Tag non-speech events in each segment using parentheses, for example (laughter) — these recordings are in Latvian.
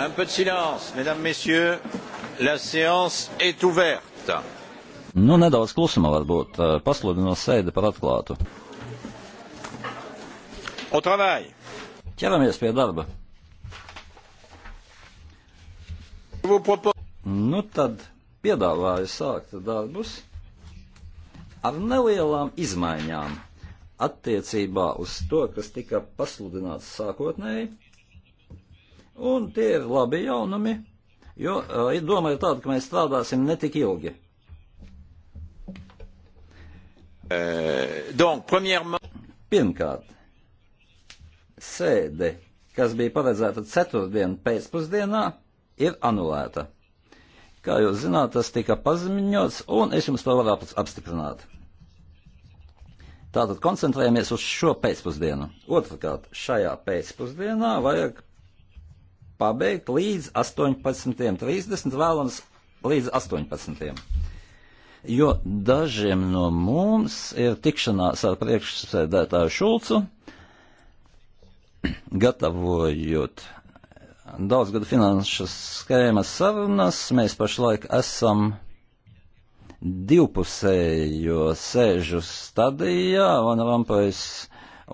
Un peu de silence, mesdames, messieurs. La séance est ouverte. Nu, nedaudz klusuma varbūt. Eh, pasludinot sēdi par atklātu. Au travail. Ķeramies pie darba. Nu tad piedāvāju sākt darbus ar nelielām izmaiņām attiecībā uz to, kas tika pasludināts sākotnēji Un tie ir labi jaunumi, jo uh, doma ir tāda, ka mēs strādāsim netik ilgi. Uh, donc, premièrement... Pirmkārt, sēde, kas bija paredzēta ceturtdien pēcpusdienā, ir anulēta. Kā jūs zināt, tas tika paziņots, un es jums to varu ap apstiprināt. Tātad koncentrējamies uz šo pēcpusdienu. Otrakārt, šajā pēcpusdienā vajag pabeigt līdz 18.30, vēlams līdz 18. Jo dažiem no mums ir tikšanās ar priekšsēdētāju Šulcu, gatavojot daudzgadu finanšu skēmas sarunas, mēs pašlaik esam divpusējo sēžu stadijā, Van Rampais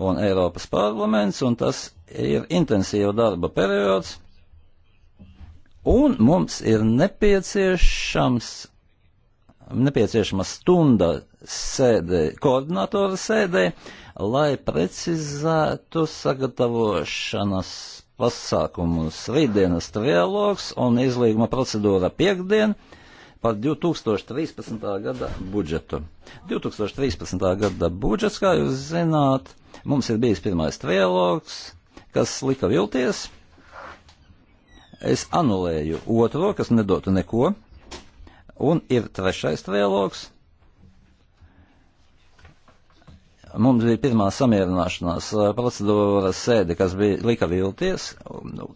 un Eiropas parlaments, un tas ir intensīva darba periods. Un mums ir nepieciešams, nepieciešama stunda sēdē, koordinatora sēdē, lai precizētu sagatavošanas pasākumus rītdienas trialogs un izlīguma procedūra piekdien par 2013. gada budžetu. 2013. gada budžets, kā jūs zināt, mums ir bijis pirmais trialogs, kas lika vilties es anulēju otro, kas nedotu neko, un ir trešais trialogs. Mums bija pirmā samierināšanās uh, procedūra sēde, kas bija lika vilties.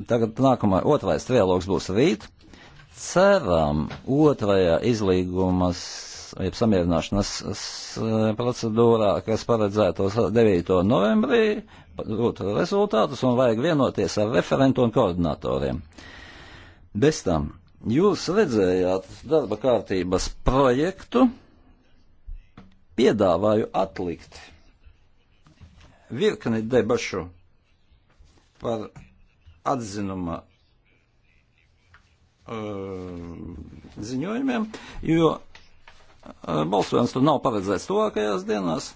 Tagad nākamā otrais trialogs būs rīt. Ceram, otrajā izlīgumas, jeb samierināšanas uh, procedūrā, kas paredzētos 9. novembrī, būtu rezultātus un vajag vienoties ar referentu un koordinatoriem. Uh, Bez tam jūs redzējāt darba kārtības projektu, piedāvāju atlikt virkni debašu par atzinuma uh, ziņojumiem, jo uh, balsojums tur nav paredzēts tuvākajās dienās.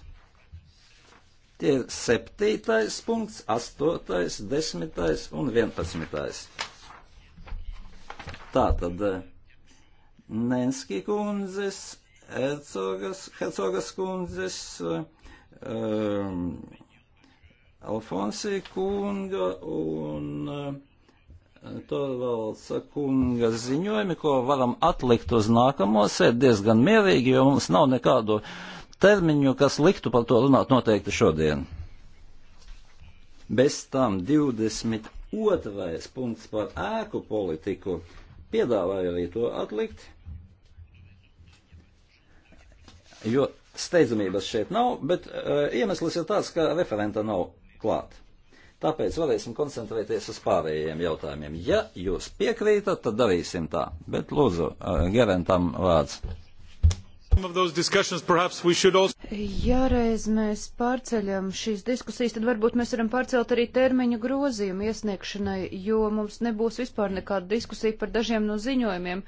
Tie ir septītais punkts, astotais, desmitais un vienpadsmitais. Tātad eh, Nenski kundzes, Hercogas, Hercogas kundzes, um, eh, eh, Alfonsī kunga un uh, Torvalda kunga ziņojumi, ko varam atlikt uz nākamo sēdi diezgan mierīgi, jo mums nav nekādu termiņu, kas liktu par to runāt noteikti šodien. Bez tam 28. Otrais punkts par ēku politiku. Piedāvāju arī to atlikt, jo steidzamības šeit nav, bet uh, iemesls ir tāds, ka referenta nav klāt. Tāpēc varēsim koncentrēties uz pārējiem jautājumiem. Ja jūs piekrītat, tad darīsim tā. Bet lūdzu, uh, Gerentam vārds. Ja reiz mēs pārceļam šīs diskusijas, tad varbūt mēs varam pārcelt arī termiņu grozījumu iesniegšanai, jo mums nebūs vispār nekāda diskusija par dažiem no ziņojumiem.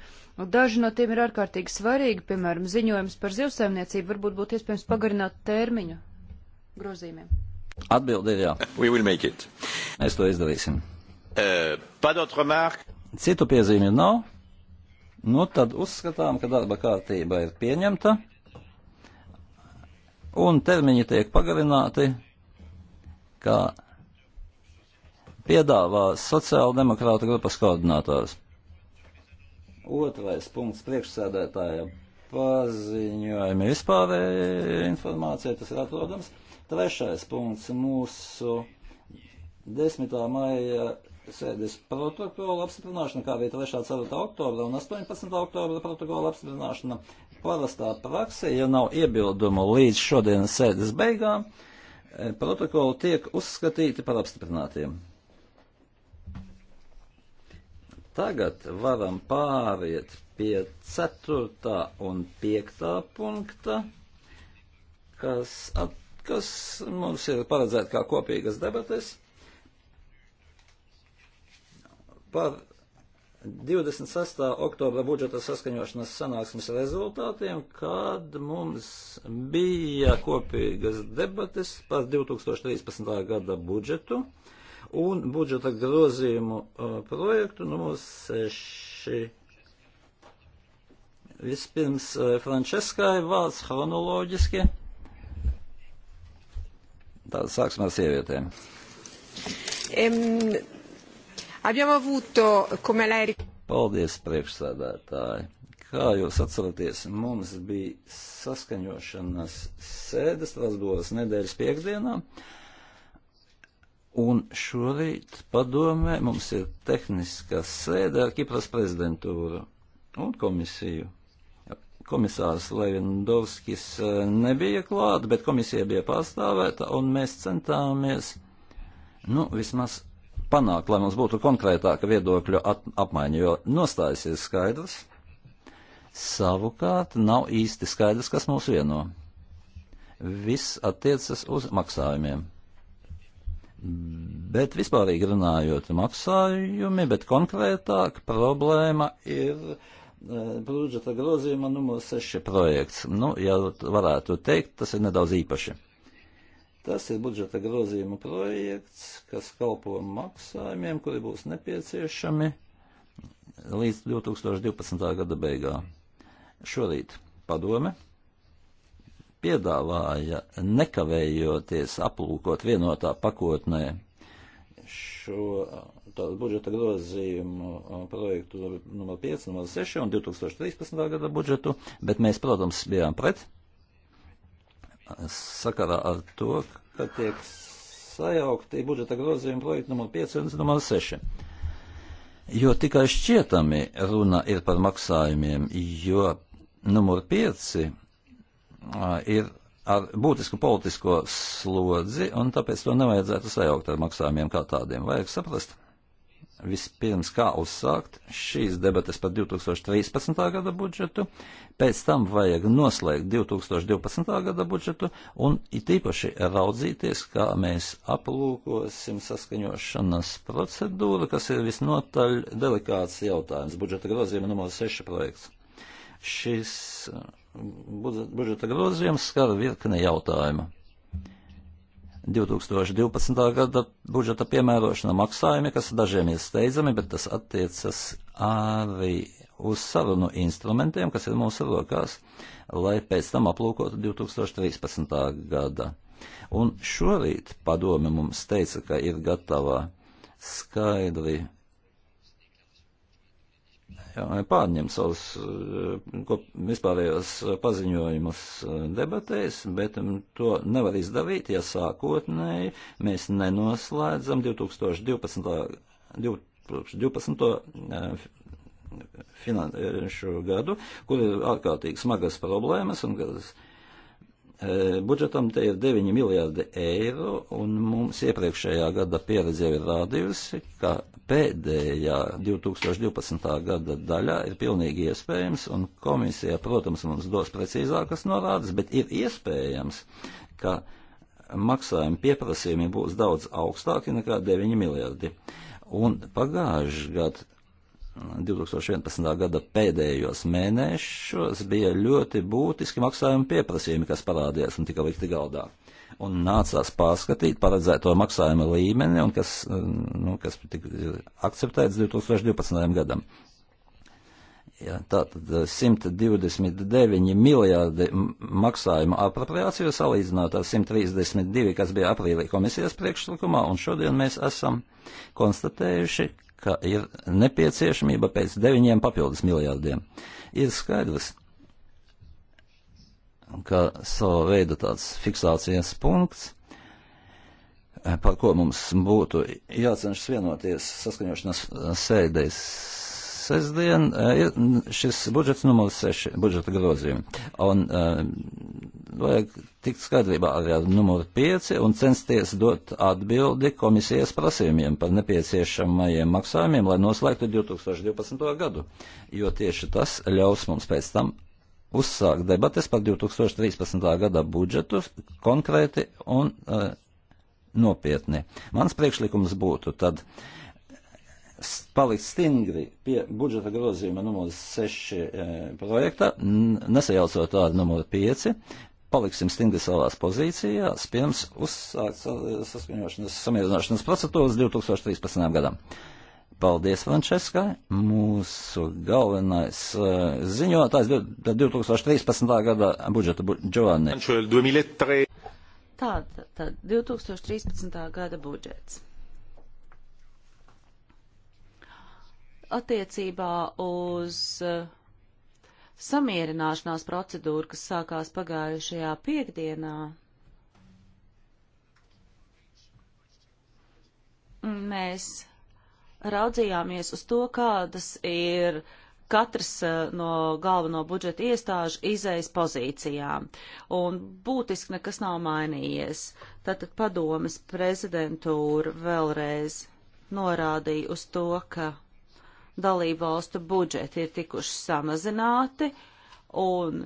Daži no tiem ir ārkārtīgi svarīgi, piemēram, ziņojums par zivsaimniecību, varbūt būtu iespējams pagarināt termiņu grozījumiem. Atbildi ir jā. Mēs to izdarīsim. Uh, Citu piezīmju nav. No? Nu, tad uzskatām, ka darba kārtība ir pieņemta un termiņi tiek pagarināti, kā piedāvā sociāldemokrāta grupas koordinātors. Otrais punkts priekšsēdētāja paziņojumi vispārēja e, informācija, tas ir atrodams. Trešais punkts mūsu 10. maija sēdes protokola apstiprināšana, kā bija 3. 4. oktobra un 18. oktobra protokola apstiprināšana. Parastā prakse, ja nav iebildumu līdz šodienas sēdes beigām, e, protokoli tiek uzskatīti par apstiprinātiem. Tagad varam pāriet pie 4. un 5. punkta, kas, at, kas mums ir paredzēta kā kopīgas debates par 26. oktobra budžeta saskaņošanas sanāksmes rezultātiem, kad mums bija kopīgas debates par 2013. gada budžetu un budžeta grozījumu projektu numurs 6. Vispirms Franceskai vārds chronoloģiski. Tāda sāksim ar sievietēm. Um, Abbiamo avuto, come lei... Paldies, priekšsādātāji. Kā jūs atceraties, mums bija saskaņošanas sēde Strasbūras nedēļas piekdienā, un šorīt padomē mums ir tehniskā sēde ar Kipras prezidentūru un komisiju komisārs Levendovskis eh, nebija klāt, bet komisija bija pārstāvēta, un mēs centāmies, nu, vismaz panākt, lai mums būtu konkrētāka viedokļu apmaiņa, jo nostājas ir skaidrs, savukārt nav īsti skaidrs, kas mūs vieno. Viss attiecas uz maksājumiem. Bet vispārīgi runājot, maksājumi, bet konkrētāk problēma ir e, budžeta grozījuma numur 6 projekts. Nu, ja varētu teikt, tas ir nedaudz īpaši. Tas ir budžeta grozījuma projekts, kas kalpo maksājumiem, kuri būs nepieciešami līdz 2012. gada beigām. Šorīt padome piedāvāja nekavējoties aplūkot vienotā pakotnē šo tādu budžeta grozījumu projektu numur 5, numur 6 un 2013. gada budžetu, bet mēs, protams, bijām pret sakarā ar to, ka tiek sajaukti budžeta grozījumi projekta numur 5 un numur 6. Jo tikai šķietami runa ir par maksājumiem, jo numur 5 ir ar būtisku politisko slodzi, un tāpēc to nevajadzētu sajaukt ar maksājumiem kā tādiem. Vajag saprast, vispirms, kā uzsākt šīs debatas par 2013. gada budžetu, pēc tam vajag noslēgt 2012. gada budžetu un it īpaši raudzīties, kā mēs aplūkosim saskaņošanas procedūru, kas ir visnotaļ delikāts jautājums. Budžeta grozījuma numur 6 projekts. Šis uh, budžeta grozījums skar virkni jautājumu 2012. gada budžeta piemērošana maksājumi, kas dažiem ir steidzami, bet tas attiecas arī uz sarunu instrumentiem, kas ir mūsu rokās, lai pēc tam aplūkotu 2013. gada. Un šorīt padome mums teica, ka ir gatava skaidri pārņem savus eh, vispārējos eh, paziņojumus eh, debatēs, bet mm, to nevar izdarīt, ja sākotnēji mēs nenoslēdzam 2012. 2012 finanšu gadu, kur ir ārkārtīgi smagas problēmas un kas E, budžetam te ir 9 miljārdi eiro, un mums iepriekšējā gada pieredze ir rādījusi, ka pēdējā 2012. gada daļā ir pilnīgi iespējams, un komisija, protams, mums dos precīzākas norādes, bet ir iespējams, ka maksājumi pieprasījumi būs daudz augstāki nekā 9 miljardi. Un pagājuši gadu 2011. gada pēdējos mēnešos bija ļoti būtiski maksājumi pieprasījumi, kas parādījās un tika likti galdā. Un nācās pārskatīt paredzēto maksājumu līmeni, un kas, mm, nu, kas tika akceptēts 2012. gadam. Ja, tātad 129 miljārdi maksājumu apropriāciju salīdzinot ar 132, kas bija aprīlī komisijas priekšlikumā, un šodien mēs esam konstatējuši, ka ir nepieciešamība pēc deviņiem papildus miljārdiem. Ir skaidrs, ka sava veida tāds fiksācijas punkts, eh, par ko mums būtu jācenšas vienoties saskaņošanas eh, sēdēs sestdien eh, ir šis budžets numurs 6, budžeta grozījumi. Un uh, vajag tikt skaidrībā arī ar numuru 5 un censties dot atbildi komisijas prasījumiem par nepieciešamajiem maksājumiem, lai noslēgtu 2012. gadu. Jo tieši tas ļaus mums pēc tam uzsākt debates par 2013. gada budžetu konkrēti un uh, nopietni. Mans priekšlikums būtu tad. Uh, palikt stingri pie budžeta grozījuma numur 6 e, projekta, nesajaucot ar numuru 5, paliksim stingri savās pozīcijās pirms uzsākt saskaņošanas samierināšanas procedūras 2013. gadam. Paldies, Frančeskai. Mūsu galvenais uh, ziņotājs 2013. gada budžeta bu Giovanni. Tā, tā, tā, 2013. gada budžets. attiecībā uz eh, samierināšanās procedūru, kas sākās pagājušajā piekdienā. Mēs raudzījāmies uz to, kādas ir katras eh, no galveno budžeta iestāžu izējas pozīcijām, un būtiski nekas nav mainījies. Tātad padomas prezidentūra vēlreiz norādīja uz to, ka dalību valstu budžeti ir tikuši samazināti un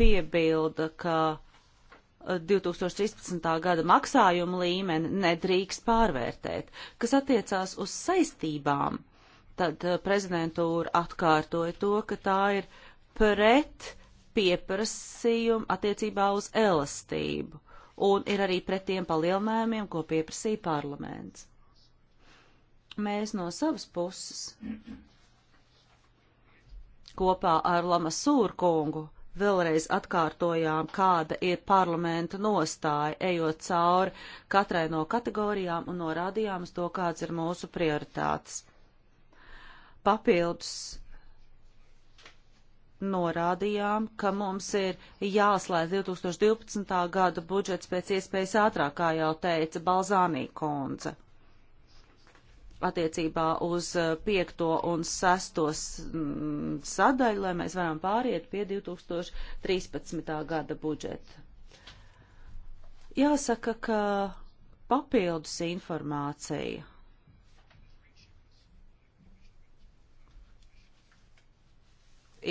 piebilda, ka 2013. Eh, gada maksājumu līmeni nedrīkst pārvērtēt. Kas attiecās uz saistībām, tad eh, prezidentūra atkārtoja to, ka tā ir pret pieprasījumu attiecībā uz elastību un ir arī pret tiem palielinājumiem, ko pieprasīja parlaments. Mēs no savas puses Kopā ar Lama Sūrkungu vēlreiz atkārtojām, kāda ir parlamenta nostāja, ejot cauri katrai no kategorijām un norādījām uz to, kāds ir mūsu prioritātes. Papildus norādījām, ka mums ir jāslēdz 2012. gada budžets pēc iespējas ātrāk, kā jau teica Balzānī kundze attiecībā uz eh, piekto un sesto mm, sadaļu, lai mēs varam pāriet pie 2013. gada budžeta. Jāsaka, ka papildus informācija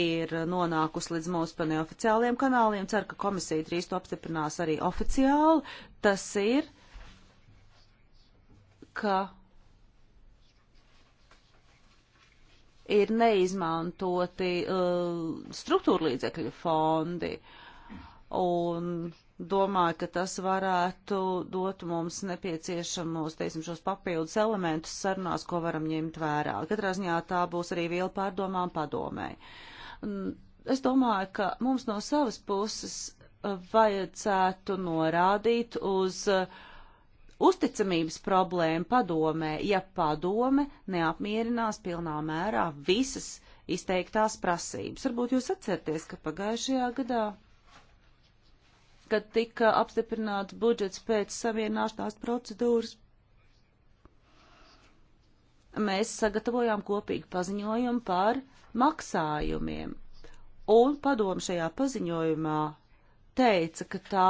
ir nonākusi līdz mums pa neoficiāliem kanāliem. Ceru, ka komisija drīz to apstiprinās arī oficiāli. Tas ir, ka ir neizmantoti uh, struktūra līdzekļu fondi. Un domāju, ka tas varētu dot mums nepieciešamos, teiksim, šos papildus elementus sarunās, ko varam ņemt vērā. Katrā ziņā tā būs arī viela pārdomām padomēji. Es domāju, ka mums no savas puses vajadzētu norādīt uz uh, uzticamības problēma padomē, ja padome neapmierinās pilnā mērā visas izteiktās prasības. Varbūt jūs atcerieties, ka pagājušajā gadā, kad tika apstiprināts budžets pēc savienāšanās procedūras, mēs sagatavojām kopīgu paziņojumu par maksājumiem. Un padomu šajā paziņojumā teica, ka tā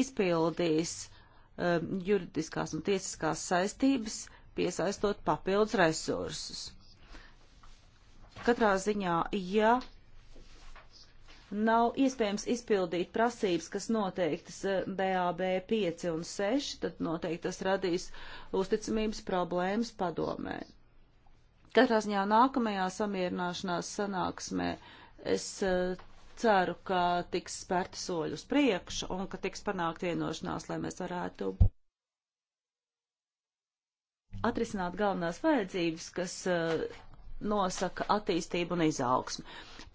izpildīs Um, juridiskās un tiesiskās saistības, piesaistot papildus resursus. Katrā ziņā, ja nav iespējams izpildīt prasības, kas noteiktas BAB eh, 5 un 6, tad noteikti tas radīs uzticamības problēmas padomē. Katrā ziņā nākamajā samierināšanās sanāksmē es eh, ceru, ka tiks spērti soļi uz priekšu un ka tiks panākt vienošanās, lai mēs varētu atrisināt galvenās vajadzības, kas uh, nosaka attīstību un izaugsmu.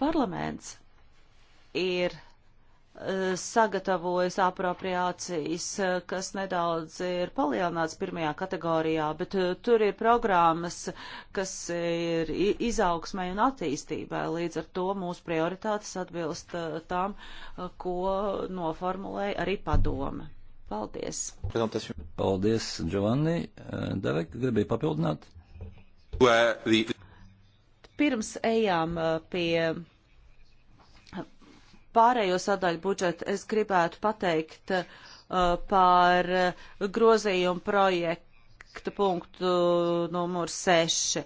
Parlaments ir Eh, sagatavojas apropriācijas, eh, kas nedaudz ir palielināts pirmajā kategorijā, bet eh, tur ir programmas, kas ir izaugsmai un attīstībai. Līdz ar to mūsu prioritātes atbilst tam, ko noformulēja arī padome. Paldies! Paldies, Giovanni! Derek, gribēji papildināt? Pirms ejām pie pārējo sadaļu budžetu es gribētu pateikt uh, par uh, grozījumu projektu punktu numur 6.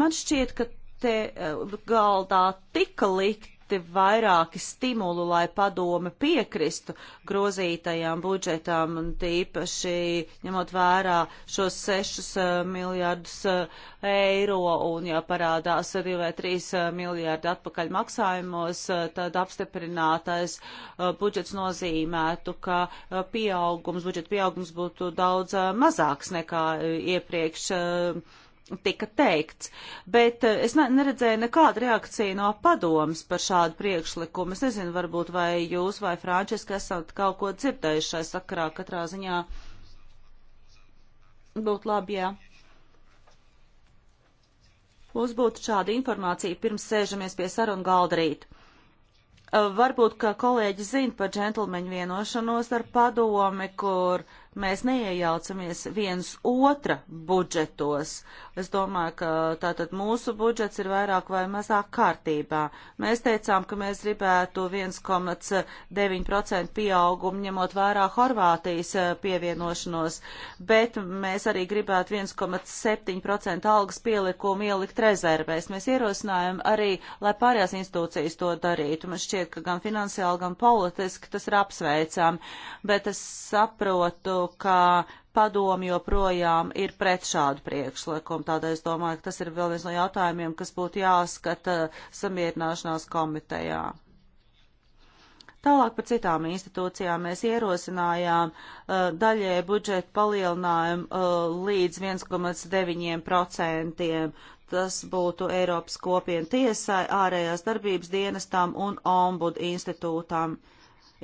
Man šķiet, ka te uh, galdā tika likt sniegti vairāki stimulu, lai padome piekristu grozītajām budžetām, un tīpaši ņemot vērā šos 6 eh, miljārdus eh, eiro, un ja parādās 2 vai 3 eh, miljārdi atpakaļ maksājumos, tad apstiprinātais budžets nozīmētu, ka pieaugums, budžeta pieaugums būtu daudz mazāks nekā iepriekš tika teikts, bet eh, es ne, neredzēju nekādu reakciju no padomas par šādu priekšlikumu. Es nezinu, varbūt vai jūs vai Frančiska esat kaut ko dzirdējuši šai sakarā katrā ziņā. Būtu labi, jā. Mums būtu šāda informācija pirms sēžamies pie sarunu galda rīt. Eh, varbūt, ka kolēģi zina par džentlmeņu vienošanos ar padomi, kur uh, mēs neiejaucamies viens otra budžetos. Es domāju, ka tātad mūsu budžets ir vairāk vai mazāk kārtībā. Mēs teicām, ka mēs gribētu 1,9% pieaugumu ņemot vērā Horvātijas eh, pievienošanos, bet mēs arī gribētu 1,7% algas pielikumu ielikt rezervēs. Mēs ierosinājām arī, lai pārējās institūcijas to darītu. Man šķiet, ka gan finansiāli, gan politiski tas ir apsveicām, bet es saprotu, ka padomi joprojām ir pret šādu priekšlikumu. Tādēļ es domāju, ka tas ir vēl viens no jautājumiem, kas būtu jāskata samierināšanās komitejā. Tālāk par citām institūcijām mēs ierosinājām uh, daļai budžetu palielinājumu uh, līdz 1,9%. Tas būtu Eiropas kopienu tiesai, ārējās darbības dienestam un ombudu institūtam,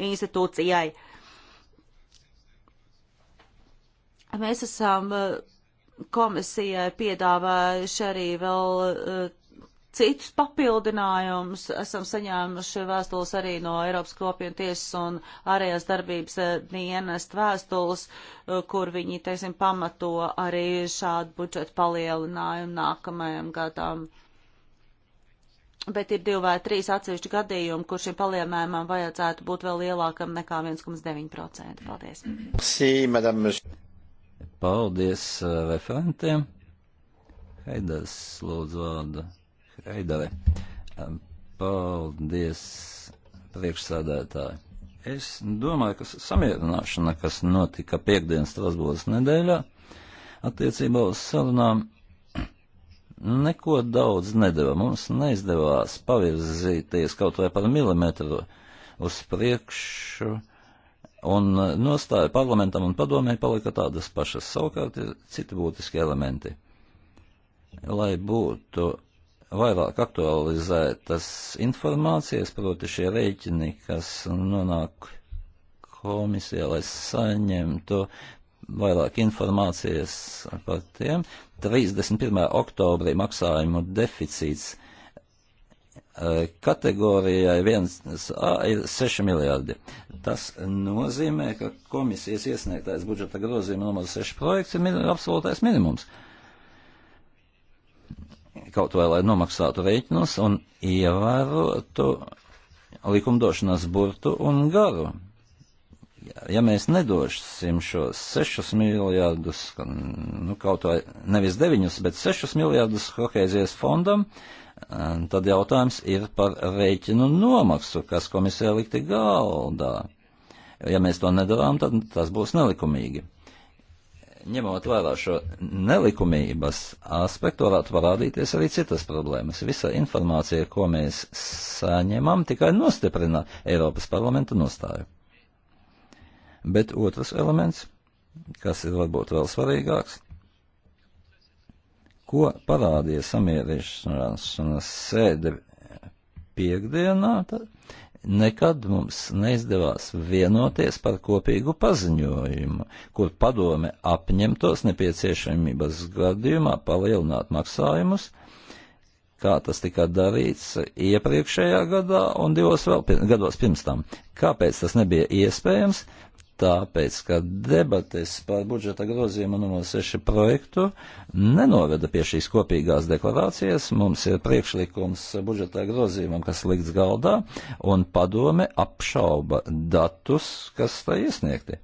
institūcijai. Uh, Mēs esam eh, komisijai piedāvājuši arī vēl eh, citus papildinājumus. Esam saņēmuši vēstules arī no Eiropas kopienu tiesas un ārējās darbības eh, dienest vēstules, kur viņi, teiksim, pamato arī šādu budžetu palielinājumu nākamajam gadam. Bet ir divi vai trīs atsevišķi gadījumi, kur šim palielinājumam vajadzētu būt vēl lielākam nekā 1,9%. Paldies. Sī, madame. Paldies uh, referentiem. Heidars lūdzu vārdu. Heidare. Um, paldies priekšsādētāji. Es domāju, ka samierināšana, kas notika piekdienas Strasbūras nedēļā, attiecībā uz sarunām neko daudz nedeva. Mums neizdevās pavirzīties kaut vai par milimetru uz priekšu Un uh, nostāja parlamentam un padomē palika tādas pašas, savukārt ir citi būtiski elementi. Lai būtu vairāk aktualizētas informācijas, proti šie rēķini, kas nonāk komisijā, lai saņemtu vairāk informācijas par tiem. 31. oktobrī maksājumu deficīts kategorijai 1A ir 6 miljardi. Tas nozīmē, ka komisijas iesniegtais budžeta grozījuma numurs 6 projekts ir absolūtais minimums. Kaut vai lai nomaksātu rēķinus un ievērotu likumdošanas burtu un garu. Ja mēs nedosim šos 6 miljardus, nu, kaut vai nevis 9, bet 6 miljardus kohēzijas fondam, uh, Tad jautājums ir par rēķinu nomaksu, kas komisija likti galdā. Ja mēs to nedarām, tad tas būs nelikumīgi. Ņemot vērā šo nelikumības aspektu, varētu parādīties arī citas problēmas. Visa informācija, ko mēs saņemam, tikai nostiprina Eiropas parlamenta nostāju. Bet otrs elements, kas ir varbūt vēl svarīgāks, ko parādīja samierināšanās sēde piekdienā, tad nekad mums neizdevās vienoties par kopīgu paziņojumu, kur padome apņemtos nepieciešamības gadījumā palielināt maksājumus, kā tas tika darīts iepriekšējā gadā un divos vēl pir gados pirms tam. Kāpēc tas nebija iespējams? tāpēc, ka debates par budžeta grozījumu numur 6 projektu nenoveda pie šīs kopīgās deklarācijas. Mums ir priekšlikums budžeta grozījumam, kas likts galdā, un padome apšauba datus, kas tā iesniegti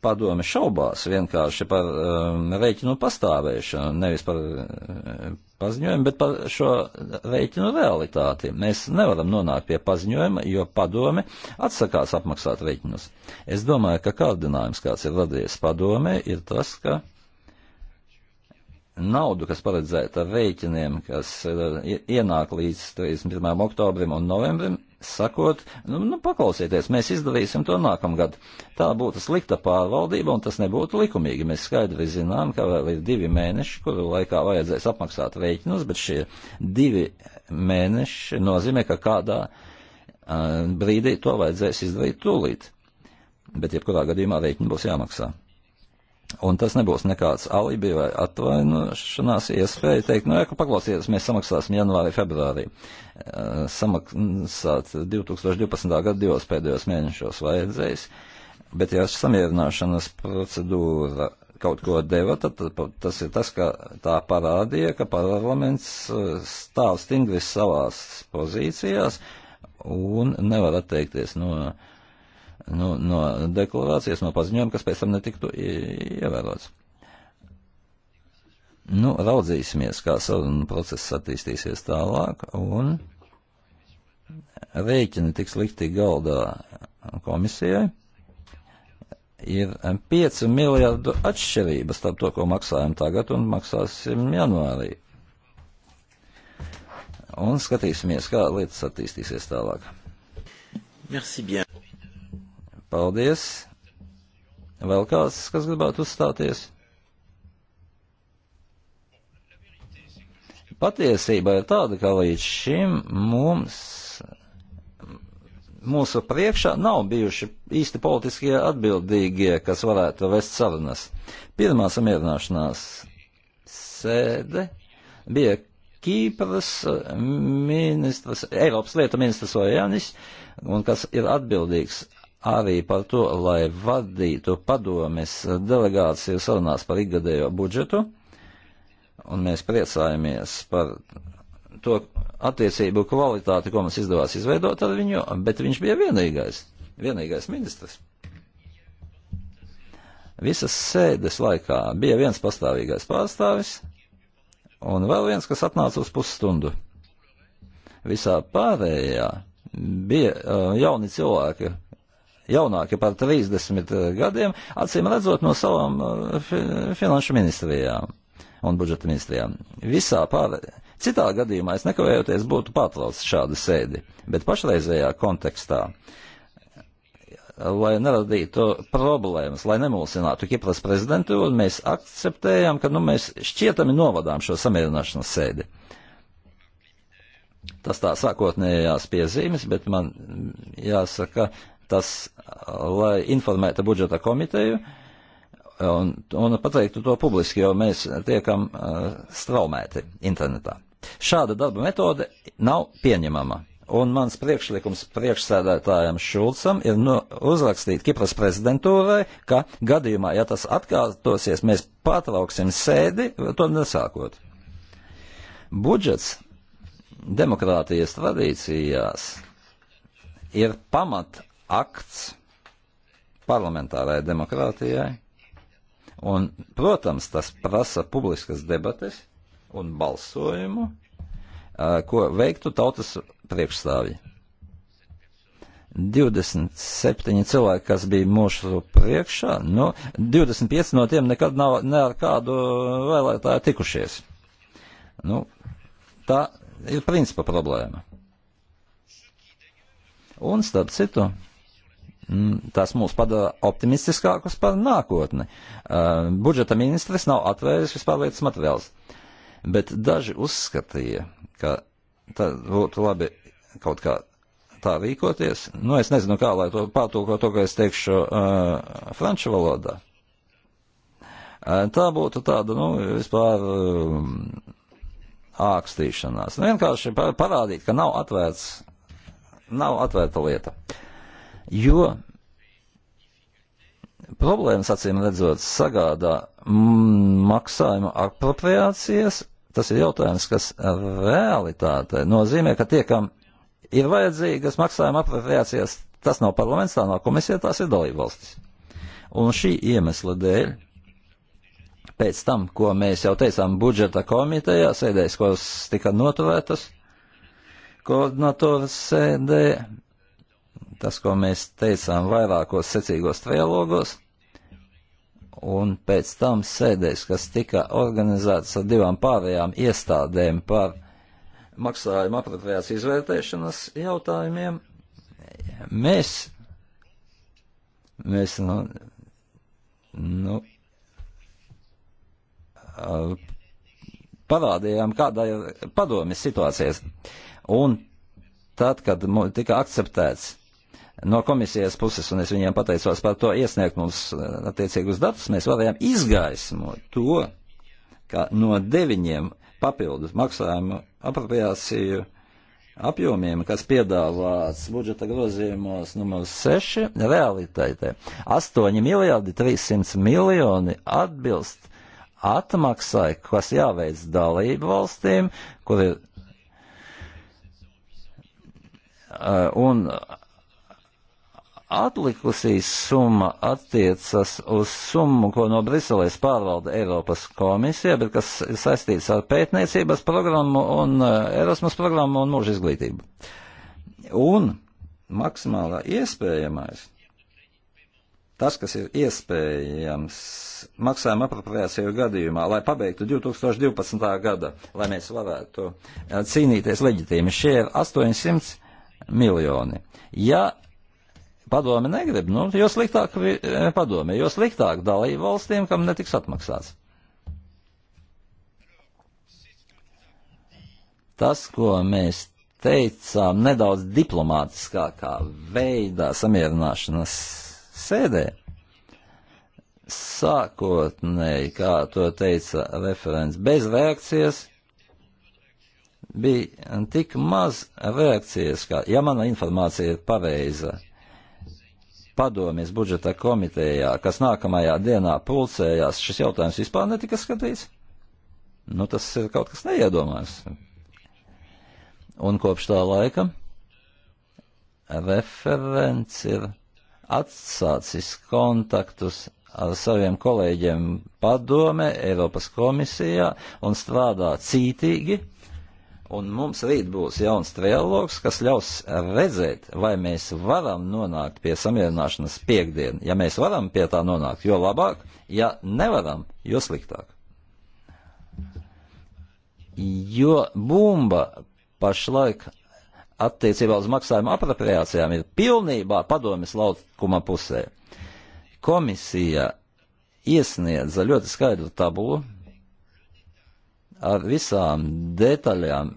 padome šaubās vienkārši par um, rēķinu pastāvēšanu, nevis par uh, paziņojumu, bet par šo rēķinu realitāti. Mēs nevaram nonākt pie paziņojuma, jo padome atsakās apmaksāt rēķinus. Es domāju, ka kārdinājums, kāds ir radies padome, ir tas, ka naudu, kas paredzēta rēķiniem, kas ienāk līdz 31. oktobrim un novembrim, sakot, nu, nu paklausieties, mēs izdarīsim to nākamgad. Tā būtu slikta pārvaldība un tas nebūtu likumīgi. Mēs skaidri zinām, ka vēl ir divi mēneši, kuru laikā vajadzēs apmaksāt rēķinus, bet šie divi mēneši nozīmē, ka kādā uh, brīdī to vajadzēs izdarīt tūlīt. Bet jebkurā gadījumā rēķini būs jāmaksā. Un tas nebūs nekāds alibi vai atvainošanās iespēja teikt, nu, jā, ka paklausieties, mēs samaksāsim janvārī, februārī. Eh, samaksāt 2012. gada divos pēdējos mēnešos vajadzēs, bet ja samierināšanas procedūra kaut ko deva, tad tas ir tas, ka tā parādīja, ka parlaments eh, stāv stingri savās pozīcijās un nevar atteikties no. Nu, nu, no deklarācijas, no paziņojuma, kas pēc tam netiktu ievērots. Nu, raudzīsimies, kā saruna process attīstīsies tālāk, un rēķini tiks likti galdā komisijai. Ir 5 miljardu atšķirība starp to, ko maksājam tagad un maksāsim janvārī. Un skatīsimies, kā lietas attīstīsies tālāk. Merci bien. Paldies! Vēl kāds, kas gribētu uzstāties? Patiesība ir tāda, ka līdz šim mums, mūsu priekšā nav bijuši īsti politiskie atbildīgie, kas varētu vest sarunas. Pirmā samierināšanās sēde bija Kīpras ministrs, Eiropas lietu ministrs Ojanis, un kas ir atbildīgs arī par to, lai vadītu padomes delegāciju sarunās par ikgadējo budžetu, un mēs priecājamies par to attiecību kvalitāti, ko mums izdevās izveidot ar viņu, bet viņš bija vienīgais, vienīgais ministrs. Visas sēdes laikā bija viens pastāvīgais pārstāvis un vēl viens, kas atnāca uz pusstundu. Visā pārējā bija uh, jauni cilvēki, jaunāki par 30 eh, gadiem, acīm redzot no savām eh, fi, finanšu ministrijām un budžeta ministrijām. Visā pār... Citā gadījumā es nekavējoties būtu pārtraucis šādu sēdi, bet pašreizējā kontekstā lai neradītu problēmas, lai nemulsinātu Kipras prezidentu, un mēs akceptējām, ka nu, mēs šķietami novadām šo samierināšanas sēdi. Tas tā sākotnējās piezīmes, bet man jāsaka, tas, lai informētu budžeta komiteju un, un pateiktu to publiski, jo mēs tiekam uh, straumēti internetā. Šāda darba metode nav pieņemama. Un mans priekšlikums priekšsēdētājam Šulcam ir nu, uzrakstīt Kipras prezidentūrai, ka gadījumā, ja tas atkārtosies, mēs pārtrauksim sēdi, to nesākot. Budžets demokrātijas tradīcijās ir pamat akts parlamentārai demokrātijai, un, protams, tas prasa publiskas debates un balsojumu, ko veiktu tautas priekšstāvji. 27 cilvēki, kas bija mūsu priekšā, nu, 25 no tiem nekad nav ne ar kādu vēlētāju tikušies. Nu, tā ir principa problēma. Un starp citu, Mm, tas mūs padara optimistiskākus par nākotni. Uh, budžeta ministrs nav atvēris vispār lietas materiāls, bet daži uzskatīja, ka tad būtu labi kaut kā tā rīkoties. Nu, es nezinu, kā lai to pārtulko to, ka es teikšu uh, franču valodā. Uh, tā būtu tāda, nu, vispār. Uh, ākstīšanās. Vienkārši parādīt, ka nav atvērts, nav atvērta lieta. Uh, jo problēmas, acīm redzot, sagādā maksājuma apropriācijas. Tas ir jautājums, kas realitātei nozīmē, ka tie, kam ir vajadzīgas maksājuma apropriācijas, tas nav parlaments, tā nav komisija, tās ir dalībvalstis. Un šī iemesla dēļ, pēc tam, ko mēs jau teicām budžeta komitejā, sēdēs, kuras tika noturētas, koordinatoras sēdē, tas, ko mēs teicām vairākos secīgos trialogos, un pēc tam sēdēs, kas tika organizētas ar divām pārējām iestādēm par maksājuma apropriācijas izvērtēšanas jautājumiem, mēs, mēs, nu, nu, parādījām, kādā ir padomjas situācijas. Un tad, kad tika akceptēts no komisijas puses, un es viņiem pateicos par to iesniegt mums eh, attiecīgus datus, mēs varējām izgaismot to, ka no deviņiem papildus maksājumu apropriāciju apjomiem, kas piedāvāts budžeta grozījumos numurs 6, realitātē 8 miljardi 300 miljoni atbilst atmaksai, kas jāveic dalību valstīm, kur ir eh, un Atlikusī summa attiecas uz summu, ko no Briselēs pārvalda Eiropas komisija, bet kas ir saistīts ar pētniecības programmu un uh, Erasmus programmu un mūža izglītību. Un maksimālā iespējamais, tas, kas ir iespējams maksājuma apropriāciju gadījumā, lai pabeigtu 2012. gada, lai mēs varētu uh, cīnīties leģitīmi, šie ir 800 miljoni. Ja Padome negrib, nu, jo sliktāk e, padome, jo sliktāk dalību valstīm, kam netiks atmaksāts. Tas, ko mēs teicām nedaudz diplomātiskākā veidā samierināšanas sēdē, sākotnēji, kā to teica referents, bez reakcijas bija tik maz reakcijas, ka, ja mana informācija ir pareiza, padomjas budžeta komitejā, kas nākamajā dienā pulcējās, šis jautājums vispār netika skatīts? Nu, tas ir kaut kas neiedomājams. Un kopš tā laika referents ir atsācis kontaktus ar saviem kolēģiem padome Eiropas komisijā un strādā cītīgi Un mums rīt būs jauns trialogs, kas ļaus redzēt, vai mēs varam nonākt pie samierināšanas piekdienu. Ja mēs varam pie tā nonākt, jo labāk, ja nevaram, jo sliktāk. Jo bumba pašlaik attiecībā uz maksājumu apropriācijām ir pilnībā padomjas laukuma pusē. Komisija iesniedza ļoti skaidru tabulu, ar visām detaļām,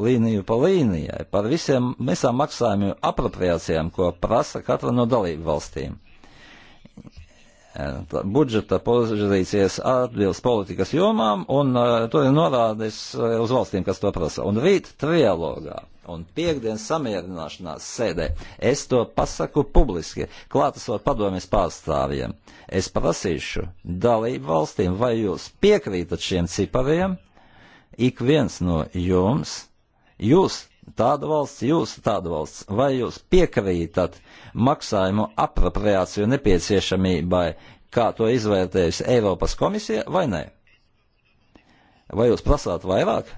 līniju pa līnijai, par visiem, visām maksājumu apropriācijām, ko prasa katra no dalību valstīm. E, tā budžeta pozīcijas atbilst politikas jomām, un uh, to ir norādes e, uz valstīm, kas to prasa. Un rīt trialogā un piekdienas samierināšanās sēdē. Es to pasaku publiski, klātesot padomjas pārstāvjiem. Es prasīšu dalību valstīm, vai jūs piekrītat šiem cipariem, ik viens no jums, jūs tāda valsts, jūs tāda valsts, vai jūs piekrītat maksājumu apropriāciju nepieciešamībai, kā to izvērtējusi Eiropas komisija, vai nē? Vai jūs prasāt vairāk?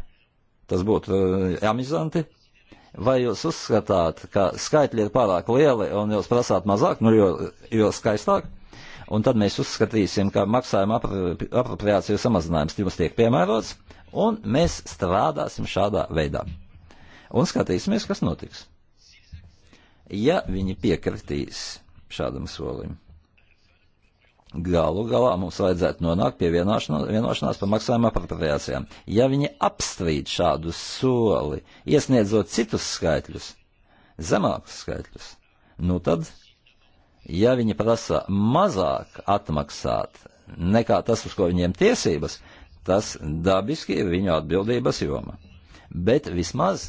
Tas būtu uh, eh, amizanti. Vai jūs uzskatāt, ka skaitļi ir pārāk lieli un jūs prasāt mazāk, nu jo, jo skaistāk? Un tad mēs uzskatīsim, ka maksājuma apropriāciju samazinājums jums tiek piemērots, un mēs strādāsim šādā veidā. Un skatīsimies, kas notiks. Ja viņi piekritīs šādam solim galu galā mums vajadzētu nonākt pie vienošanās par maksājuma apropriācijām. Ja viņi apstrīd šādu soli, iesniedzot citus skaitļus, zemākus skaitļus, nu tad, ja viņi prasa mazāk atmaksāt nekā tas, uz ko viņiem tiesības, tas dabiski ir viņu atbildības joma. Bet vismaz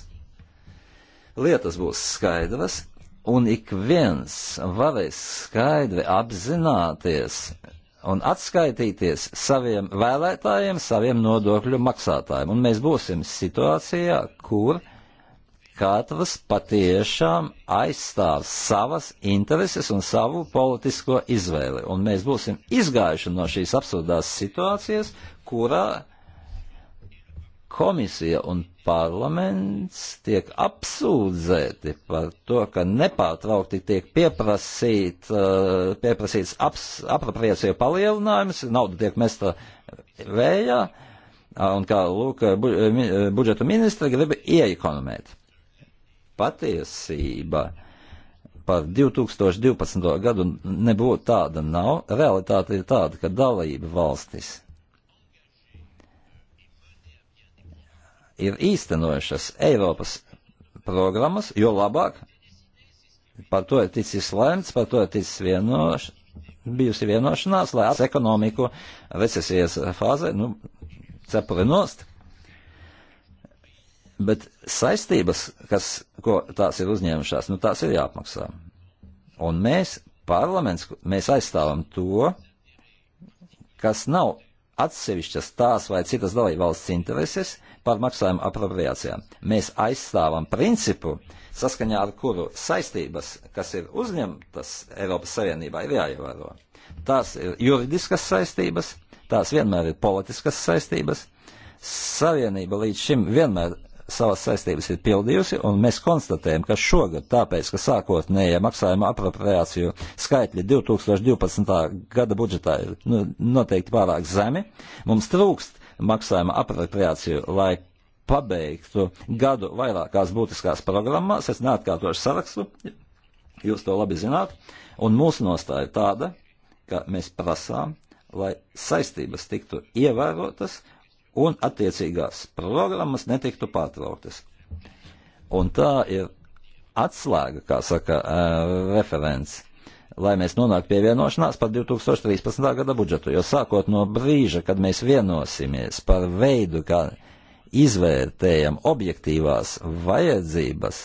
lietas būs skaidras, un ik viens varēs skaidri apzināties un atskaitīties saviem vēlētājiem, saviem nodokļu maksātājiem. Un mēs būsim situācijā, kur katrs patiešām aizstāv savas intereses un savu politisko izvēli. Un mēs būsim izgājuši no šīs absurdās situācijas, kurā komisija un parlaments tiek apsūdzēti par to, ka nepārtraukti tiek pieprasīt, eh, pieprasīts aps, apropriācija palielinājums, nauda tiek mesta vējā, un kā lūk, budžeta ministra grib ieekonomēt. Patiesība par 2012. gadu nebūtu tāda nav, realitāte ir tāda, ka dalība valstis ir īstenojušas Eiropas programmas, jo labāk par to ir ticis lēmts, par to ir ticis vienoš, bijusi vienošanās, lai ekonomiku recesijas fāzē, nu, cepuri nost. Bet saistības, kas, ko tās ir uzņēmušās, nu, tās ir jāapmaksā. Un mēs, parlaments, mēs aizstāvam to, kas nav atsevišķas tās vai citas dalībvalsts intereses, uh, par maksājumu apropriācijām. Mēs aizstāvam principu, saskaņā ar kuru saistības, kas ir uzņemtas Eiropas Savienībā, ir jāievēro. Tās ir juridiskas saistības, tās vienmēr ir politiskas saistības. Savienība līdz šim vienmēr savas saistības ir pildījusi, un mēs konstatējam, ka šogad, tāpēc, ka sākotnējie maksājuma apropriāciju skaitļi 2012. gada budžetā ir nu, noteikti pārāk zemi, mums trūkst maksājuma apropriāciju, lai pabeigtu gadu vairākās būtiskās programmās. Es neatkārtošu sarakstu, jūs to labi zināt. Un mūsu nostāja ir tāda, ka mēs prasām, lai saistības tiktu ievērotas un attiecīgās programmas netiktu pārtrauktas. Un tā ir atslēga, kā saka uh, referents lai mēs nonāktu pie vienošanās par 2013. gada budžetu, jo sākot no brīža, kad mēs vienosimies par veidu, kā izvērtējam objektīvās vajadzības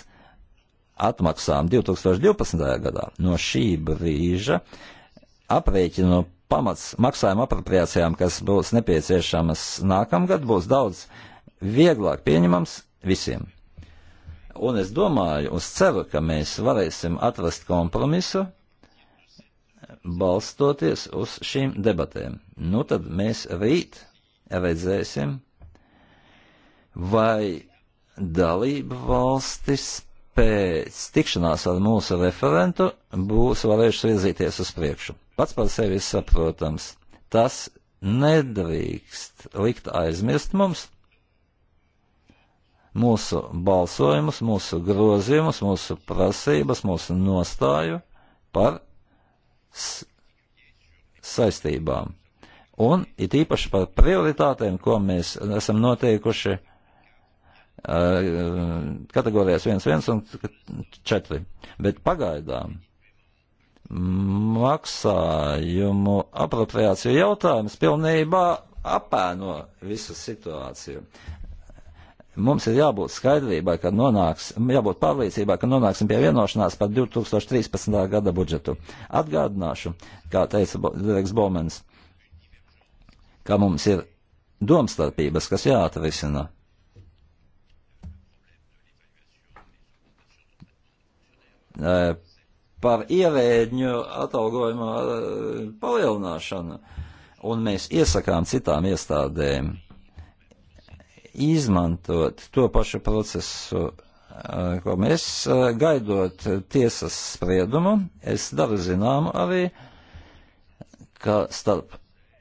atmaksām 2012. gadā, no šī brīža aprēķinu pamats maksājuma apropriācijām, kas būs nepieciešamas nākamgad, būs daudz vieglāk pieņemams visiem. Un es domāju, un ceru, ka mēs varēsim atrast kompromisu, balstoties uz šīm debatēm. Nu tad mēs rīt redzēsim, vai dalība valstis pēc tikšanās ar mūsu referentu būs varējušas virzīties uz priekšu. Pats par sevi saprotams, tas nedrīkst likt aizmirst mums mūsu balsojumus, mūsu grozījumus, mūsu prasības, mūsu nostāju par saistībām. Un it īpaši par prioritātēm, ko mēs esam noteikuši uh, kategorijās 1, 1 un 4. Bet pagaidām maksājumu apropriāciju jautājums pilnībā apēno visu situāciju. Mums ir jābūt skaidrībai, ka nonāks, jābūt pārliecībai, ka nonāksim pie vienošanās par 2013. gada budžetu. Atgādināšu, kā teica Direks Bomens, ka mums ir domstarpības, kas jāatrisina. Par ievēģņu atalgojuma palielināšanu, un mēs iesakām citām iestādēm izmantot to pašu procesu, eh, ko mēs eh, gaidot tiesas spriedumu, es daru zināmu arī, ka starp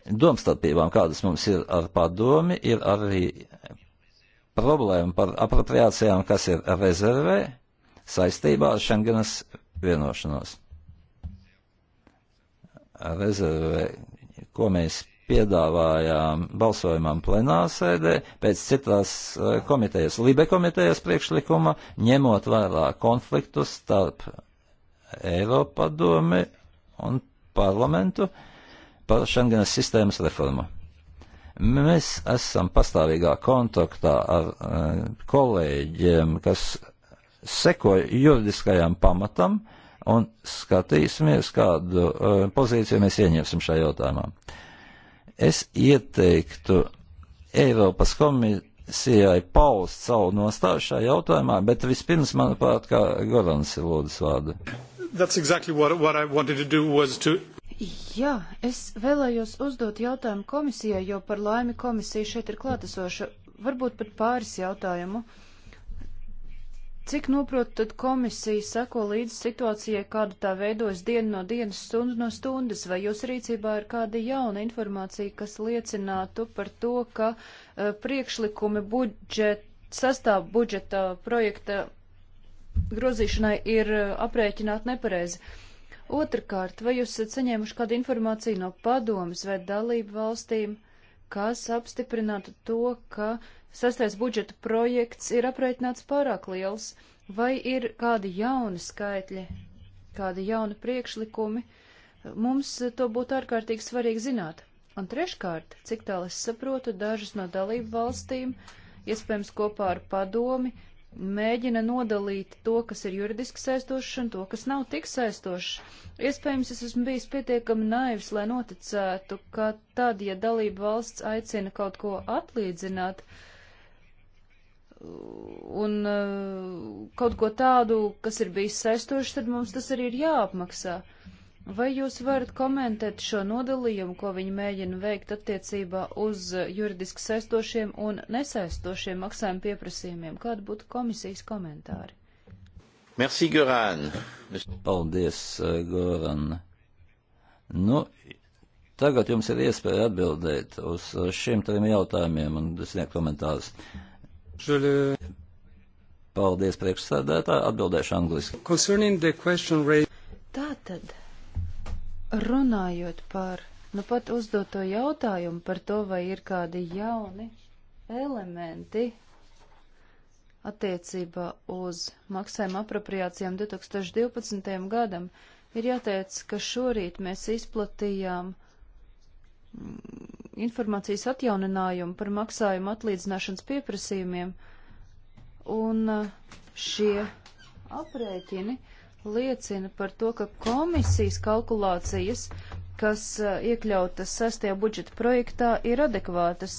domstarpībām, kādas mums ir ar padomi, ir arī problēma par apropriācijām, kas ir rezervē saistībā ar Schengenas vienošanos. Rezervē, ko mēs piedāvājām balsojumam plenārsēdē pēc citās eh, komitejas, Libe komitejas priekšlikuma, ņemot vērā konfliktus starp Eiropadomi un parlamentu par Schengenas sistēmas reformu. Mēs esam pastāvīgā kontaktā ar uh, kolēģiem, kas sekoja juridiskajam pamatam un skatīsimies, kādu uh, pozīciju mēs ieņemsim šajā jautājumā. Uh, Es ieteiktu Eiropas komisijai paust savu nostāju šajā jautājumā, bet vispirms, manuprāt, kā Gorans ir lūdzu vārdu. Exactly what, what to... Jā, es vēlējos uzdot jautājumu komisijai, jo par laimi komisija šeit ir klātesoša. Varbūt pat pāris jautājumu. Uh, Cik noprotu, tad komisija seko līdz situācijai, kāda tā veidojas dienu no dienas, stundu no stundas, vai jūs rīcībā ir kāda jauna informācija, kas liecinātu par to, ka uh, priekšlikumi budžet, sastāv budžeta projekta grozīšanai ir uh, aprēķināti nepareizi? Otrakārt, vai jūs esat saņēmuši kādu informāciju no padomas vai dalību valstīm, kas apstiprinātu to, ka sastais budžeta projekts ir apreitināts pārāk liels, vai ir kādi jauni skaitļi, kādi jauni priekšlikumi, mums to būtu ārkārtīgi svarīgi zināt. Un treškārt, cik tālu es saprotu, dažas no dalību valstīm, iespējams kopā ar padomi, mēģina nodalīt to, kas ir juridiski saistošs un to, kas nav tik saistošs. Iespējams, es esmu bijis pietiekami naivs, lai noticētu, ka tad, ja dalība valsts aicina kaut ko atlīdzināt, uh, un eh, kaut ko tādu, kas ir bijis saistošs, tad mums tas arī ir jāapmaksā. Vai jūs varat komentēt šo nodalījumu, ko viņi mēģina veikt attiecībā uz juridiski saistošiem un nesaistošiem maksājumu pieprasījumiem? Kāda būtu komisijas komentāri? Merci, Goran. Paldies, eh, Goran. Nu, tagad jums ir iespēja atbildēt uz eh, šiem trim jautājumiem un desmit komentārus. Uh, Paldies, priekšsēdētāji, atbildēšu angliski. Tātad, runājot par nu pat uzdoto jautājumu par to, vai ir kādi jauni elementi attiecībā uz maksājuma apropriācijām 2012. gadam, ir jāteic, ka šorīt mēs izplatījām informācijas atjauninājumu par maksājumu atlīdzināšanas pieprasījumiem, un uh, šie aprēķini liecina par to, ka komisijas kalkulācijas, kas uh, iekļautas sastajā budžeta projektā, ir adekvātas,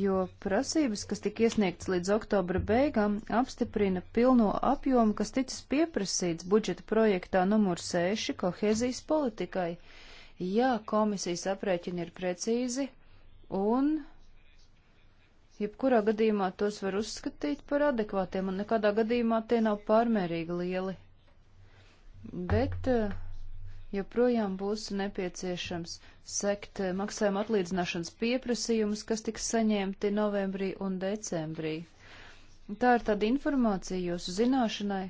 jo prasības, kas tika iesniegtas līdz oktobra beigām, apstiprina pilno apjomu, kas ticis pieprasīts budžeta projektā numur 6 kohēzijas politikai. Uh, ja komisijas aprēķini ir precīzi un jebkurā gadījumā tos var uzskatīt par adekvātiem, un nekādā gadījumā tie nav pārmērīgi lieli. Bet eh, joprojām būs nepieciešams sekt eh, maksājuma atlīdzināšanas pieprasījumus, kas tiks saņemti novembrī un decembrī. Tā ir tāda informācija jūsu zināšanai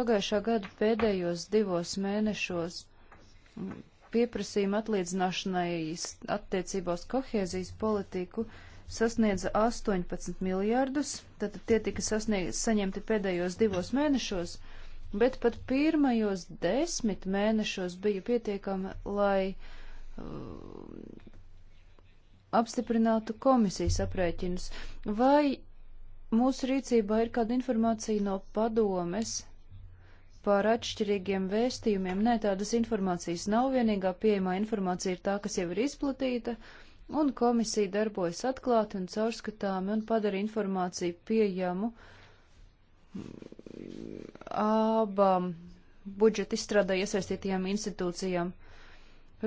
pagājušā gada pēdējos divos mēnešos pieprasījuma atliedzināšanai attiecībos kohēzijas politiku sasniedza 18 miljārdus, tad tie tika sasniegti, saņemti pēdējos divos mēnešos, bet pat pirmajos desmit mēnešos bija pietiekami, lai uh, apstiprinātu komisijas aprēķinus. Vai mūsu rīcībā ir kāda informācija no padomes par atšķirīgiem vēstījumiem. Nē, tādas informācijas nav. Vienīgā pieejamā informācija ir tā, kas jau ir izplatīta, un komisija darbojas atklāti un caurskatāmi un padara informāciju pieejamu abām budžeta izstrādē iesaistītajām institūcijām.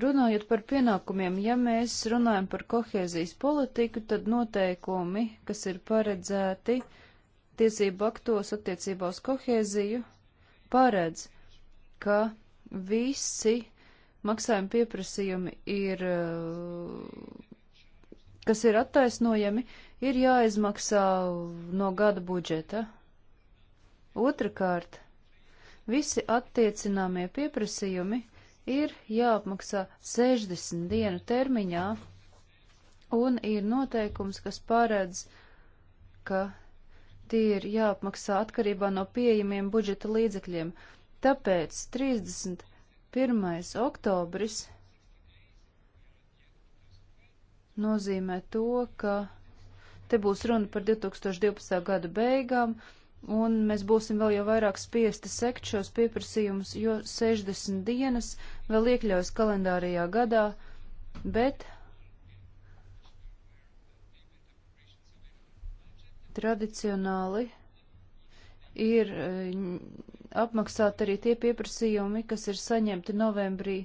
Runājot par pienākumiem, ja mēs runājam par kohēzijas politiku, tad noteikumi, kas ir paredzēti tiesību aktos attiecībā uz kohēziju, paredz, ka visi maksājuma pieprasījumi ir, eh, kas ir attaisnojami, ir jāizmaksā no gada budžeta. Otrakārt, visi attiecināmie pieprasījumi ir jāapmaksā 60 dienu termiņā, un ir noteikums, kas paredz, ka Tie ir jāapmaksā atkarībā no pieejamiem budžeta līdzekļiem. Tāpēc 31. oktobris nozīmē to, ka te būs runa par 2012. gada beigām, un mēs būsim vēl jau vairāk spiesti sekt šos pieprasījumus, jo 60 dienas vēl iekļaujas kalendārijā gadā, bet Tradicionāli ir eh, apmaksāti arī tie pieprasījumi, kas ir saņemti novembrī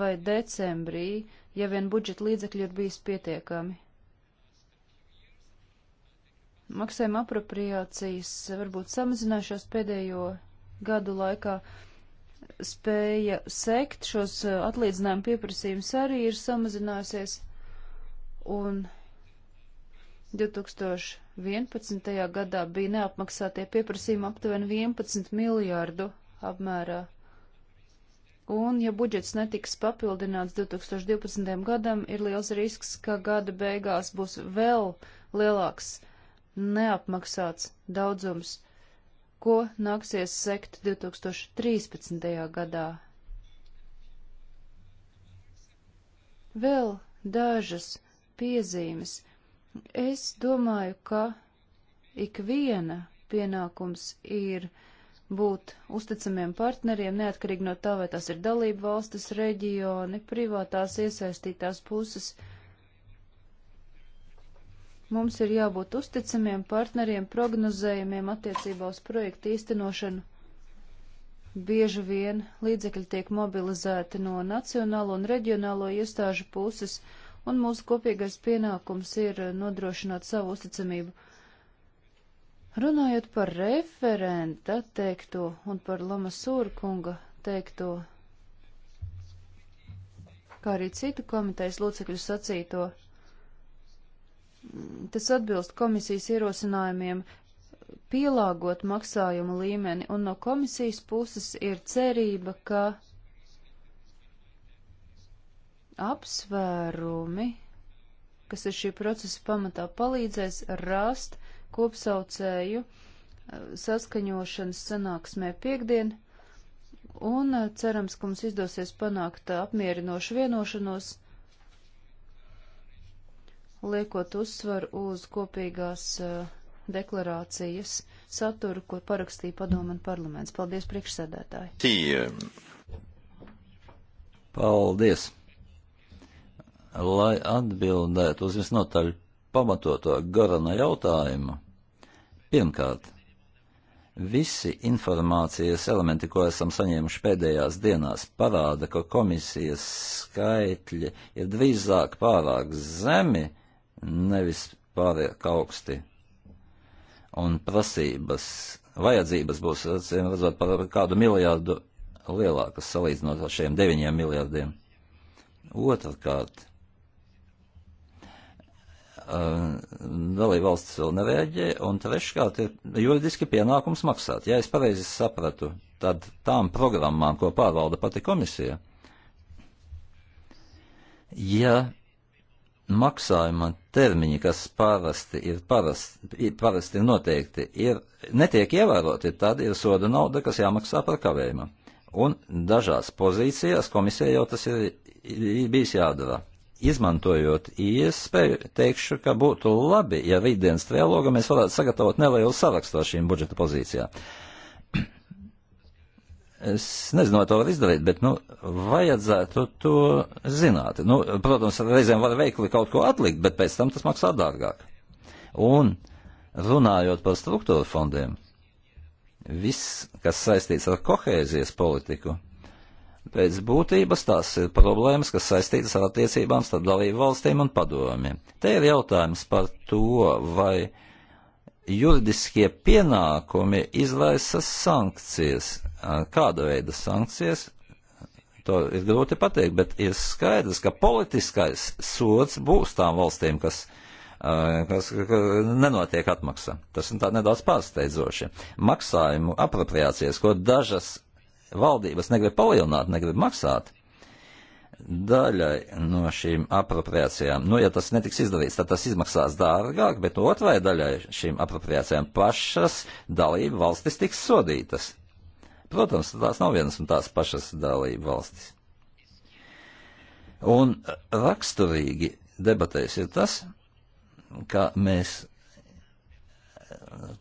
vai decembrī, ja vien budžeta līdzekļi ir bijis pietiekami. Maksājuma apropriācijas varbūt samazinājušās pēdējo gadu laikā. Spēja sekt šos eh, atlīdzinājumu pieprasījumus arī ir samazinājusies, un 2011. gadā bija neapmaksātie pieprasījumi aptuveni 11 miljārdu apmērā. Un, ja budžets netiks papildināts 2012. gadam, ir liels risks, ka gada beigās būs vēl lielāks neapmaksāts daudzums, ko nāksies sekt 2013. gadā. Vēl dažas piezīmes Es domāju, ka ikviena pienākums ir būt uzticamiem partneriem, neatkarīgi no tā, vai tas ir dalība valstis, reģioni, privātās iesaistītās puses. Mums ir jābūt uzticamiem partneriem, prognozējumiem attiecībā uz projektu īstenošanu. Bieži vien līdzekļi tiek mobilizēti no nacionālo un reģionālo iestāžu puses, uh, un mūsu kopīgais pienākums ir nodrošināt savu uzticamību. Runājot par referenta teikto un par Lamasūra kunga teikto, kā arī citu komitejas locekļu sacīto, tas atbilst komisijas ierosinājumiem pielāgot maksājumu līmeni, un no komisijas puses ir cerība, ka apsvērumi, kas ir šī procesa pamatā, palīdzēs rast kopsaucēju eh, saskaņošanas sanāksmē piekdien, un eh, cerams, ka mums izdosies panākt eh, apmierinošu vienošanos, liekot uzsvaru uz kopīgās deklarācijas saturu, ko parakstīja padomu un parlaments. Paldies, priekšsēdētāji! Paldies! lai atbildētu uz visnotaļ pamatoto garana jautājumu. Pirmkārt, visi informācijas elementi, ko esam saņēmuši pēdējās dienās, parāda, ka komisijas skaitļi ir drīzāk pārāk zemi, nevis pārāk augsti. Un prasības, vajadzības būs, acīm redzot, par kādu miljārdu lielākas salīdzinot ar šiem deviņiem miljārdiem. Otrakārt, Uh, dalība valsts vēl nereaģē, un treškārt ir juridiski pienākums maksāt. Ja es pareizi sapratu, tad tām programmām, ko pārvalda pati komisija, ja maksājuma termiņi, kas parasti ir, parasti, parasti ir noteikti, ir, netiek ievēroti, tad ir soda nauda, kas jāmaksā par kavējumu. Un dažās pozīcijās komisija jau tas ir, ir bijis jādara. Izmantojot iespēju, teikšu, ka būtu labi, ja rītdienas trialogā mēs varētu sagatavot nelielu sarakstu ar šīm budžeta pozīcijām. Es nezinu, vai to var izdarīt, bet, nu, vajadzētu to zināt. Nu, protams, reizēm var veikli kaut ko atlikt, bet pēc tam tas maksā dārgāk. Un runājot par struktūra fondiem, viss, kas saistīts ar kohēzijas politiku, Pēc būtības tās ir problēmas, kas saistītas ar attiecībām starp dalību valstīm un padomi. Te ir jautājums par to, vai juridiskie pienākumi izraisa sankcijas. Kāda veida sankcijas? To ir grūti pateikt, bet ir skaidrs, ka politiskais sods būs tām valstīm, kas, kas, kas nenotiek atmaksa. Tas ir tā nedaudz pārsteidzoši. Maksājumu apropriācijas, ko dažas valdības negrib palielināt, negrib maksāt daļai no šīm apropriācijām. Nu, ja tas netiks izdarīts, tad tas izmaksās dārgāk, bet no otrai daļai šīm apropriācijām pašas dalību valstis tiks sodītas. Protams, tās nav vienas un tās pašas dalību valstis. Un raksturīgi debatēs ir tas, ka mēs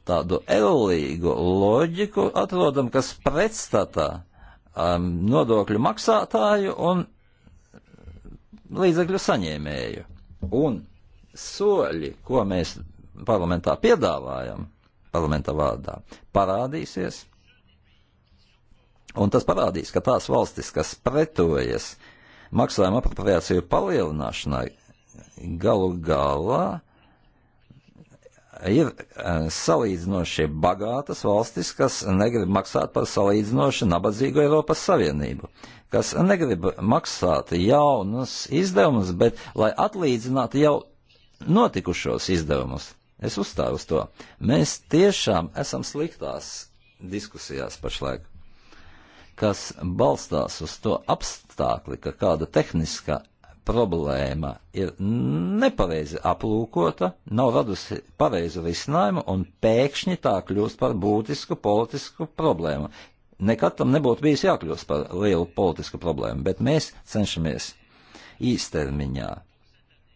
tādu ellīgu loģiku atrodam, kas pretstatā um, nodokļu maksātāju un līdzekļu saņēmēju. Un soļi, ko mēs parlamentā piedāvājam, parlamenta vārdā, parādīsies, un tas parādīs, ka tās valstis, kas pretojas maksājuma apropriāciju palielināšanai, galu galā ir eh, salīdzinošie bagātas valstis, kas negrib maksāt par salīdzinoši nabadzīgu Eiropas Savienību, kas negrib maksāt jaunus izdevumus, bet lai atlīdzinātu jau notikušos izdevumus. Es uzstāju uz to. Mēs tiešām esam sliktās diskusijās pašlaik, kas balstās uz to apstākli, ka kāda tehniska problēma ir nepareizi aplūkota, nav radusi pareizu risinājumu un pēkšņi tā kļūst par būtisku politisku problēmu. Nekad tam nebūtu bijis jākļūst par lielu politisku problēmu, bet mēs cenšamies īstermiņā,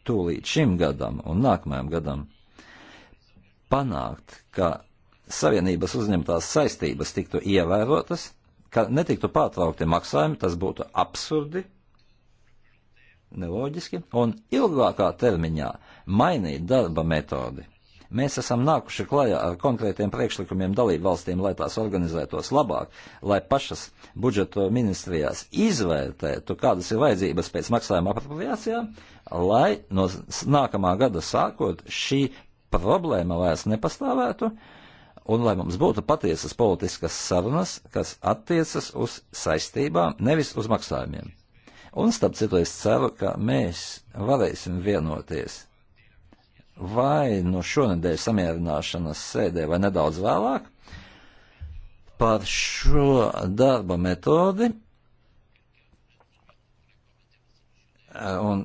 tūlīt šim gadam un nākamajam gadam, panākt, ka Savienības uzņemtās saistības tiktu ievērotas, ka netiktu pārtraukti maksājumi, tas būtu absurdi neloģiski, un ilgākā termiņā mainīt darba metodi. Mēs esam nākuši klajā ar konkrētiem priekšlikumiem dalību valstīm, lai tās organizētos labāk, lai pašas budžeto ministrijās izvērtētu, kādas ir vajadzības pēc maksājuma apropriācijām, lai no nākamā gada sākot šī problēma vairs nepastāvētu, un lai mums būtu patiesas politiskas sarunas, kas attiecas uz saistībām, nevis uz maksājumiem. Un, starp citu, es ceru, ka mēs varēsim vienoties vai nu no šonadēļ samierināšanas sēdē vai nedaudz vēlāk par šo darba metodi un,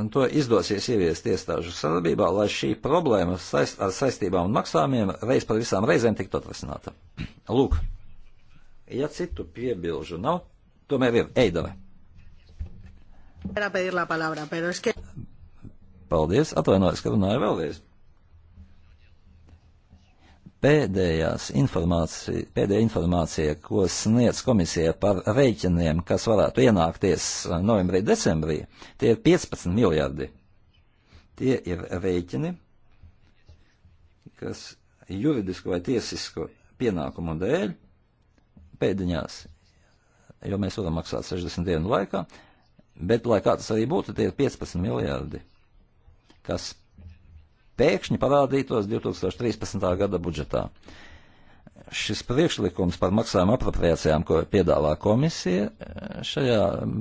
un to izdosies ieviest iestāžu sadarbībā, lai šī problēma saist, ar saistībām un maksājumiem reiz par visām reizēm tiktu atrisināta. (clears throat) Lūk, ja citu piebilžu nav, tomēr ir eidave. Paldies, atvainojos, ka runāju vēlreiz. Pēdējās informācija, pēdējā informācija, ko sniedz komisija par rēķiniem, kas varētu ienākties novembrī, decembrī, tie ir 15 miljardi. Tie ir rēķini, kas juridisku vai tiesisku pienākumu dēļ pēdiņās, jo mēs varam maksāt 60 dienu laikā, Bet, lai kā tas arī būtu, tie ir 15 miljardi, kas pēkšņi parādītos 2013. gada budžetā. Šis priekšlikums par maksājumu apropriācijām, ko piedāvā komisija, eh, šajā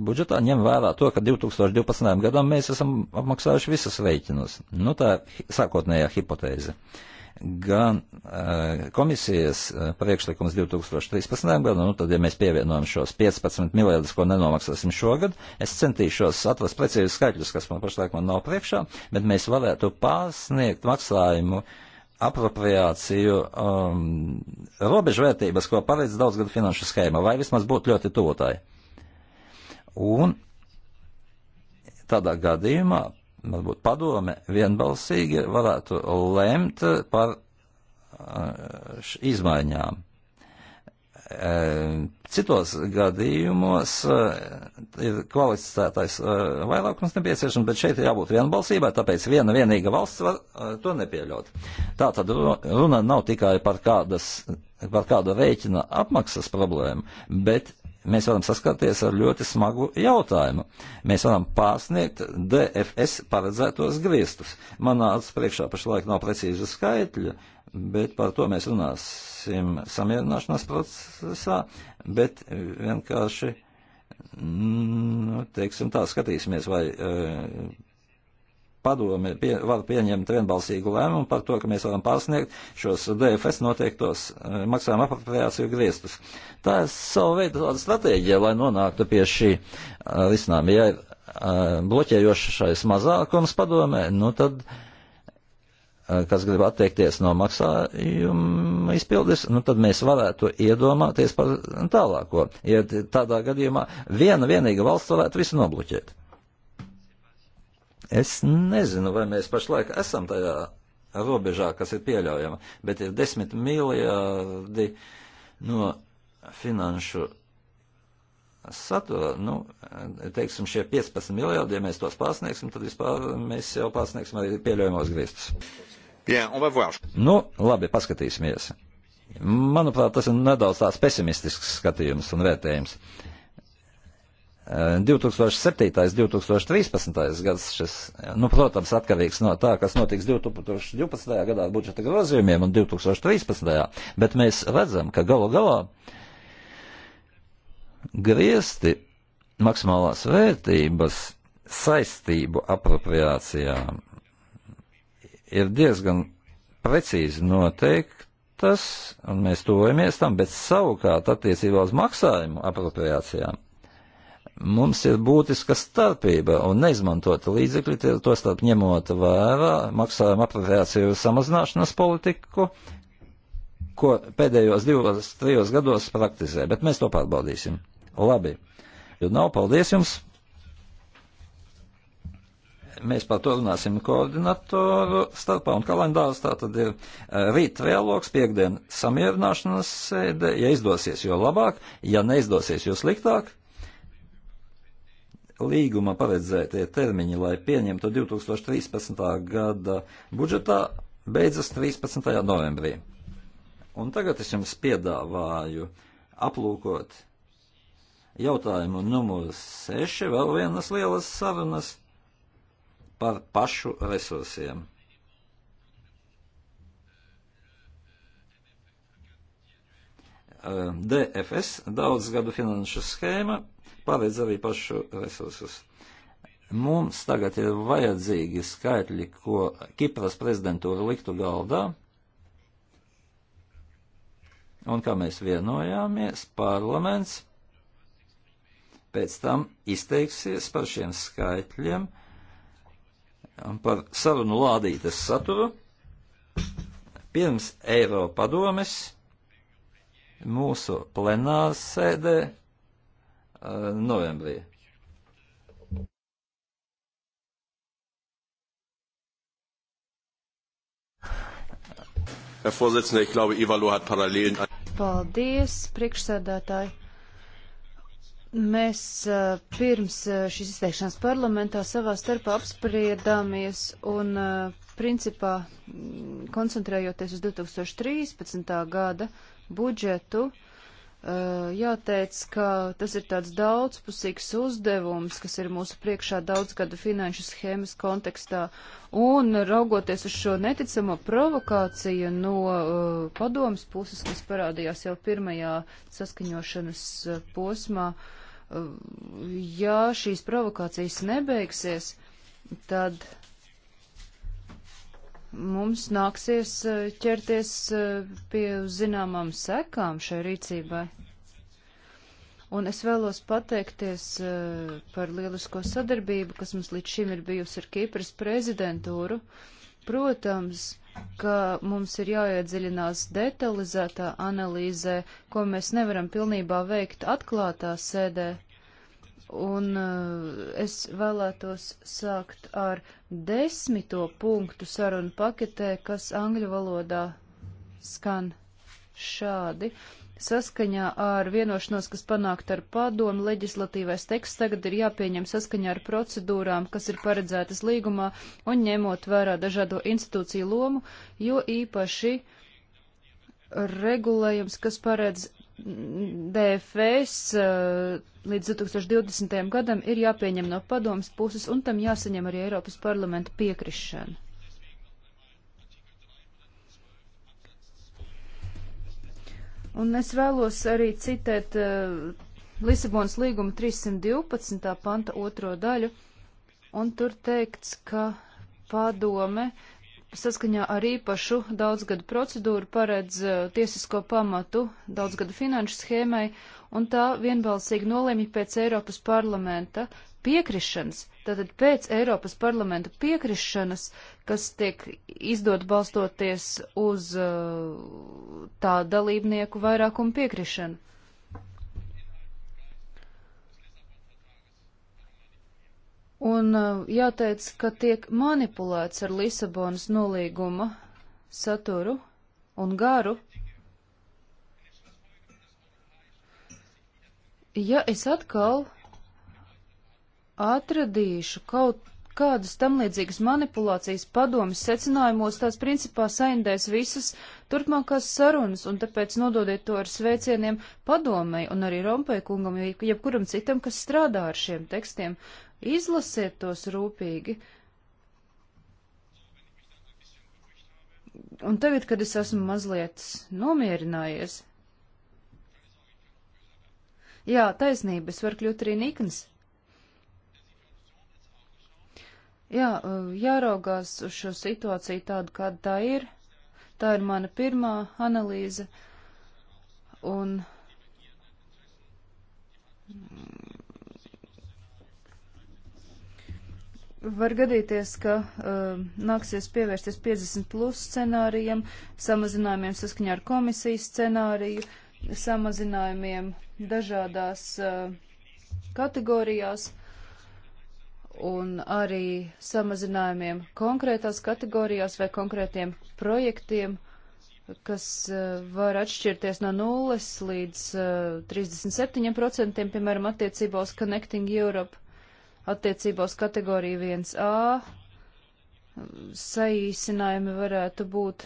budžetā ņem vērā to, ka 2012. gadam mēs esam apmaksājuši visas reiķinus. Nu, tā ir sākotnējā hipotēze. Uh, gan uh, komisijas uh, priekšlikums 2013. gadam, nu tad, ja mēs pievienojam šos 15 miljardus, ko nenomaksāsim šogad, es centīšos atrast precīzus skaitļus, kas man pašlaik man nav priekšā, bet mēs varētu pārsniegt maksājumu apropriāciju um, robežvērtības, ko paredz daudzgadu finanšu schēma, vai vismaz būtu ļoti tuvotāji. Un tādā gadījumā varbūt padome vienbalsīgi varētu lemt par eh, izmaiņām. Eh, citos gadījumos eh, ir kvalificētais vairākums nepieciešams, bet šeit ir jābūt vienbalsībai, tāpēc viena vienīga valsts var to nepieļaut. Tā tad runa nav tikai par, kādas, par kādu rēķina apmaksas problēmu, bet mēs varam saskarties ar ļoti smagu jautājumu. Mēs varam pārsniegt DFS paredzētos griestus. Manā priekšā pašlaik nav precīza skaitļa, bet par to mēs runāsim samierināšanās procesā, bet vienkārši, nu, teiksim tā, skatīsimies, vai eh, padome pie, var pieņemt vienbalsīgu lēmumu par to, ka mēs varam pārsniegt šos DFS noteiktos eh, maksājuma apropriāciju griestus. Tā ir sava veida tāda stratēģija, lai nonāktu pie šī eh, risinājuma. Ja ir eh, bloķējošais mazākums padomē, nu tad kas grib atteikties no maksājuma izpildes, nu tad mēs varētu iedomāties par tālāko. Ja tādā gadījumā viena vienīga valsts varētu visu nobloķēt. Es nezinu, vai mēs pašlaik esam tajā robežā, kas ir pieļaujama, bet ir desmit miljardi no finanšu satura, nu, teiksim, šie 15 miljardi, ja mēs tos pārsniegsim, tad vispār mēs jau pārsniegsim arī pieļaujamos griestus. Nu, labi, paskatīsimies. Manuprāt, tas ir nedaudz tāds pesimistisks skatījums un vērtējums. Uh, 2007. 2013. gads šis, nu, protams, atkarīgs no tā, kas notiks 2012. gadā budžeta grozījumiem un 2013. bet mēs redzam, ka galu galā griezti maksimālās vērtības saistību apropriācijām ir diezgan precīzi noteiktas, un mēs tojamies tam, bet savukārt attiecībā uz maksājumu apropriācijām mums ir būtiska starpība un neizmantota līdzekļi, to starp ņemot vērā maksājuma apropriāciju samazināšanas politiku, ko pēdējos divos, trijos gados praktizē, bet mēs to pārbaudīsim. Labi. Jo nav, paldies jums. Mēs par to runāsim koordinatoru starpā un kalendārs. Tā tad ir eh, rīt trialogs, piekdien samierināšanas sēde, ja izdosies, jo labāk, ja neizdosies, jo sliktāk līguma paredzētie termiņi, lai pieņemtu 2013. gada budžetā, beidzas 13. novembrī. Un tagad es jums piedāvāju aplūkot jautājumu numur 6, vēl vienas lielas sarunas par pašu resursiem. DFS, daudzgadu finanšu schēma, paredz arī pašu resursus. Mums tagad ir vajadzīgi skaitļi, ko Kipras prezidentūra liktu galdā, un kā mēs vienojāmies, parlaments pēc tam izteiksies par šiem skaitļiem, par sarunu lādītes saturu, pirms Eiropadomes mūsu plenārsēdē Eh, novembrī. Herr Vorsitzender, ich glaube, Ivalo hat Parallelen. Paldies, priekšsēdētāji. Mēs eh, pirms eh, šīs izteikšanās parlamentā savā starpā apspriedāmies un principā koncentrējoties uz 2013. gada budžetu, uh, jāteic, ka tas ir tāds daudzpusīgs uzdevums, kas ir mūsu priekšā daudzgada finanšu schēmas kontekstā. Un raugoties uz šo neticamo provokāciju no uh, padomas puses, kas parādījās jau pirmajā saskaņošanas uh, posmā, uh, ja šīs provokācijas nebeigsies, tad mums nāksies e, ķerties e, pie zināmām sekām šai rīcībai. Un es vēlos pateikties e, par lielisko sadarbību, kas mums līdz šim ir bijusi ar Kīpras prezidentūru. Protams, ka mums ir jāiedziļinās detalizētā analīzē, ko mēs nevaram pilnībā veikt atklātā sēdē. Un eh, es vēlētos sākt ar desmito punktu sarunu paketē, kas angļu valodā skan šādi. Saskaņā ar vienošanos, kas panākt ar padomu, leģislatīvais teksts tagad ir jāpieņem saskaņā ar procedūrām, kas ir paredzētas līgumā un ņemot vērā dažādo institūciju lomu, jo īpaši regulējums, kas paredz DFS eh, līdz 2020. gadam ir jāpieņem no padomas puses un tam jāsaņem arī Eiropas parlamenta piekrišana. Un es vēlos arī citēt eh, Lisabonas līguma 312. panta otro daļu, un tur teikts, ka padome saskaņā ar īpašu daudzgadu procedūru paredz eh, tiesisko pamatu daudzgadu finanšu schēmai, un tā vienbalsīgi nolēma pēc Eiropas parlamenta piekrišanas, tātad pēc Eiropas parlamenta piekrišanas, kas tiek izdot balstoties uz eh, tā dalībnieku vairākumu piekrišanu. Un uh, jāteic, ka tiek manipulēts ar Lisabonas nolīguma saturu un garu. Ja es atkal atradīšu kaut kādas tam līdzīgas manipulācijas padomas secinājumos, tās principā saindēs visas turpmākās sarunas, un tāpēc nododiet to ar sveicieniem padomei un arī Rompēkungam, jebkuram citam, kas strādā ar šiem tekstiem. Izlasiet tos rūpīgi. Un tagad, kad es esmu mazliet nomierinājies. Jā, taisnība, es varu kļūt arī nikns. Jā, eh, jāraugās uz šo situāciju tādu, kāda tā ir. Tā ir mana pirmā analīze. Un Var gadīties, ka uh, nāksies pievērsties 50 plus scenārijiem, samazinājumiem saskaņā ar komisijas scenāriju, samazinājumiem dažādās uh, kategorijās un arī samazinājumiem konkrētās kategorijās vai konkrētiem projektiem, kas uh, var atšķirties no 0 līdz uh, 37%, piemēram, attiecībā uz Connecting Europe attiecībā uz kategoriju 1A saīsinājumi varētu būt.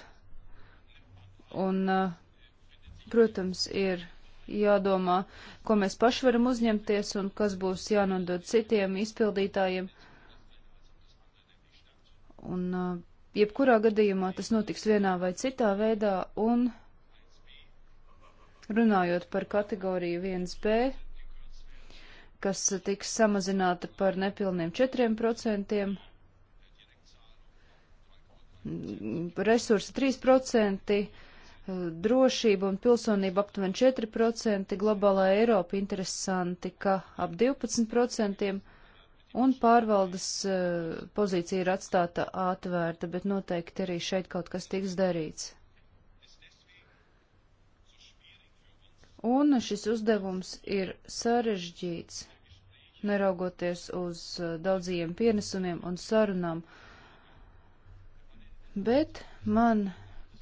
Un, protams, ir jādomā, ko mēs paši varam uzņemties un kas būs jānodod citiem izpildītājiem. Un, jebkurā gadījumā tas notiks vienā vai citā veidā, un runājot par kategoriju 1B, kas tiks samazināta par nepilniem 4%, resursi 3%, drošība un pilsonība aptuveni 4%, globālā Eiropa interesanti, ka ap 12%, un pārvaldes e, pozīcija ir atstāta atvērta, bet noteikti arī šeit kaut kas tiks darīts. Un šis uzdevums ir sarežģīts neraugoties uz uh, daudzajiem pienesumiem un sarunām. Bet man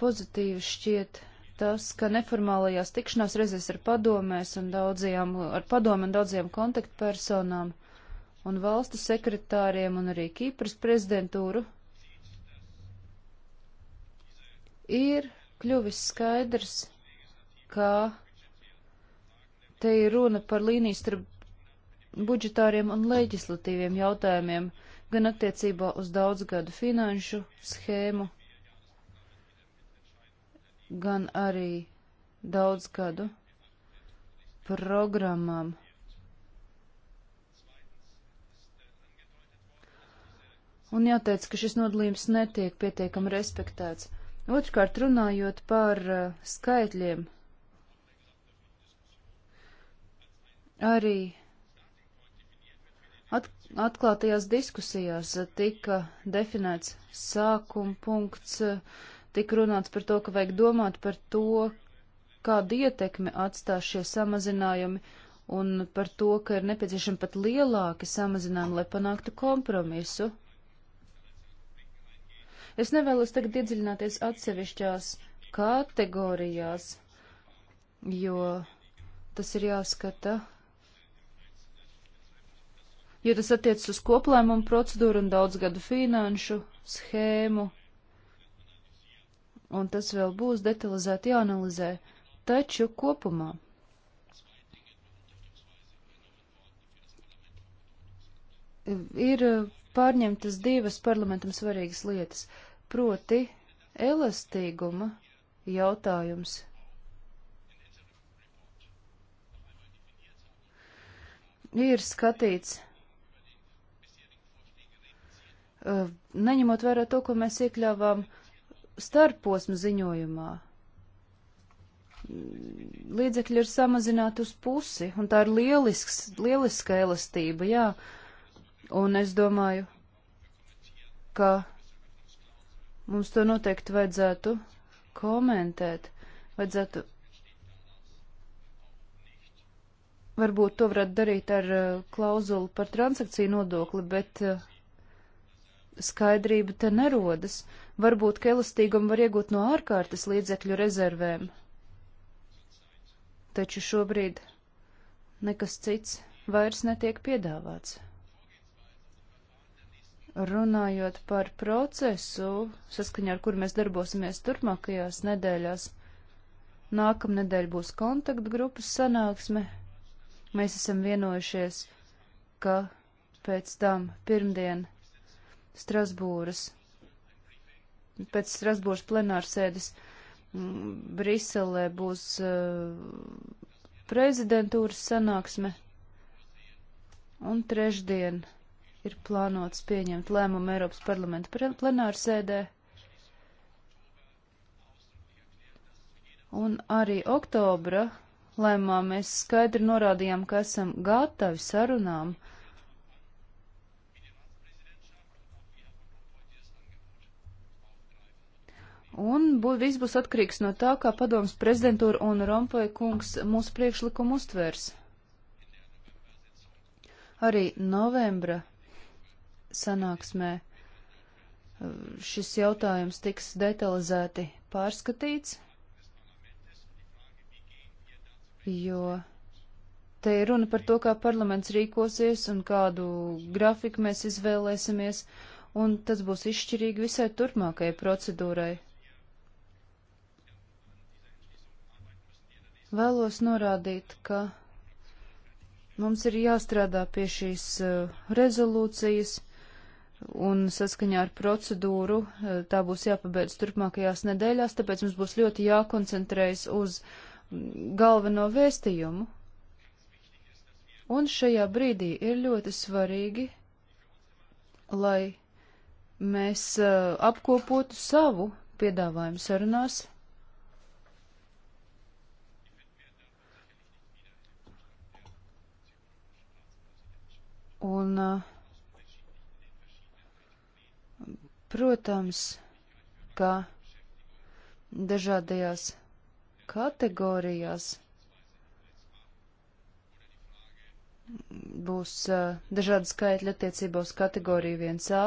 pozitīvi šķiet tas, ka neformālajās tikšanās reizēs ar padomēs un daudzajām, ar padomu un daudzajām kontaktpersonām un valstu sekretāriem un arī Kīpras prezidentūru ir kļuvis skaidrs, ka te ir runa par līniju starp budžetāriem un leģislatīviem jautājumiem, gan attiecībā uz daudzgadu finanšu schēmu, gan arī daudzgadu programmām. Un jāteic, ka šis nodalījums netiek pietiekami respektēts. Otrkārt, runājot par uh, skaitļiem, arī At, atklātajās diskusijās tika definēts sākuma punkts, tika runāts par to, ka vajag domāt par to, kādu ietekmi atstās šie samazinājumi un par to, ka ir nepieciešami pat lielāki samazinājumi, lai panāktu kompromisu. Es nevēlos tagad iedziļināties atsevišķās kategorijās, jo tas ir jāskata jo tas attiecas uz koplēmumu procedūru un daudzgadu finanšu schēmu. Un tas vēl būs detalizēti jāanalizē, taču kopumā. Ir pārņemtas divas parlamentam svarīgas lietas, proti elastīguma jautājums ir skatīts Eh, neņemot vērā to, ko mēs iekļāvām starposmu ziņojumā. Līdzekļi ir samazināti uz pusi, un tā ir lielisks, lieliska elastība, jā. Un es domāju, ka mums to noteikti vajadzētu komentēt, vajadzētu. Varbūt to varētu darīt ar eh, klauzulu par transakciju nodokli, bet eh, skaidrība te nerodas. Varbūt, ka elastīgumu var iegūt no ārkārtas līdzekļu rezervēm. Taču šobrīd nekas cits vairs netiek piedāvāts. Runājot par procesu, saskaņā ar kur mēs darbosimies turpmākajās nedēļās, nākamnedēļ būs kontaktgrupas sanāksme. Mēs esam vienojušies, ka pēc tam pirmdien Strasbūras, pēc Strasbūras plenārsēdes mm, Briselē būs eh, prezidentūras sanāksme, un trešdien ir plānots pieņemt lēmumu Eiropas parlamenta plenārsēdē. Un arī oktobra lēmumā mēs skaidri norādījām, ka esam gatavi sarunām uh, Un bū, viss būs atkarīgs no tā, kā padomas prezidentūra un Rompoja kungs mūsu priekšlikumu uztvers. Arī novembra sanāksmē uh, šis jautājums tiks detalizēti pārskatīts, jo te ir runa par to, kā parlaments rīkosies un kādu grafiku mēs izvēlēsimies, un tas būs izšķirīgi visai turpmākajai procedūrai. Vēlos norādīt, ka mums ir jāstrādā pie šīs uh, rezolūcijas, un saskaņā ar procedūru uh, tā būs jāpabeidz turpmākajās nedēļās, tāpēc mums būs ļoti jākoncentrējas uz galveno vēstījumu. Un šajā brīdī ir ļoti svarīgi, lai mēs uh, apkopotu savu piedāvājumu sarunās Un, protams, ka dažādajās kategorijās būs dažādi skaitļi attiecībā uz kategoriju 1A.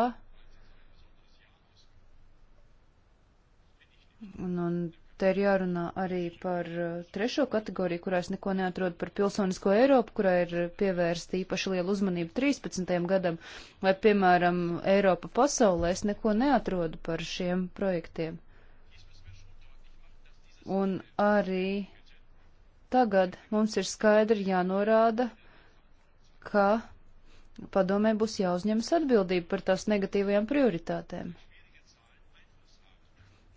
Un, un Te ir jārunā arī par uh, trešo kategoriju, kurā es neko neatrodu par pilsonisko Eiropu, kurā ir pievērsta īpaši liela uzmanība 13. gadam, vai, piemēram, Eiropa pasaulē, es neko neatrodu par šiem projektiem. Un arī tagad mums ir skaidri jānorāda, ka padomē būs jāuzņemas atbildība par tās negatīvajām prioritātēm.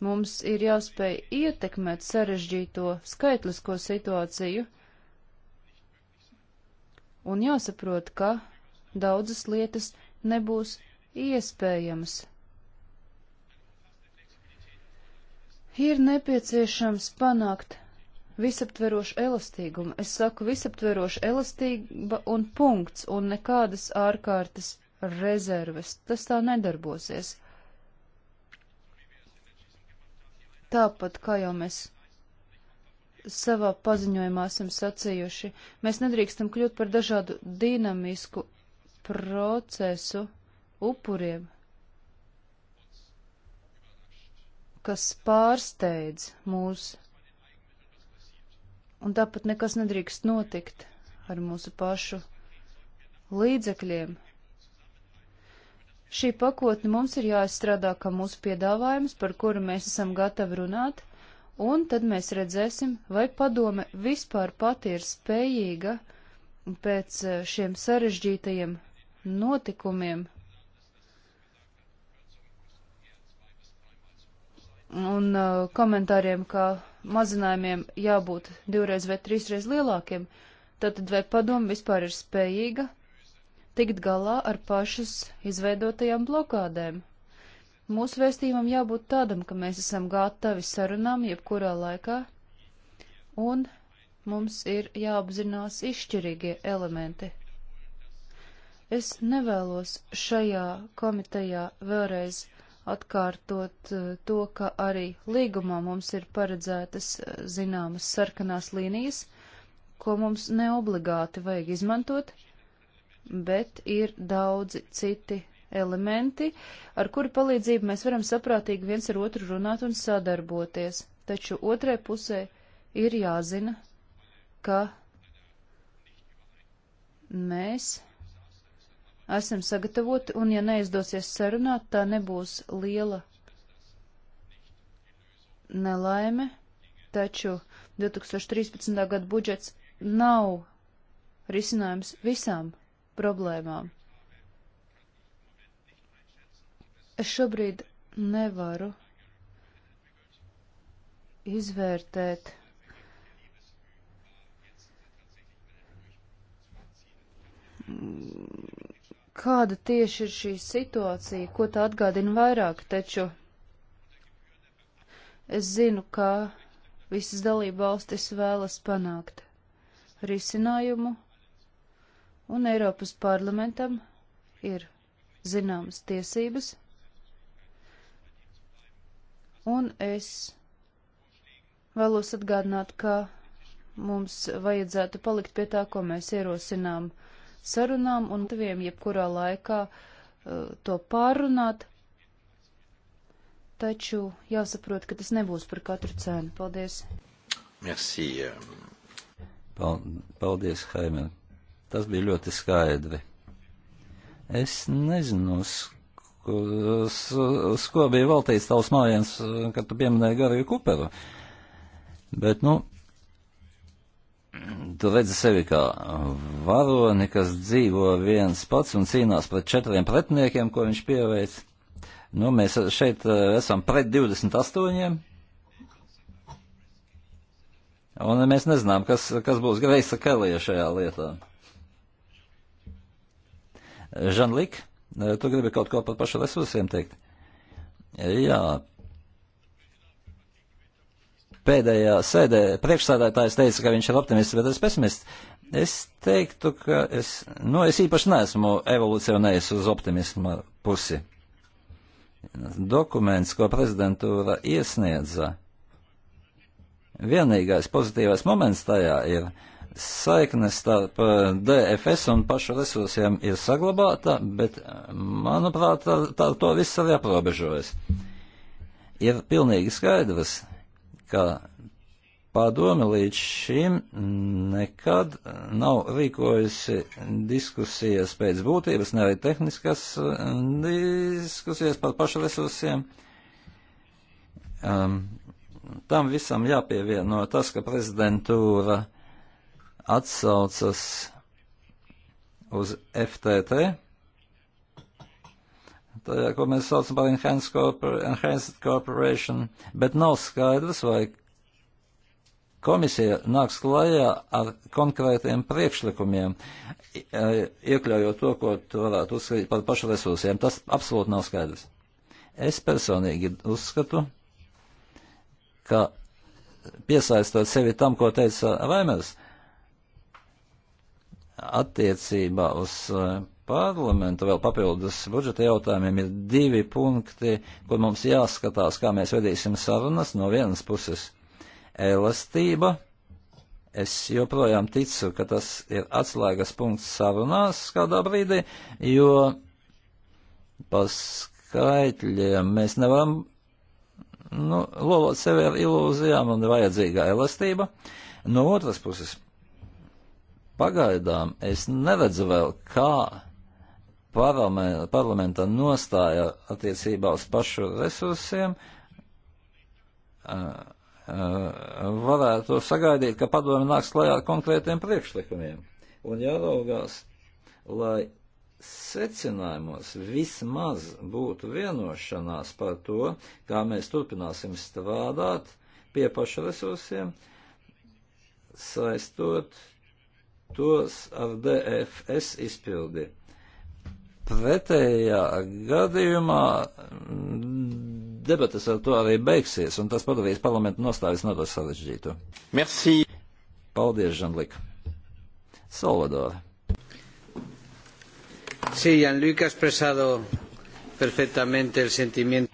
Mums ir jāspēj ietekmēt sarežģīto skaitlisko situāciju un jāsaprot, ka daudzas lietas nebūs iespējamas. Ir nepieciešams panākt visaptverošu elastīgumu. Es saku visaptverošu elastība un punkts un nekādas ārkārtas rezerves. Tas tā nedarbosies. tāpat, kā jau mēs savā paziņojumā esam sacījuši, mēs nedrīkstam kļūt par dažādu dinamisku procesu upuriem, kas pārsteidz mūs, un tāpat nekas nedrīkst notikt ar mūsu pašu līdzekļiem, Šī pakotne mums ir jāizstrādā kā mūsu piedāvājums, par kuru mēs esam gatavi runāt, un tad mēs redzēsim, vai padome vispār pati ir spējīga pēc eh, šiem sarežģītajiem notikumiem. Un uh, komentāriem, kā mazinājumiem jābūt divreiz vai trīsreiz lielākiem, tad vai padome vispār ir spējīga tikt galā ar pašas izveidotajām blokādēm. Mūsu vēstījumam jābūt tādam, ka mēs esam gatavi sarunām jebkurā laikā, un mums ir jāapzinās izšķirīgie elementi. Es nevēlos šajā komitejā vēlreiz atkārtot eh, to, ka arī līgumā mums ir paredzētas eh, zināmas sarkanās līnijas, ko mums neobligāti vajag izmantot, bet ir daudzi citi elementi, ar kuru palīdzību mēs varam saprātīgi viens ar otru runāt un sadarboties. Taču otrai pusē ir jāzina, ka mēs esam sagatavoti, un ja neizdosies sarunāt, tā nebūs liela nelaime, taču 2013. gada budžets nav risinājums visām problēmām. Es šobrīd nevaru izvērtēt kāda tieši ir šī situācija, ko tā atgādina vairāk, taču es zinu, kā visas dalība valstis vēlas panākt risinājumu un Eiropas parlamentam ir zināmas tiesības, un es vēlos atgādināt, ka mums vajadzētu palikt pie tā, ko mēs ierosinām sarunām un teviem jebkurā laikā uh, to pārunāt, taču jāsaprot, ka tas nebūs par katru cenu. Paldies! Merci. Um. Paldies, Haimē. Tas bija ļoti skaidri. Es nezinu, uz, uz, uz ko bija veltīts tavs mājiens, kad tu pieminēji Gariju Kuperu. Bet, nu, tu redzi sevi kā varoni, kas dzīvo viens pats un cīnās pret četriem pretiniekiem, ko viņš pieveic. Nu, mēs šeit eh, esam pret 28. Un mēs nezinām, kas, kas būs Greisa Kelija šajā lietā. Žanlik, eh, tu gribi kaut ko par pašu resursiem teikt? Jā. Pēdējā sēdē priekšsādātājs teica, ka viņš ir optimists, bet es pesimists. Es teiktu, ka es, nu, es īpaši neesmu evolucionējis uz optimisma pusi. Dokuments, ko prezidentūra iesniedza, vienīgais pozitīvais moments tajā ir, uh, saiknes starp eh, DFS un pašu resursiem ir saglabāta, bet, eh, manuprāt, ar, ar to viss arī aprobežojas. Ir pilnīgi skaidrs, ka padome līdz šim nekad nav rīkojusi diskusijas pēc būtības, ne arī tehniskas eh, diskusijas par pašu resursiem. Um, tam visam jāpievieno tas, ka prezidentūra uh, atsaucas uz FTT, tajā, ko mēs saucam par Enhanced, Corpor Enhanced Corporation, bet nav skaidrs, vai komisija nāks klajā ar konkrētiem priekšlikumiem, e, iekļaujot to, ko tu varētu uzskatīt par pašu resursiem. Tas absolūti nav skaidrs. Es personīgi uzskatu, ka piesaistot sevi tam, ko teica Raimers, uh, Attiecībā uz eh, parlamentu vēl papildus budžeta jautājumiem ir divi punkti, kur mums jāskatās, kā mēs vedīsim sarunas. No vienas puses elastība. Es joprojām ticu, ka tas ir atslēgas punkts sarunās kādā brīdī, jo par skaitļiem mēs nevaram nu, lolot sevi ar ilūzijām un vajadzīgā elastība. No otras puses Pagaidām es neredzu vēl, kā parlamenta nostāja attiecībā uz pašu resursiem eh, eh, varētu sagaidīt, ka padomi nāks klajā ar konkrētiem priekšlikumiem. Un jāraugās, lai secinājumos vismaz būtu vienošanās par to, kā mēs turpināsim strādāt pie pašu resursiem, saistot tos ar DFS izpildi. Pretējā gadījumā mm, debatas ar to arī beigsies, un tas padarīs parlamentu nostājas nedaudz sarežģītu. Merci! Paldies, Žanlik! Salvador! Sí, Gianluca ha expresado perfectamente el sentimiento.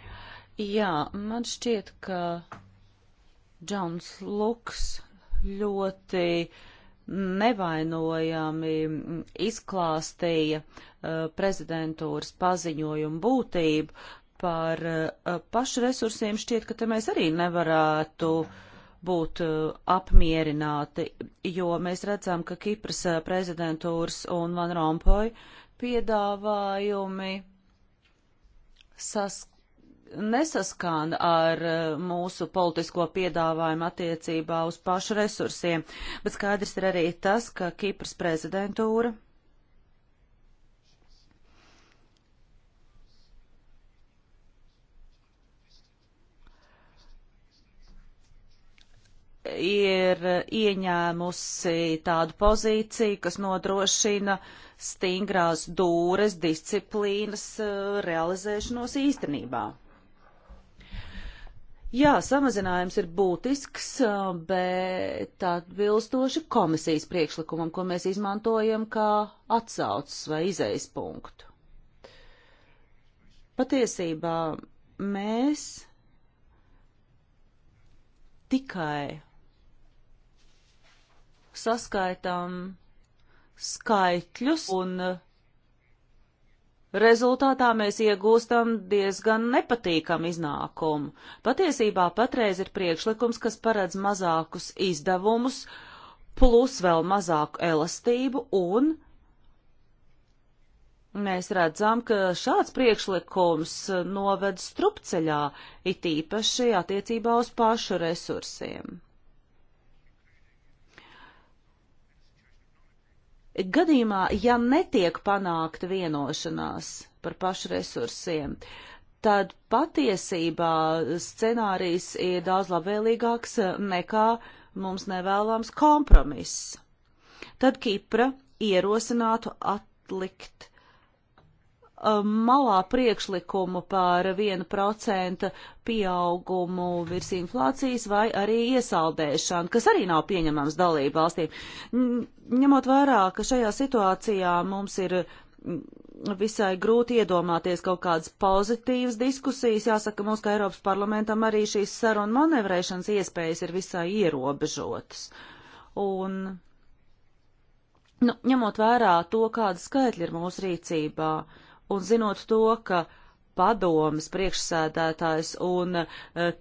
Jā, man šķiet, ka Džons Luks ļoti uh, nevainojami izklāstīja uh, prezidentūras paziņojumu būtību par uh, pašu resursiem, šķiet, ka te mēs arī nevarētu būt uh, apmierināti, jo mēs redzam, ka Kipras uh, prezidentūras un Van Rompuy piedāvājumi sask nesaskan ar eh, mūsu politisko piedāvājumu attiecībā uz pašu resursiem, bet skaidrs ir arī tas, ka Kipras prezidentūra ir ieņēmusi tādu pozīciju, kas nodrošina stingrās dūres disciplīnas eh, realizēšanos īstenībā. Jā, samazinājums ir būtisks, um, bet atbilstoši komisijas priekšlikumam, ko mēs izmantojam kā atsaucas vai izejas punktu. Patiesībā mēs tikai saskaitām skaitļus un Rezultātā mēs iegūstam diezgan nepatīkamu iznākumu. Patiesībā patreiz ir priekšlikums, kas paredz mazākus izdevumus, plus vēl mazāku elastību, un mēs redzam, ka šāds priekšlikums noved strupceļā, it īpaši attiecībā uz pašu resursiem. Gadījumā, ja netiek panākta vienošanās par pašu resursiem, tad patiesībā scenārijs ir daudz labvēlīgāks eh, nekā mums nevēlams kompromiss. Tad Kipra ierosinātu atlikt Um, malā priekšlikumu par 1% pieaugumu virs inflācijas vai arī iesaldēšanu, kas arī nav pieņemams dalību valstīm. Ņemot vērā, ka šajā situācijā mums ir visai grūti iedomāties kaut kādas pozitīvas diskusijas, jāsaka mums, ka Eiropas parlamentam arī šīs sarunu manevrēšanas iespējas ir visai ierobežotas. Un Nu, ņemot vērā to, kāda skaitļa ir mūsu rīcībā, uh, un zinot to, ka padomas priekšsēdētājs un uh,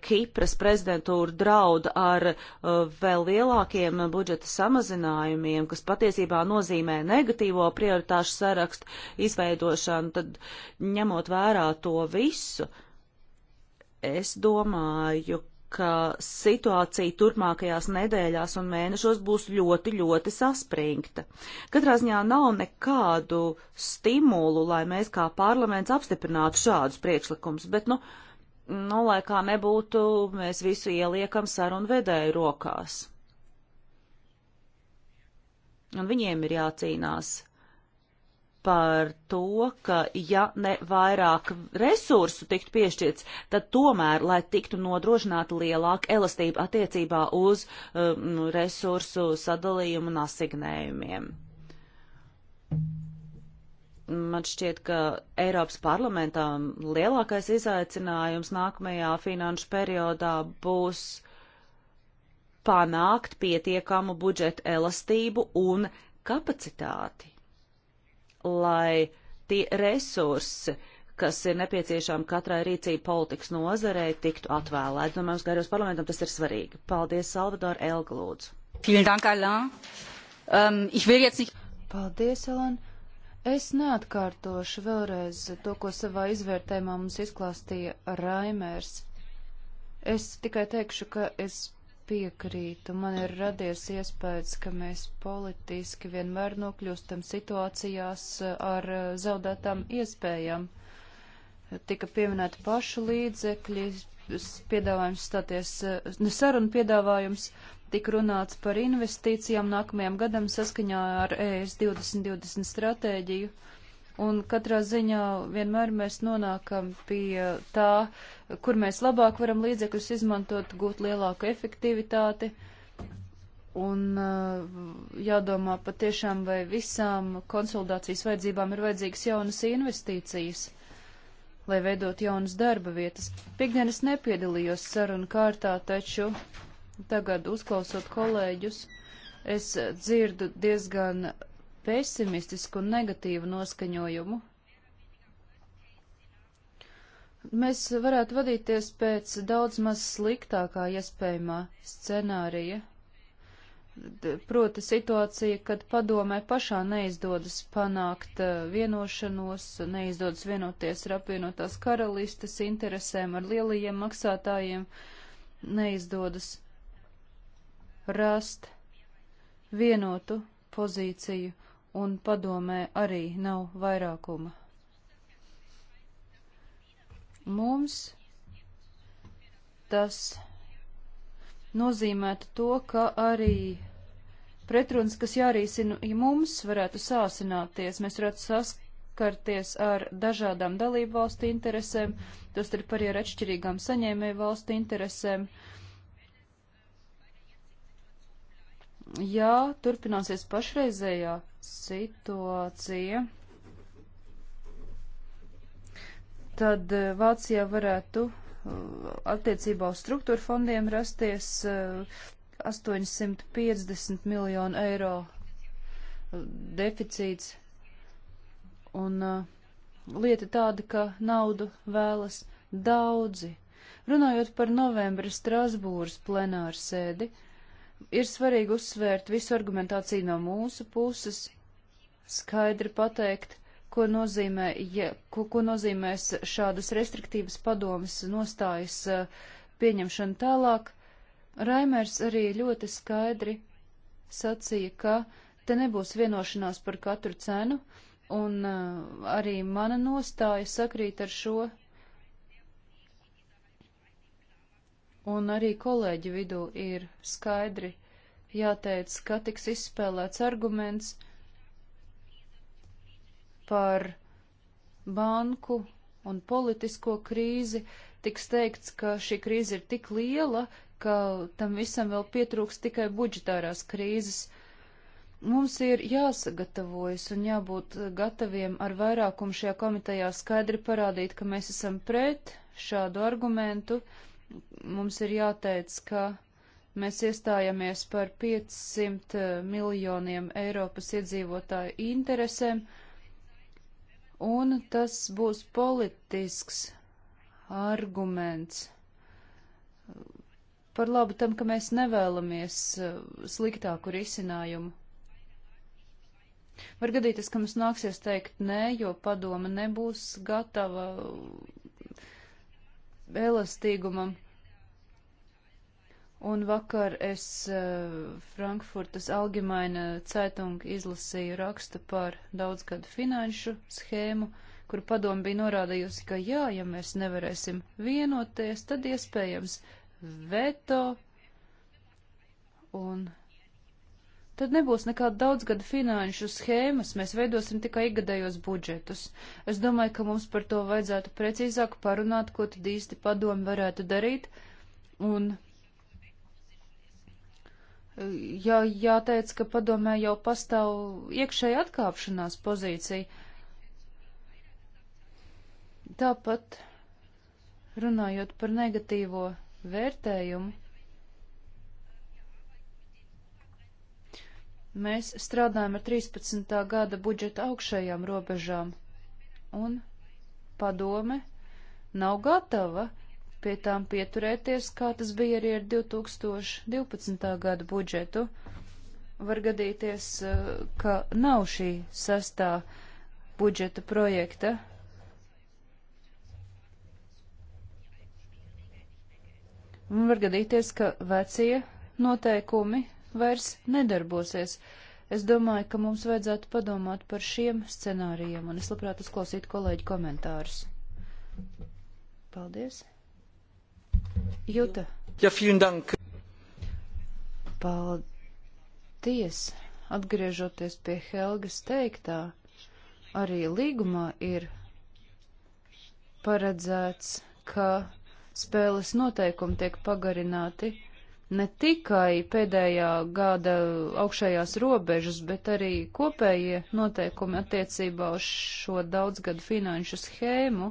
Kipras prezidentūra draud ar uh, vēl lielākiem budžeta samazinājumiem, kas patiesībā nozīmē negatīvo prioritāšu sarakstu izveidošanu, tad ņemot vērā to visu, es domāju, ka situācija turpmākajās nedēļās un mēnešos būs ļoti, ļoti saspringta. Katrā ziņā nav nekādu stimulu, lai mēs kā parlaments apstiprinātu šādus priekšlikumus, bet, nu, nu, lai kā nebūtu, mēs visu ieliekam sarunvedēju rokās. Un viņiem ir jācīnās par to, ka ja ne vairāk resursu tiktu piešķirts, tad tomēr, lai tiktu nodrošināta lielāka elastība attiecībā uz um, nu, resursu sadalījumu un asignējumiem. Man šķiet, ka Eiropas parlamentām lielākais izaicinājums nākamajā finanšu periodā būs panākt pietiekamu budžeta elastību un kapacitāti lai tie resursi, kas ir nepieciešami katrai rīcība politikas nozarei, tiktu atvēlēti. Domāju, mums garos parlamentam tas ir svarīgi. Paldies, Salvador Elga, lūdzu. Dank, Alain. Um, nicht... Paldies, Alain. Es neatkārtošu vēlreiz to, ko savā izvērtējumā mums izklāstīja Raimērs. Es tikai teikšu, ka es piekrītu. Man ir radies iespējas, ka mēs politiski vienmēr nokļūstam situācijās eh, ar eh, zaudētām iespējām. Tika pieminēti pašu līdzekļi, piedāvājums stāties, eh, ne nu, saruna piedāvājums, tika runāts par investīcijām nākamajam gadam saskaņā ar e ES 2020 stratēģiju. Uh, Un katrā ziņā vienmēr mēs nonākam pie tā, kur mēs labāk varam līdzekļus izmantot, gūt lielāku efektivitāti. Un uh, jādomā patiešām, vai visām konsultācijas vajadzībām ir vajadzīgas jaunas investīcijas, lai veidot jaunas darba vietas. Piektdien es nepiedalījos sarunu kārtā, taču tagad uzklausot kolēģus, es dzirdu diezgan pesimistisku un negatīvu noskaņojumu. Mēs varētu vadīties pēc daudz maz sliktākā iespējamā scenārija, proti situācija, kad padomē pašā neizdodas panākt uh, vienošanos, neizdodas vienoties ar apvienotās karalistes interesēm, ar lielajiem maksātājiem, neizdodas rast vienotu pozīciju un padomē arī nav vairākuma. Mums tas nozīmētu to, ka arī pretrunas, kas jārīsina ja mums, varētu sāsināties. Mēs varētu saskarties ar dažādām dalību valstu interesēm, tos starp arī ar atšķirīgām saņēmēju valstu interesēm. Uh, ja turpināsies pašreizējā situācija, tad eh, Vācijā varētu eh, attiecībā uz struktūra fondiem rasties 850 eh, miljonu eiro deficīts. Un lieta tāda, ka naudu vēlas daudzi. Runājot par novembra Strasbūras plenāru sēdi, uh, Ir svarīgi uzsvērt visu argumentāciju no mūsu puses, skaidri pateikt, ko, nozīmē, ja, ko, ko nozīmēs šādas restriktīvas padomas nostājas eh, pieņemšana tālāk. Raimers arī ļoti skaidri sacīja, ka te nebūs vienošanās par katru cenu, un eh, arī mana nostāja sakrīt ar šo un arī kolēģi vidū ir skaidri jāteic, ka tiks izspēlēts arguments par banku un politisko krīzi, tiks teikts, ka šī krīze ir tik liela, ka tam visam vēl pietrūks tikai budžetārās krīzes. Mums ir jāsagatavojas un jābūt gataviem ar vairākumu šajā komitejā skaidri parādīt, ka mēs esam pret šādu argumentu, uh, mums ir jāteic, ka mēs iestājamies par 500 miljoniem Eiropas iedzīvotāju interesēm, un tas būs politisks arguments par labu tam, ka mēs nevēlamies uh, sliktāku risinājumu. Var gadīties, ka mums nāksies teikt nē, jo padoma nebūs gatava elastīgumam. Un vakar es eh, Frankfurtas Algimaina Cētunga izlasīju rakstu par daudzgadu finanšu schēmu, kur padomu bija norādījusi, ka jā, ja mēs nevarēsim vienoties, tad iespējams veto un Tad nebūs nekāda daudzgada finanšu schēmas, mēs veidosim tikai ikgadējos budžetus. Es domāju, ka mums par to vajadzētu precīzāk parunāt, ko tad īsti padomi varētu darīt. Un jā, jāteic, ka padomē jau pastāv iekšēja atkāpšanās pozīcija. Tāpat runājot par negatīvo vērtējumu, Mēs strādājam ar 13. gada budžeta augšējām robežām, un padome nav gatava pie tām pieturēties, kā tas bija arī ar 2012. gada budžetu. Var gadīties, eh, ka nav šī sastā budžeta projekta. Un var gadīties, ka vecie noteikumi vairs nedarbosies. Es domāju, ka mums vajadzētu padomāt par šiem scenārijiem, un es labprāt uzklausītu kolēģi komentārus. Paldies. Juta. Ja, vielen dank. Paldies. Atgriežoties pie Helgas teiktā, arī līgumā ir paredzēts, ka spēles noteikumi tiek pagarināti ne tikai pēdējā gada augšējās robežas, bet arī kopējie noteikumi attiecībā uz šo daudzgadu finanšu schēmu.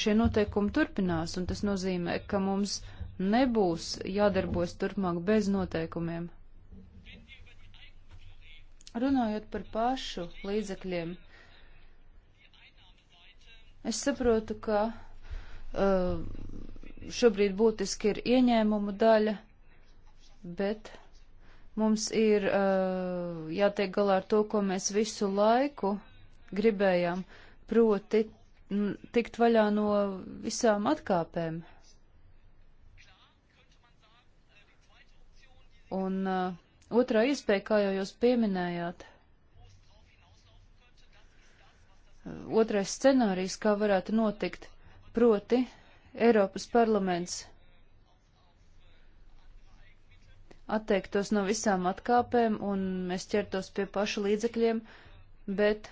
Šie noteikumi turpinās, un tas nozīmē, ka mums nebūs jādarbojas turpmāk bez noteikumiem. Runājot par pašu līdzekļiem, es saprotu, ka uh, šobrīd būtiski ir ieņēmumu daļa, bet mums ir uh, jātiek galā ar to, ko mēs visu laiku gribējām, proti tikt vaļā no visām atkāpēm. Un uh, otrā iespēja, kā jau jūs pieminējāt, otrais scenārijs, kā varētu notikt, proti Eiropas parlaments atteiktos no visām atkāpēm un mēs ķertos pie pašu līdzekļiem, bet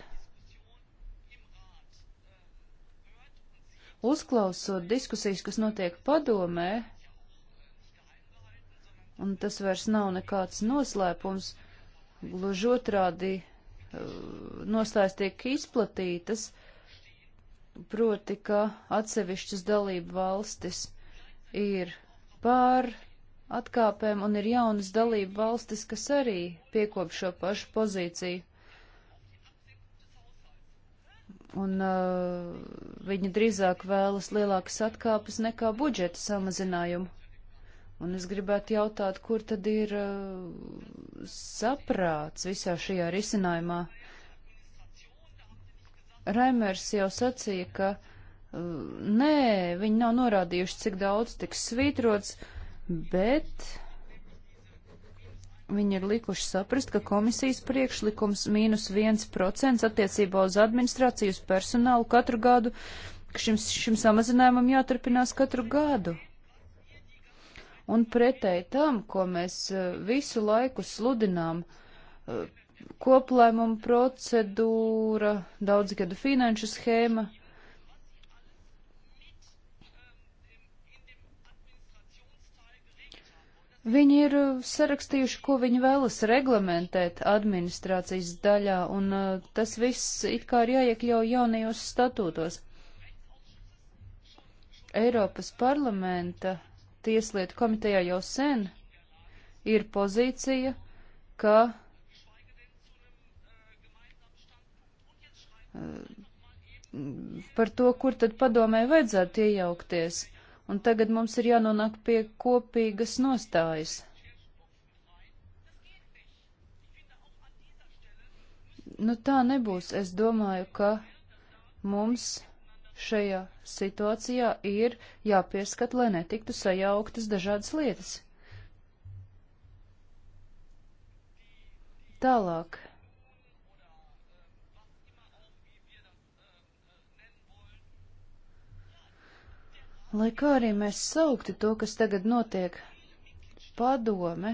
uzklausot diskusijas, kas notiek padomē, un tas vairs nav nekāds noslēpums, gluži otrādi uh, nostājas tiek izplatītas. Uh, proti, ka atsevišķas dalību valstis ir pār atkāpēm un ir jaunas dalību valstis, kas arī piekop šo pašu pozīciju. Un uh, viņi drīzāk vēlas lielākas atkāpes nekā budžeta samazinājumu. Un es gribētu jautāt, kur tad ir uh, saprāts visā šajā risinājumā? Uh, Remers jau sacīja, ka uh, nē, viņi nav norādījuši, cik daudz tiks svītrots, bet viņi ir likuši saprast, ka komisijas priekšlikums mīnus 1% attiecībā uz administrācijas personālu katru gadu, ka šim, šim samazinājumam jāturpinās katru gadu. Un pretēji tam, ko mēs uh, visu laiku sludinām, uh, koplēmuma procedūra, daudzgadu finanšu schēma. Viņi ir uh, sarakstījuši, ko viņi vēlas reglamentēt administrācijas daļā, un uh, tas viss it kā ir jāiekļauj jaunajos statūtos. Eiropas parlamenta tieslietu komitejā jau sen ir pozīcija, ka par to, kur tad padomē vajadzētu iejaukties, un tagad mums ir jānonāk pie kopīgas nostājas. Nu tā nebūs. Es domāju, ka mums šajā situācijā ir jāpieskat, lai netiktu sajauktas dažādas lietas. Tālāk. Lai kā arī mēs sauktu to, kas tagad notiek, padome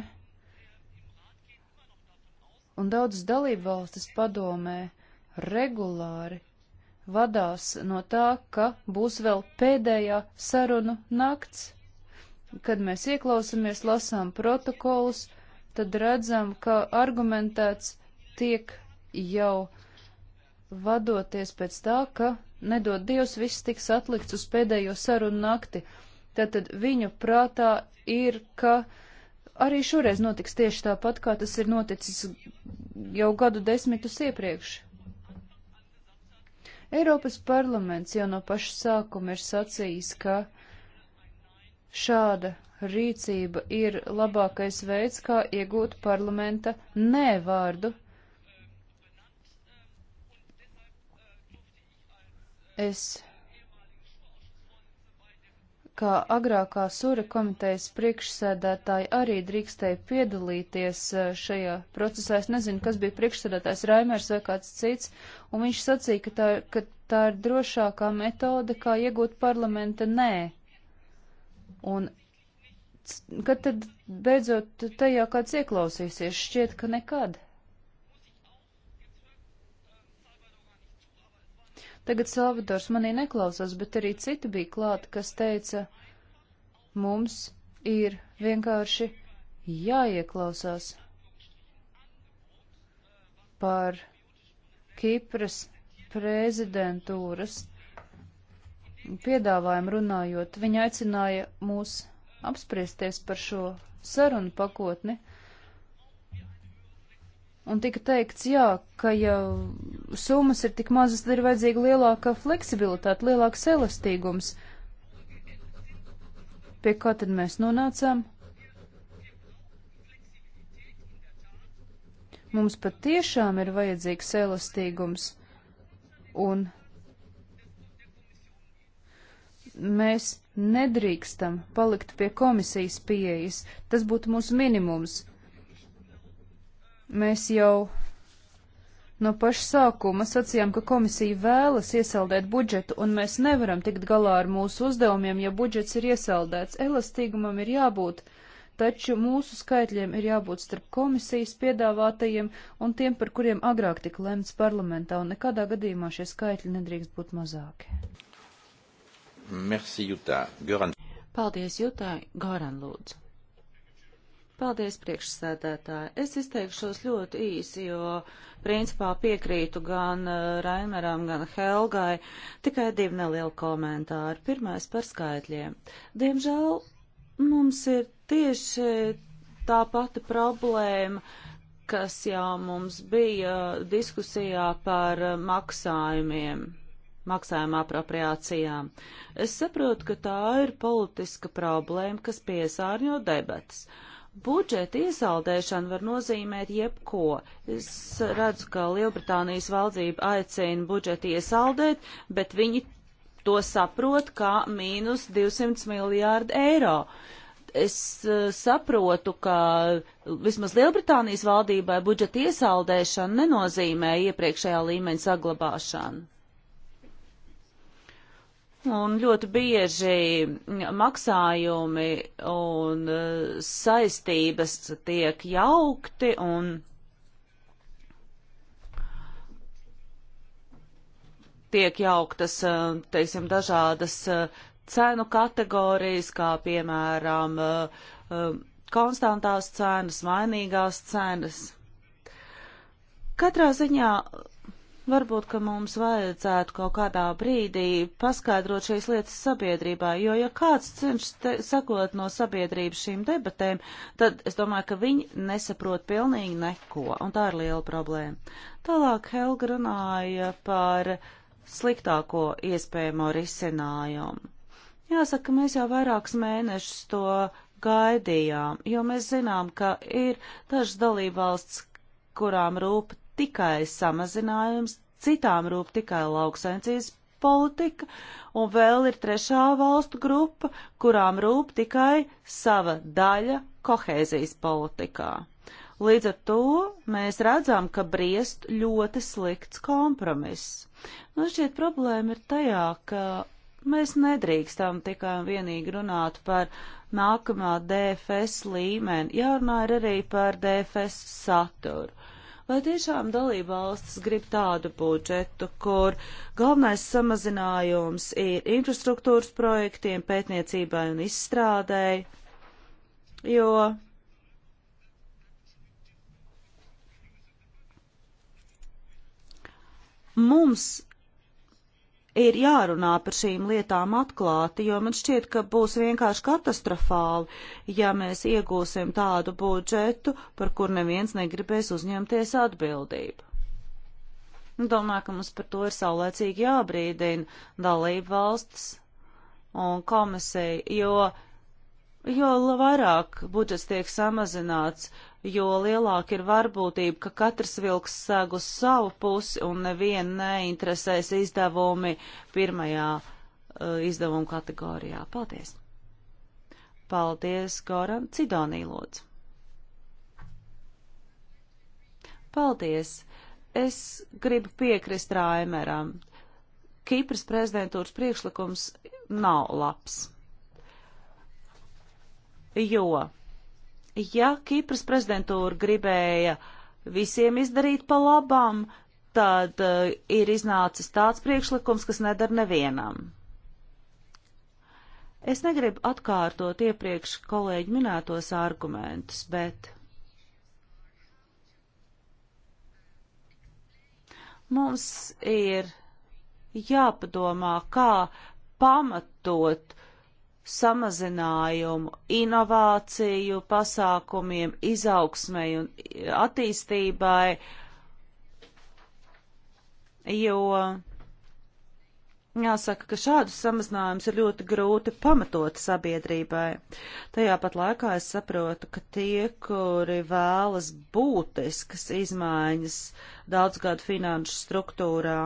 un daudzas dalībvalstis padomē regulāri vadās no tā, ka būs vēl pēdējā sarunu nakts. Kad mēs ieklausāmies, lasām protokolus, tad redzam, ka argumentēts tiek jau vadoties pēc tā, ka nedod Dievs, viss tiks atlikts uz pēdējo sarunu nakti. Tātad viņu prātā ir, ka arī šoreiz notiks tieši tāpat, kā tas ir noticis jau gadu desmitus iepriekš. Eiropas parlaments jau no paša sākuma ir sacījis, ka šāda rīcība ir labākais veids, kā iegūt parlamenta nē vārdu Es, kā agrākā Sura komitejas priekšsēdētāji, arī drīkstēju piedalīties e, šajā procesā. Es nezinu, kas bija priekšsēdētājs Raimers vai kāds cits, un viņš sacīja, ka tā, ka tā ir drošākā metode, kā iegūt parlamenta nē. Un kad tad beidzot tajā kāds ieklausīsies, šķiet, ka nekad. Tagad Salvadors manī neklausās, bet arī citi bija klāt, kas teica, mums ir vienkārši jāieklausās par Kipras prezidentūras piedāvājumu runājot. Viņa aicināja mūs apspriesties par šo sarunu pakotni. Un tika teikts, jā, ka ja summas ir tik mazas, tad ir vajadzīga lielāka fleksibilitāte, lielāks elastīgums. Pie kā tad mēs nonācām? Mums patiešām ir vajadzīgs elastīgums, un mēs nedrīkstam palikt pie komisijas pieejas. Tas būtu mūsu minimums Mēs jau no paša sākuma sacījām, ka komisija vēlas iesaldēt budžetu, un mēs nevaram tikt galā ar mūsu uzdevumiem, ja budžets ir iesaldēts. Elastīgumam ir jābūt, taču mūsu skaitļiem ir jābūt starp komisijas piedāvātajiem un tiem, par kuriem agrāk tika lemts parlamentā, un nekādā gadījumā šie skaitļi nedrīkst būt mazāki. Merci, Jutā. Goran. Paldies, Jutā. Goran, lūdzu. Paldies, priekšsēdētāji. Es izteikšos ļoti īsi, jo principā piekrītu gan uh, Raimeram, gan Helgai. Tikai divi nelieli komentāri. Pirmais par skaitļiem. Diemžēl mums ir tieši tā pati problēma, kas jau mums bija diskusijā par uh, maksājumiem maksājuma apropriācijām. Es saprotu, ka tā ir politiska problēma, kas piesārņo debatas. Uh, Budžeta iesaldēšana var nozīmēt jebko. Es redzu, ka Lielbritānijas valdība aicina budžetu iesaldēt, bet viņi to saprot kā mīnus 200 miljārdu eiro. Es eh, saprotu, ka vismaz Lielbritānijas valdībai budžeta iesaldēšana nenozīmē iepriekšējā līmeņa saglabāšanu. Un ļoti bieži maksājumi un e, saistības tiek jaukti un tiek jauktas, e, teiksim, dažādas e, cenu kategorijas, kā piemēram konstantās cenas, mainīgās cenas. Katrā ziņā Varbūt, ka mums vajadzētu kaut kādā brīdī paskaidrot šīs lietas sabiedrībā, jo ja kāds cenšas sekot no sabiedrības šīm debatēm, tad es domāju, ka viņi nesaprot pilnīgi neko, un tā ir liela problēma. Tālāk Helga runāja par sliktāko iespējamo risinājumu. Jāsaka, mēs jau vairākus mēnešus to gaidījām, jo mēs zinām, ka ir dažas dalībvalsts, kurām rūp tikai samazinājums, citām rūp tikai lauksaimniecības politika, un vēl ir trešā valstu grupa, kurām rūp tikai sava daļa kohēzijas politikā. Līdz ar to mēs redzam, ka briest ļoti slikts kompromiss. Nu, šķiet, problēma ir tajā, ka mēs nedrīkstam tikai un vienīgi runāt par nākamā DFS līmeni, jārunā ir arī par DFS saturu. Vai tiešām dalība valstis grib tādu budžetu, kur galvenais samazinājums ir infrastruktūras projektiem, pētniecībai un izstrādēji, jo mums ir jārunā par šīm lietām atklāti, jo man šķiet, ka būs vienkārši katastrofāli, ja mēs iegūsim tādu budžetu, par kur neviens negribēs uzņemties atbildību. Nu, domāju, ka mums par to ir saulēcīgi jābrīdina dalību valsts un komisija, jo, jo vairāk budžets tiek samazināts, uh, jo lielāka ir varbūtība, ka katrs vilks seg uz savu pusi un nevienu neinteresēs izdevumi pirmajā uh, eh, izdevuma kategorijā. Paldies! Paldies, Goran Cidonī, lūdzu! Paldies! Es gribu piekrist Raimeram. Kīpras prezidentūras priekšlikums nav labs. Jo Ja Kipras prezidentūra gribēja visiem izdarīt pa labam, tad uh, ir iznācis tāds priekšlikums, kas nedara nevienam. Es negribu atkārtot iepriekš kolēģi minētos argumentus, bet mums ir jāpadomā, kā pamatot samazinājumu, inovāciju pasākumiem, izaugsmai un attīstībai, jo jāsaka, ka šādus samazinājumus ir ļoti grūti pamatot sabiedrībai. Tajā pat laikā es saprotu, ka tie, kuri vēlas būtiskas izmaiņas daudzgadu finanšu struktūrā,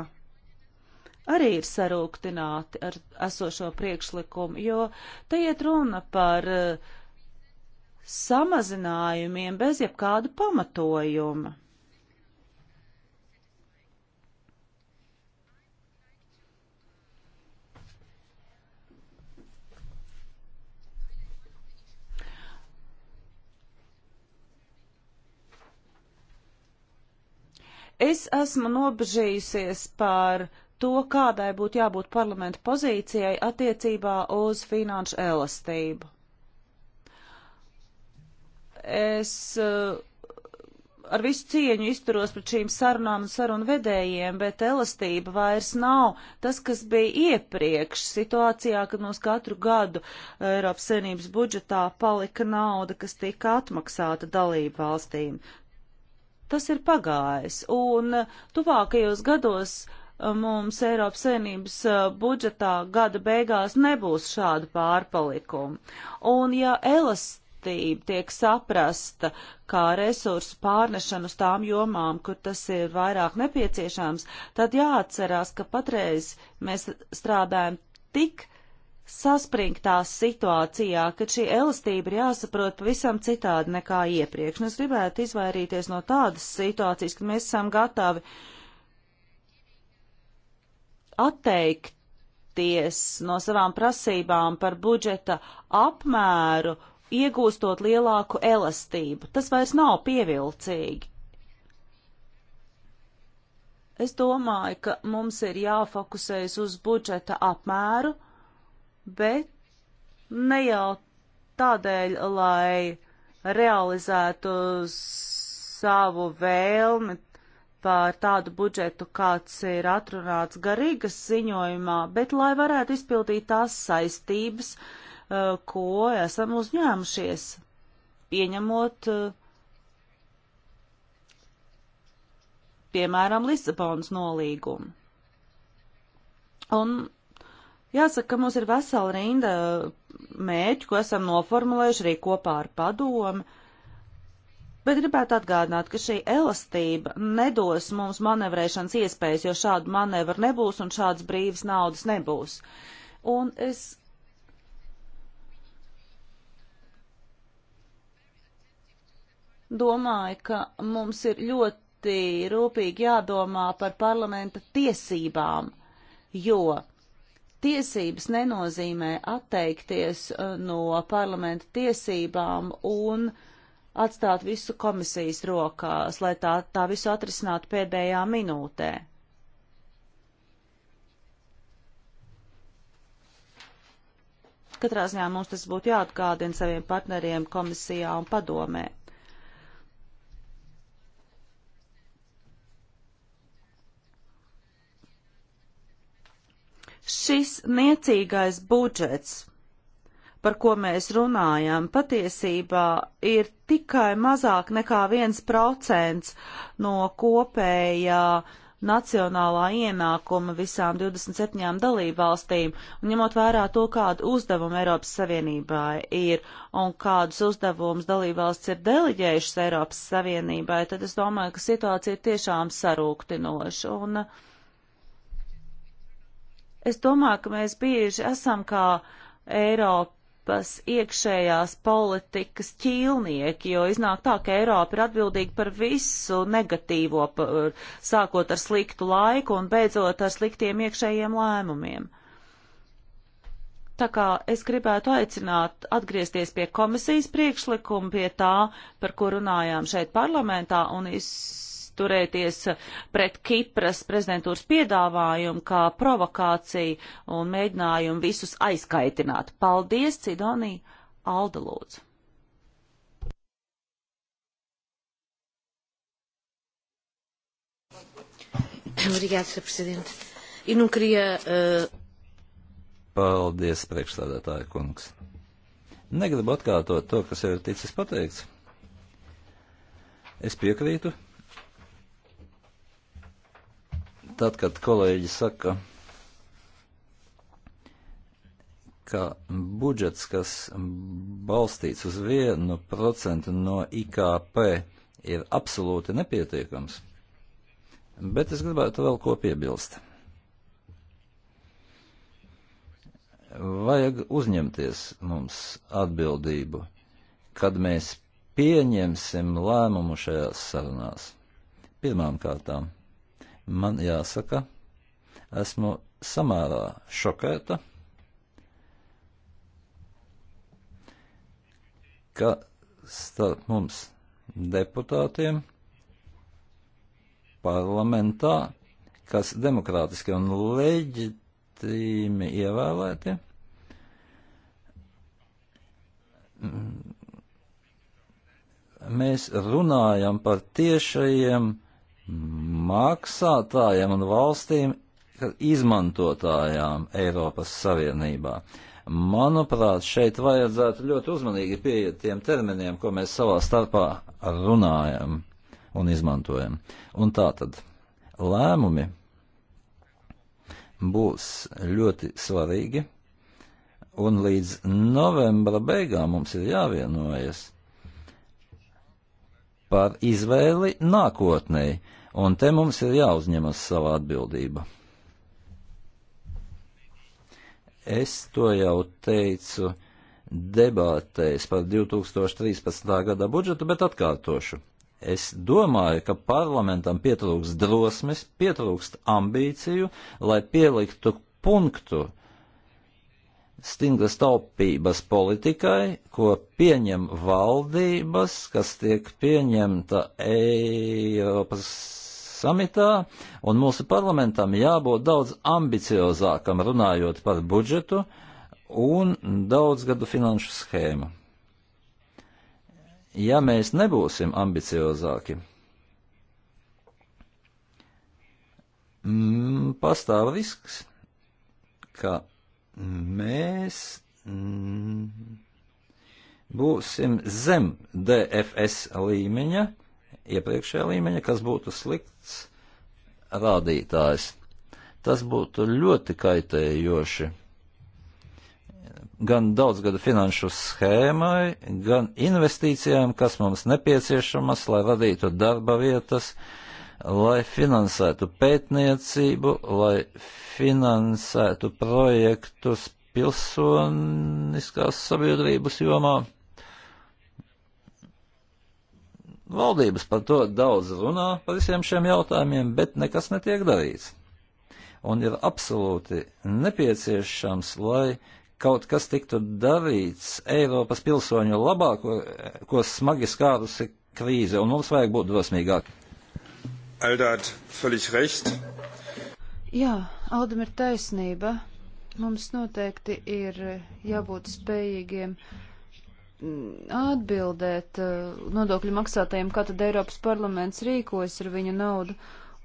arī ir sarūktināti ar esošo priekšlikumu, jo te iet runa par eh, samazinājumiem bez jebkāda pamatojuma. Es esmu nobežījusies par to, kādai būtu jābūt parlamenta pozīcijai attiecībā uz finanšu elastību. Es eh, ar visu cieņu izturos pret šīm sarunām un sarunu vedējiem, bet elastība vairs nav tas, kas bija iepriekš situācijā, kad mums katru gadu Eiropas Savienības budžetā palika nauda, kas tika atmaksāta dalību valstīm. Tas ir pagājis, un tuvākajos gados uh, mums Eiropas Savienības budžetā gada beigās nebūs šādu pārpalikumu. Un ja elastība tiek saprasta kā resursu pārnešana uz tām jomām, kur tas ir vairāk nepieciešams, tad jāatcerās, ka patreiz mēs strādājam tik saspringtā situācijā, kad šī elastība ir jāsaprot pavisam citādi nekā iepriekš. Un es gribētu izvairīties no tādas situācijas, ka mēs esam gatavi uh, atteikties no savām prasībām par budžeta apmēru, iegūstot lielāku elastību. Tas vairs nav pievilcīgi. Es domāju, ka mums ir jāfokusējas uz budžeta apmēru, bet ne jau tādēļ, lai realizētu savu vēlmi par tādu budžetu, kāds ir atrunāts garīgas ziņojumā, bet lai varētu izpildīt tās saistības, eh, ko esam uzņēmušies, pieņemot, eh, piemēram, Lisabonas nolīgumu. Un jāsaka, ka mums ir vesela rinda eh, mērķu, ko esam noformulējuši arī kopā ar padomu Bet gribētu atgādināt, ka šī elastība nedos mums manevrēšanas iespējas, jo šādu manevru nebūs un šādas brīvas naudas nebūs. Un es domāju, ka mums ir ļoti rūpīgi jādomā par parlamenta tiesībām, jo tiesības nenozīmē atteikties uh, no parlamenta tiesībām un uh, atstāt visu komisijas rokās, lai tā, tā visu atrisinātu pēdējā minūtē. Katrā ziņā mums tas būtu jāatgādina saviem partneriem komisijā un padomē. Šis niecīgais budžets par ko mēs runājam, patiesībā ir tikai mazāk nekā viens procents no kopējā nacionālā ienākuma visām 27 dalībvalstīm, un ņemot vērā to, kādu uzdevumu Eiropas Savienībai ir un kādus uzdevumus dalībvalsts ir deleģējušas Eiropas Savienībai, tad es domāju, ka situācija ir tiešām sarūktinoša. Un es domāju, ka mēs bieži esam kā Eiropa Eiropas iekšējās politikas ķīlnieki, jo iznāk tā, ka Eiropa ir atbildīga par visu negatīvo, par, sākot ar sliktu laiku un beidzot ar sliktiem iekšējiem lēmumiem. Tā kā es gribētu aicināt atgriezties pie komisijas priekšlikuma, pie tā, par ko runājām šeit parlamentā, un es turēties pret Kipras prezidentūras piedāvājumu kā provokāciju un mēģinājumu visus aizkaitināt. Paldies, Cidonija Alda Lūdzu! Obrigada, Sr. Presidente. Eu não queria. Uh... Paldies, priekšstādātāja kungs. Negribu atkārtot to, kas jau ir ticis pateikts. Es piekrītu tad, kad kolēģi saka, ka budžets, kas balstīts uz vienu procentu no IKP, ir absolūti nepietiekams, bet es gribētu vēl ko piebilst. Vajag uzņemties mums atbildību, kad mēs pieņemsim lēmumu šajās sarunās. Pirmām kārtām Man jāsaka, esmu samērā šokēta, ka starp mums deputātiem parlamentā, kas demokrātiski un leģitīmi ievēlēti, mēs runājam par tiešajiem maksātājiem un valstīm izmantotājām Eiropas Savienībā. Manuprāt, šeit vajadzētu ļoti uzmanīgi pieiet tiem terminiem, ko mēs savā starpā runājam un izmantojam. Un tā tad lēmumi būs ļoti svarīgi, un līdz novembra beigām mums ir jāvienojas par izvēli nākotnēji Un te mums ir jāuzņemas savā atbildība. Es to jau teicu debātēs par 2013. gada budžetu, bet atkārtošu. Es domāju, ka parlamentam pietrūks drosmes, pietrūkst ambīciju, lai pieliktu punktu stingras taupības politikai, ko pieņem valdības, kas tiek pieņemta Eiropas samitā, un mūsu parlamentam jābūt daudz ambiciozākam runājot par budžetu un daudzgadu finanšu schēmu. Ja mēs nebūsim ambiciozāki, mm, pastāv risks, ka mēs mm, būsim zem DFS līmeņa, iepriekšējā līmeņa, kas būtu slikts rādītājs. Tas būtu ļoti kaitējoši gan daudzgada finanšu schēmai, gan investīcijām, kas mums nepieciešamas, lai radītu darba vietas, lai finansētu pētniecību, lai finansētu projektus pilsoniskās sabiedrības jomā. Valdības par to daudz runā par visiem šiem jautājumiem, bet nekas netiek darīts. Un ir absolūti nepieciešams, lai kaut kas tiktu darīts Eiropas pilsoņu labā, ko, ko smagi skārusi krīze, un mums vajag būt drosmīgākiem. Aldāt, völlig recht. Jā, Aldam ir taisnība. Mums noteikti ir jābūt spējīgiem atbildēt eh, nodokļu maksātājiem, kā tad Eiropas parlaments rīkojas ar viņu naudu.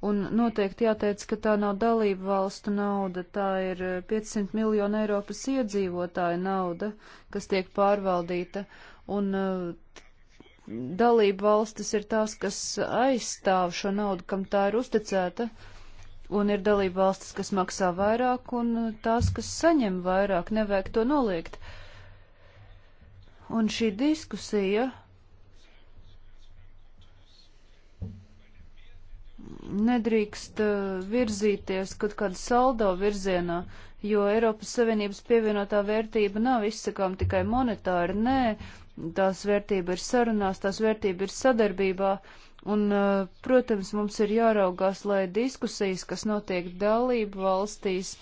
Un noteikti jāteic, ka tā nav dalība valstu nauda, tā ir 500 eh, miljonu Eiropas iedzīvotāju nauda, kas tiek pārvaldīta. Un eh, dalība valstis ir tās, kas aizstāv šo naudu, kam tā ir uzticēta. Un ir dalība valstis, kas maksā vairāk, un tās, kas saņem vairāk, nevajag to noliegt. Uh, Un šī diskusija nedrīkst uh, virzīties kaut kādā saldo virzienā, jo Eiropas Savienības pievienotā vērtība nav izsakām tikai monetāri, nē, tās vērtība ir sarunās, tās vērtība ir sadarbībā, un, uh, protams, mums ir jāraugās, lai diskusijas, kas notiek dalību valstīs,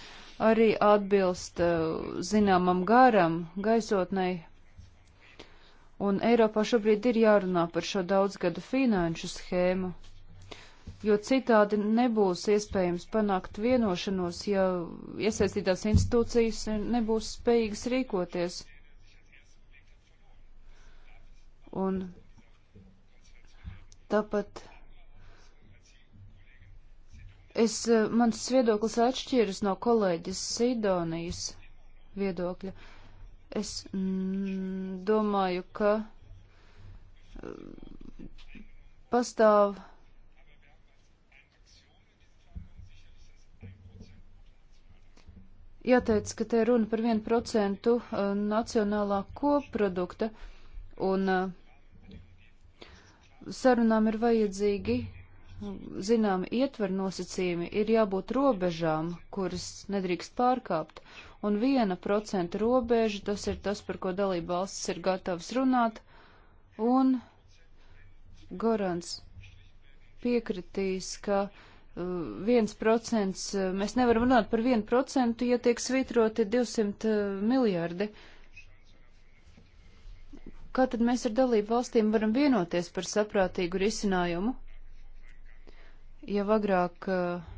arī atbilst uh, zināmam garam, gaisotnei, Un Eiropā šobrīd ir jārunā par šo daudzgadu finanšu schēmu, jo citādi nebūs iespējams panākt vienošanos, ja iesaistītās institūcijas nebūs spējīgas rīkoties. Un tāpat es, eh, mans viedoklis atšķiras no kolēģis Sidonijas viedokļa. Uh, Es mm, domāju, ka pastāv. Jāteic, ka te runa par 1% uh, nacionālā koprodukta, un uh, sarunām ir vajadzīgi zinām ietver nosacījumi, ir jābūt robežām, kuras nedrīkst pārkāpt, un 1% robeža, tas ir tas, par ko dalība valstis ir gatavs runāt, un Gorans piekritīs, ka uh, viens procents, uh, mēs nevaram runāt par vienu procentu, ja tiek svītroti 200 uh, miljārdi. Kā tad mēs ar dalību valstīm varam vienoties par saprātīgu risinājumu? Jau agrāk uh,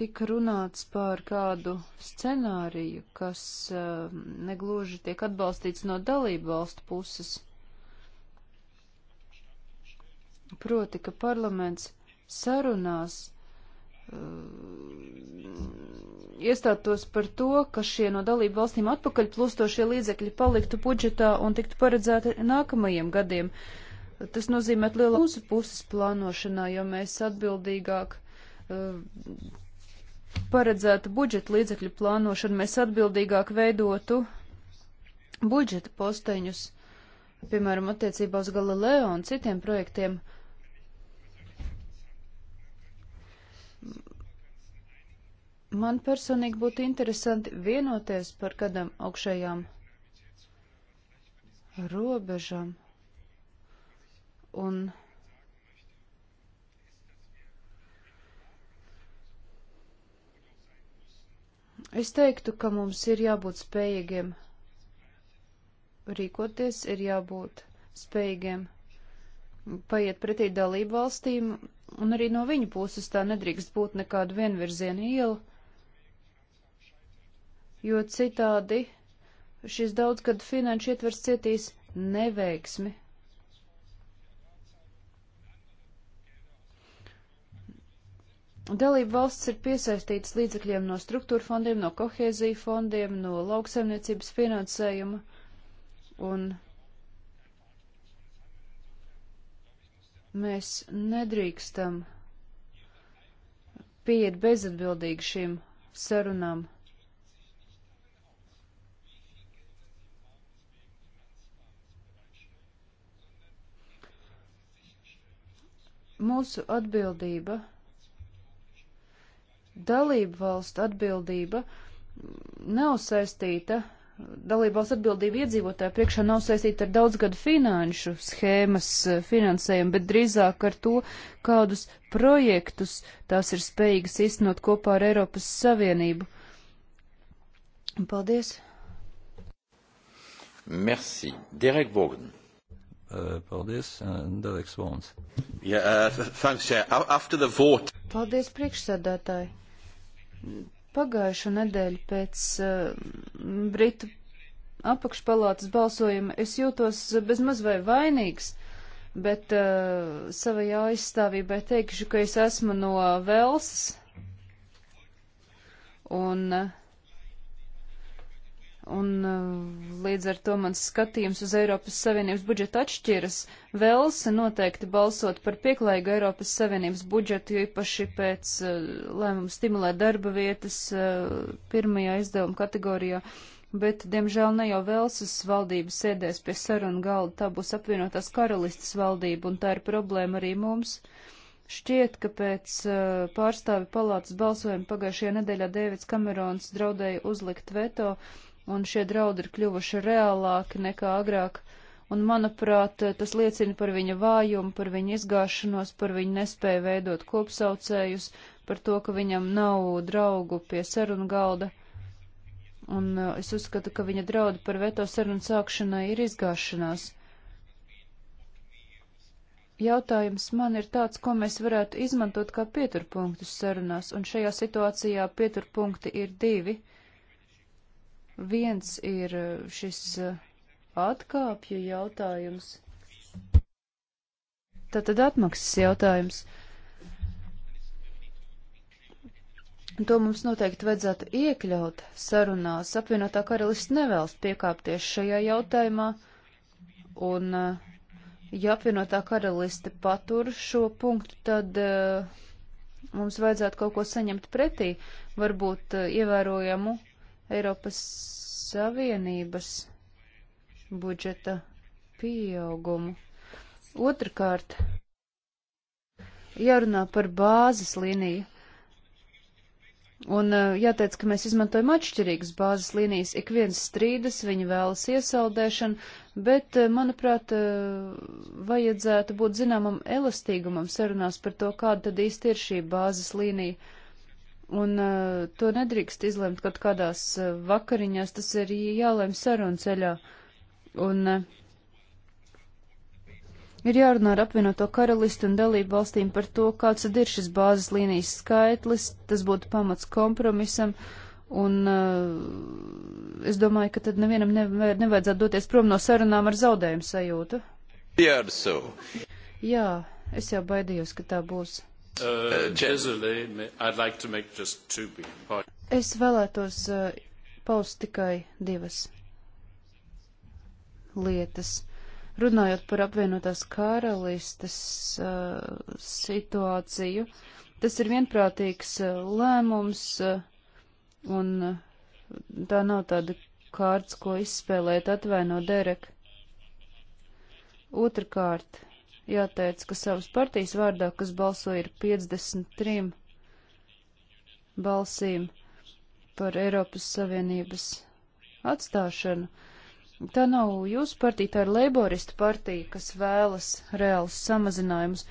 tika runāts par kādu scenāriju, kas uh, negluži tiek atbalstīts no dalību valstu puses. Proti, ka parlaments sarunās uh, iestātos par to, ka šie no dalību valstīm atpakaļ plūstošie līdzekļi paliktu budžetā un tiktu paredzēti nākamajiem gadiem. Tas nozīmē lielāku mūsu puses plānošanā, jo mēs atbildīgāk uh, paredzētu budžeta līdzekļu plānošanu, mēs atbildīgāk veidotu budžeta posteņus, piemēram, attiecībā uz Galileo un citiem projektiem. Man personīgi būtu interesanti vienoties par kādam augšējām robežām un Es teiktu, ka mums ir jābūt spējīgiem rīkoties, ir jābūt spējīgiem paiet pretī dalību valstīm, un arī no viņu puses tā nedrīkst būt nekāda vienvirziena iela, jo citādi šis daudzgad finanšu ietvers cietīs neveiksmi Dalība valsts ir piesaistītas līdzekļiem no struktūra fondiem, no kohēzija fondiem, no lauksaimniecības finansējuma. Un mēs nedrīkstam pieiet bezatbildīgi šīm sarunām. Mūsu atbildība dalību valstu atbildība nav saistīta, dalību valstu atbildība iedzīvotāju priekšā nav saistīta ar daudzgadu finanšu schēmas eh, finansējumu, bet drīzāk ar to, kādus projektus tās ir spējīgas iznot kopā ar Eiropas Savienību. Paldies! Merci. Derek Bogan. Eh, paldies, eh, Dereks Vons. Yeah, uh, thanks, yeah. Paldies, priekšsēdētāji. Pagājušo nedēļu pēc uh, Britu apakšpalātas balsojuma es jūtos bezmaz vai vainīgs, bet uh, savajā aizstāvībai teikšu, ka es esmu no Velsas. Un uh, un uh, līdz ar to mans skatījums uz Eiropas Savienības budžetu atšķiras. Velse noteikti balsot par pieklājīgu Eiropas Savienības budžetu, jo īpaši pēc uh, lēmumu stimulēt darba vietas uh, pirmajā izdevuma kategorijā bet, diemžēl, ne jau Velsas valdība sēdēs pie sarunu galda, tā būs apvienotās karalistas valdība, un tā ir problēma arī mums. Šķiet, ka pēc uh, pārstāvi palātas balsojuma pagājušajā nedēļā Dēvids Kamerons draudēja uzlikt veto, un šie draudi ir kļuvuši reālāki nekā agrāk, un, manuprāt, tas liecina par viņa vājumu, par viņa izgāšanos, par viņa nespēju veidot kopsaucējus, par to, ka viņam nav draugu pie sarunu galda, un uh, es uzskatu, ka viņa draudi par veto sarunu sākšanai ir izgāšanās. Jautājums man ir tāds, ko mēs varētu izmantot kā pieturpunktus sarunās, un šajā situācijā pieturpunkti ir divi. Viens ir eh, šis eh, atkāpju jautājums. Tātad atmaksas jautājums. To mums noteikti vajadzētu iekļaut sarunās. Apvienotā karalists nevēlas piekāpties šajā jautājumā, un eh, ja apvienotā karaliste patur šo punktu, tad mums vajadzētu kaut ko saņemt pretī, varbūt ievērojamu Eiropas Savienības budžeta pieaugumu. Otrakārt, jārunā par bāzes līniju. Un eh, jāteic, ka mēs izmantojam atšķirīgas bāzes līnijas. Ik viens strīdas, viņi vēlas iesaldēšanu, bet, eh, manuprāt, eh, vajadzētu būt zināmam elastīgumam sarunās par to, kāda tad īsti ir šī bāzes līnija. Un uh, to nedrīkst izlemt kaut kādās uh, vakariņās, tas ir jālem sarunu ceļā. Un uh, ir jārunā ar apvienoto karalistu un dalību valstīm par to, kāds tad ir šis bāzes līnijas skaitlis, tas būtu pamats kompromisam. Un uh, es domāju, ka tad nevienam nevajad, nevajadzētu doties prom no sarunām ar zaudējumu sajūtu. Jā, es jau baidījos, ka tā būs. Uh, désolé, I'd like to make just two points. Es vēlētos uh, paust tikai divas lietas. Runājot par apvienotās karalistes uh, situāciju, tas ir vienprātīgs uh, lēmums, uh, un uh, tā nav tāda kārts, ko izspēlēt atvaino Derek. Otrakārt jāteic, ka savas partijas vārdā, kas balsoja ar 53 balsīm par Eiropas Savienības atstāšanu, tā nav jūsu partija, tā ir leiboristu partija, kas vēlas reālus samazinājumus,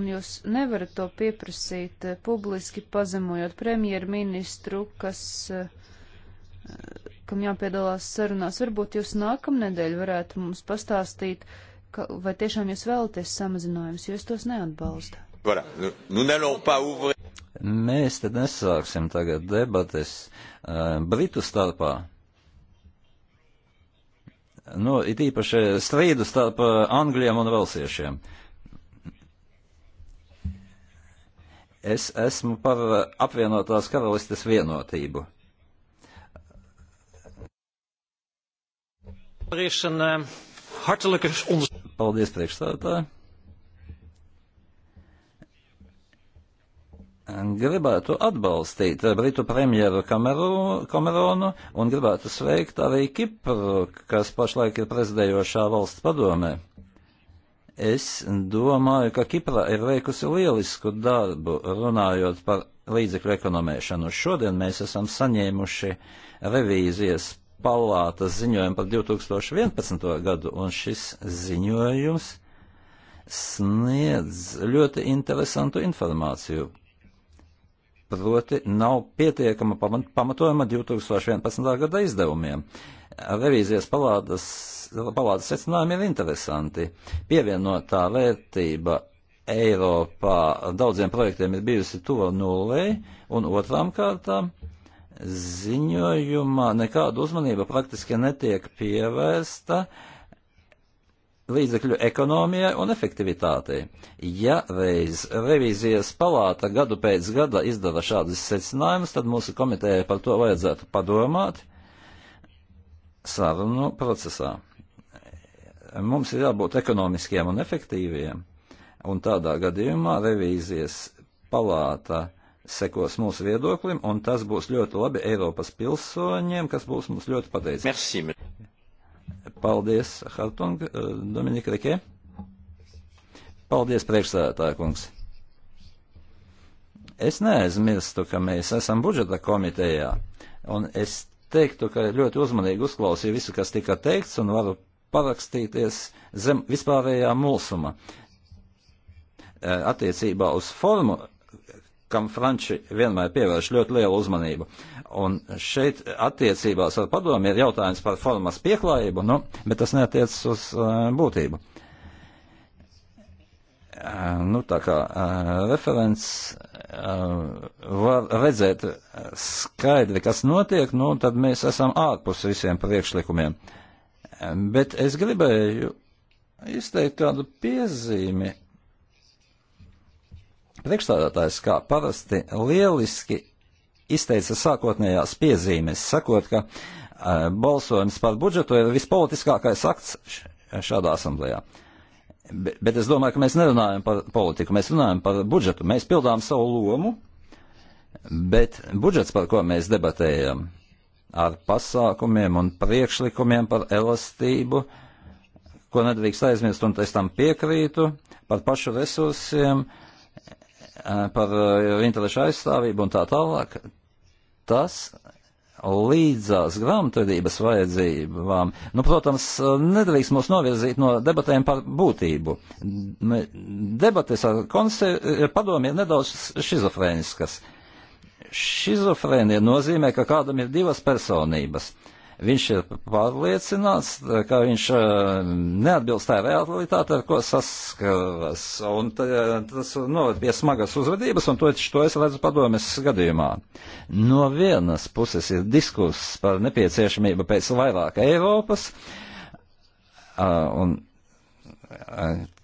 un jūs nevarat to pieprasīt eh, publiski pazemojot premjerministru, kas eh, kam jāpiedalās sarunās. Varbūt jūs nākamnedēļ varētu mums pastāstīt, uh, ka, vai tiešām jūs vēlaties samazinājumus, jo es tos neatbalstu. Voilà. Nous n'allons pas ouvrir. Mēs te nesāksim tagad debates uh, Britu starpā. Nu, it īpaši strīdu starp uh, eh, Angļiem un Velsiešiem. Es esmu par uh, apvienotās karalistes vienotību. Rīšana. Uh hartelijke ondersteuning. Paldies, priekšstādātāji. gribētu atbalstīt Britu premjeru Kameronu un gribētu sveikt arī Kipru, kas pašlaik ir prezidējošā valsts padomē. Es domāju, ka Kipra ir veikusi lielisku darbu runājot par līdzekļu ekonomēšanu. Šodien mēs esam saņēmuši revīzijas palātas ziņojumu par 2011. gadu, un šis ziņojums sniedz ļoti interesantu informāciju. Proti nav pietiekama pamatojuma 2011. gada izdevumiem. Revīzijas palātas, palātas secinājumi ir interesanti. Pievienotā vērtība Eiropā daudziem projektiem ir bijusi tuva nulē, un otrām kārtām ziņojumā nekāda uzmanība praktiski netiek pievērsta līdzekļu ekonomijai un efektivitātei. Ja reiz revīzijas palāta gadu pēc gada izdara šādas secinājumus, tad mūsu komitējai par to vajadzētu padomāt sarunu procesā. Mums ir jābūt ekonomiskiem un efektīviem, un tādā gadījumā revīzijas palāta sekos mūsu viedoklim, un tas būs ļoti labi Eiropas pilsoņiem, kas būs mums ļoti pateicīgi. Paldies, Hartung, eh, Dominika Rikē. Paldies, priekšsēdētāja kungs. Es neaizmirstu, ka mēs esam budžeta komitejā, un es teiktu, ka ļoti uzmanīgi uzklausīju visu, kas tika teikts, un varu parakstīties zem vispārējā mulsuma. Eh, attiecībā uz formu kam Franči vienmēr pievērš ļoti lielu uzmanību. Un šeit attiecībās ar padomu ir jautājums par formas pieklājību, nu, bet tas neatiecas uz uh, būtību. Uh, nu, tā kā uh, referents uh, var redzēt skaidri, kas notiek, nu, tad mēs esam ārpus visiem priekšlikumiem. Uh, bet es gribēju izteikt kādu piezīmi priekšstādātājs, kā parasti, lieliski izteica sākotnējās piezīmes, sakot, ka uh, balsojums par budžetu ir vispolitiskākais akts šādā asamblējā. Be, bet es domāju, ka mēs nerunājam par politiku, mēs runājam par budžetu. Mēs pildām savu lomu, bet budžets, par ko mēs debatējam, ar pasākumiem un priekšlikumiem par elastību, ko nedrīkst aizmirst, un es tam piekrītu, par pašu resursiem, uh, par interešu aizstāvību un tā tālāk, tas līdzās grāmatvedības vajadzībām, nu, protams, nedrīkst mūs novirzīt no debatēm par būtību. Debates ar padomu ir nedaudz šizofrēniskas. Šizofrēnija nozīmē, ka kādam ir divas personības. Viņš ir pārliecināts, ka viņš eh, neatbilst tā realitāte, ar ko saskaras. Un eh, tas noved pie smagas uzvedības, un to, to es redzu padomjas gadījumā. No vienas puses ir diskurss par nepieciešamību pēc vairāk Eiropas. Un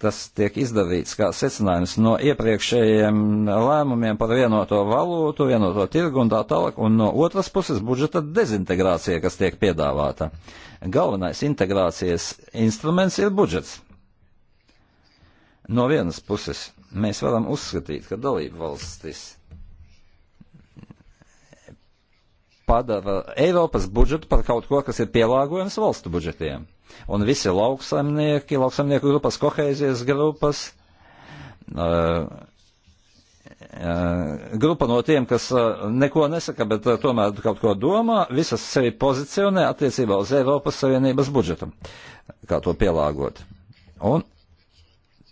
tas tiek izdarīts kā secinājums no iepriekšējiem lēmumiem par vienoto valūtu, vienoto tirgu un tā tālāk, un no otras puses budžeta dezintegrācija, kas tiek piedāvāta. Galvenais integrācijas instruments ir budžets. No vienas puses mēs varam uzskatīt, ka dalību valstis padara Eiropas budžetu par kaut ko, kas ir pielāgojams valstu budžetiem Un visi lauksaimnieki, lauksaimnieku grupas, kohēzijas grupas, uh, grupa no tiem, kas eh, neko nesaka, bet tomēr kaut ko domā, visas sevi pozicionē attiecībā uz Eiropas Savienības budžetu, kā to pielāgot. Un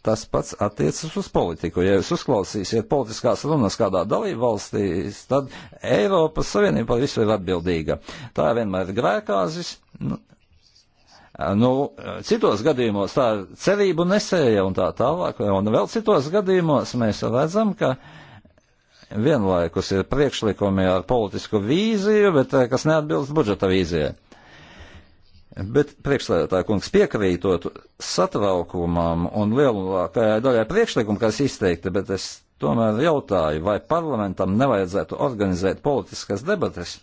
tas pats attiecas uz politiku. Ja jūs uzklausīsiet politiskās runas kādā dalību valstīs, tad Eiropas Savienība par visu ir atbildīga. Tā vienmēr ir grēkāzis. Nu, Eh, nu, eh, citos gadījumos tā cerību nesēja un tā tālāk, un vēl citos gadījumos mēs redzam, ka vienlaikus ir priekšlikumi ar politisku vīziju, bet eh, kas neatbilst budžeta vīzijai. Bet priekšsēdētāja kungs piekrītot satraukumam un lielākajai daļai priekšlikumu, kas izteikti, bet es tomēr jautāju, vai parlamentam nevajadzētu organizēt politiskas debates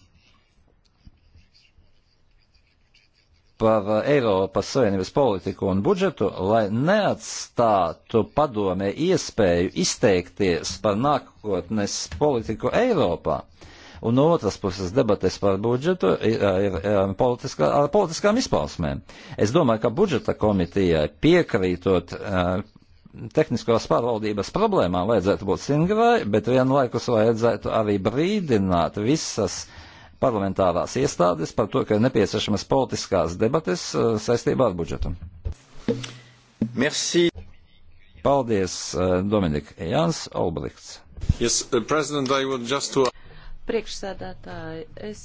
par eh, Eiropas Savienības politiku un budžetu, lai neatstātu padomē iespēju izteikties par nākotnes politiku Eiropā. Un no otras puses debates par budžetu ir, eh, ir, ir eh, politiskā, ar politiskām izpausmēm. Es domāju, ka budžeta komitijai piekrītot uh, tehniskās pārvaldības problēmām vajadzētu būt stingrai, bet vienlaikus vajadzētu arī brīdināt visas uh, parlamentārās iestādes par to, ka ir nepieciešamas politiskās debates eh, saistībā ar budžetu. Merci. Paldies, eh, Dominika. Jānis Olbrikts. Yes, uh, to... Priekšsēdētāji, es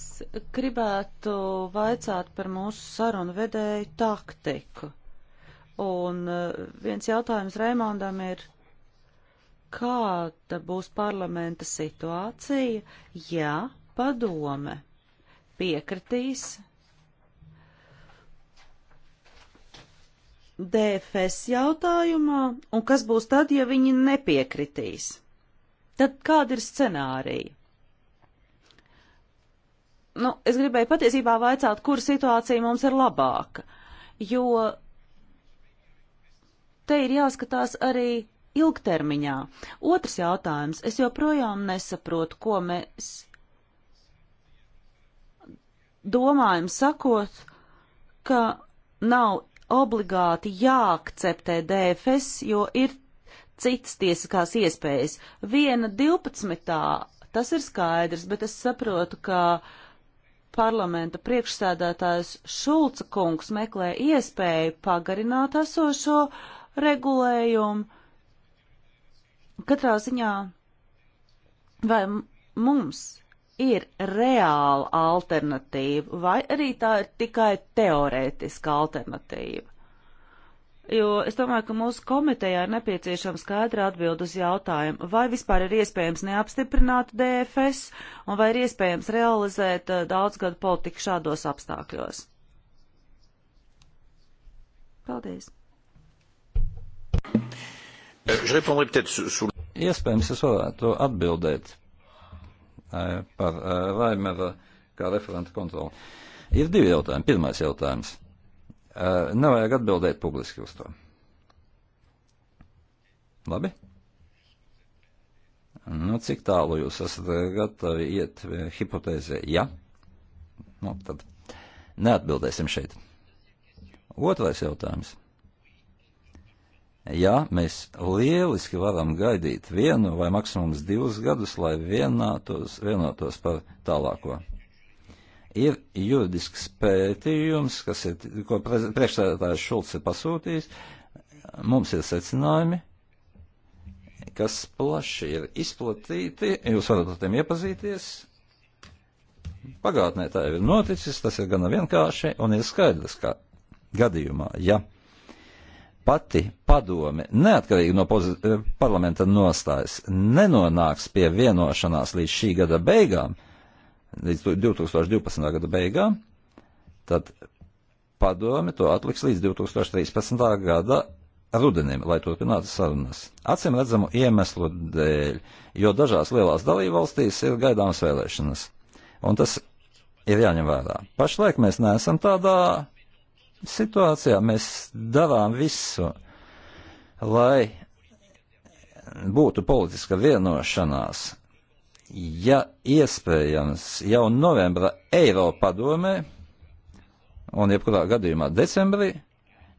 gribētu vaicāt par mūsu sarunu vedēju taktiku. Un eh, viens jautājums Raimondam ir, kāda būs parlamenta situācija, ja padome piekritīs DFS jautājumā, un kas būs tad, ja viņi nepiekritīs? Tad kāda ir scenārija? Nu, es gribēju patiesībā vaicāt, kur situācija mums ir labāka, jo te ir jāskatās arī ilgtermiņā. Otrs jautājums. Es joprojām nesaprotu, ko mēs domājam sakot, ka nav obligāti jāakceptē DFS, jo ir citas tiesiskās iespējas. Viena 12. tas ir skaidrs, bet es saprotu, ka parlamenta priekšsēdētājs Šulca kungs meklē iespēju pagarināt esošo regulējumu. Katrā ziņā vai mums ir reāla alternatīva, vai arī tā ir tikai teorētiska alternatīva. Jo es domāju, ka mūsu komitejā ir nepieciešama skaidra atbild uz jautājumu, vai vispār ir iespējams neapstiprināt DFS un vai ir iespējams realizēt eh, daudzgadu politiku šādos apstākļos. Paldies! Eh, iespējams, es varētu atbildēt par Raimera kā referenta kontroli. Ir divi jautājumi. Pirmais jautājums. Nevajag atbildēt publiski uz to. Labi? Nu, cik tālu jūs esat gatavi iet hipotēzē? Ja? Nu, tad neatbildēsim šeit. Otrais jautājums. Ja mēs lieliski varam gaidīt vienu vai maksimums divus gadus, lai vienātos, vienotos par tālāko. Ir juridisks pētījums, kas ir, ko priekšstādātājs Šulcs ir pasūtījis, mums ir secinājumi, kas plaši ir izplatīti, jūs varat ar tiem iepazīties. Pagātnē tā jau ir noticis, tas ir gana vienkārši un ir skaidrs, ka gadījumā, ja pati padome, neatkarīgi no eh, parlamenta nostājas, nenonāks pie vienošanās līdz šī gada beigām, līdz 2012. gada beigām, tad padome to atliks līdz 2013. gada rudenim, lai turpinātu sarunas. Acim redzamu iemeslu dēļ, jo dažās lielās dalībvalstīs ir gaidāmas vēlēšanas. Un tas ir jāņem vērā. Pašlaik mēs neesam tādā situācijā mēs davām visu, lai būtu politiska vienošanās, ja iespējams jau novembra Eiropa padomē un jebkurā gadījumā decembrī,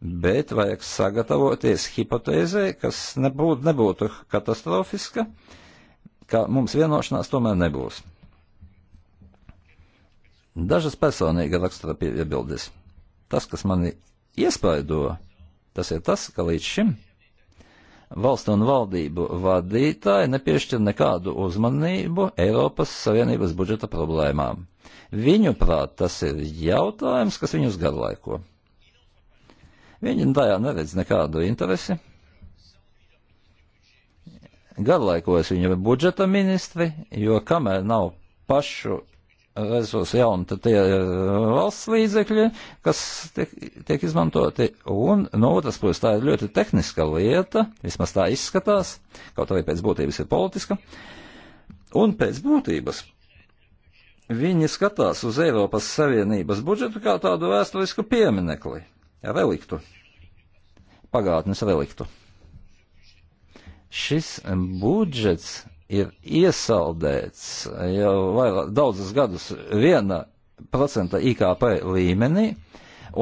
bet vajag sagatavoties hipotēzē, kas nebūtu, nebūtu katastrofiska, ka mums vienošanās tomēr nebūs. Dažas personīga rakstura piebildes. Pie Tas, kas mani iespaido, tas ir tas, ka līdz šim valstu un valdību vadītāji nepiešķir nekādu uzmanību Eiropas Savienības budžeta problēmām. Viņuprāt, tas ir jautājums, kas viņus garlaiko. Viņi tajā neredz nekādu interesi. Garlaikojas viņu budžeta ministri, jo kamēr nav pašu resursi, jā, un tad tie eh, valsts līdzekļi, kas tiek, tiek izmantoti, un no otras puses tā ir ļoti tehniska lieta, vismaz tā izskatās, kaut arī pēc būtības ir politiska, un pēc būtības viņi skatās uz Eiropas Savienības budžetu kā tādu vēsturisku pieminekli, reliktu, pagātnes reliktu. Šis budžets ir iesaldēts jau vairāk, daudzus gadus viena procenta IKP līmenī,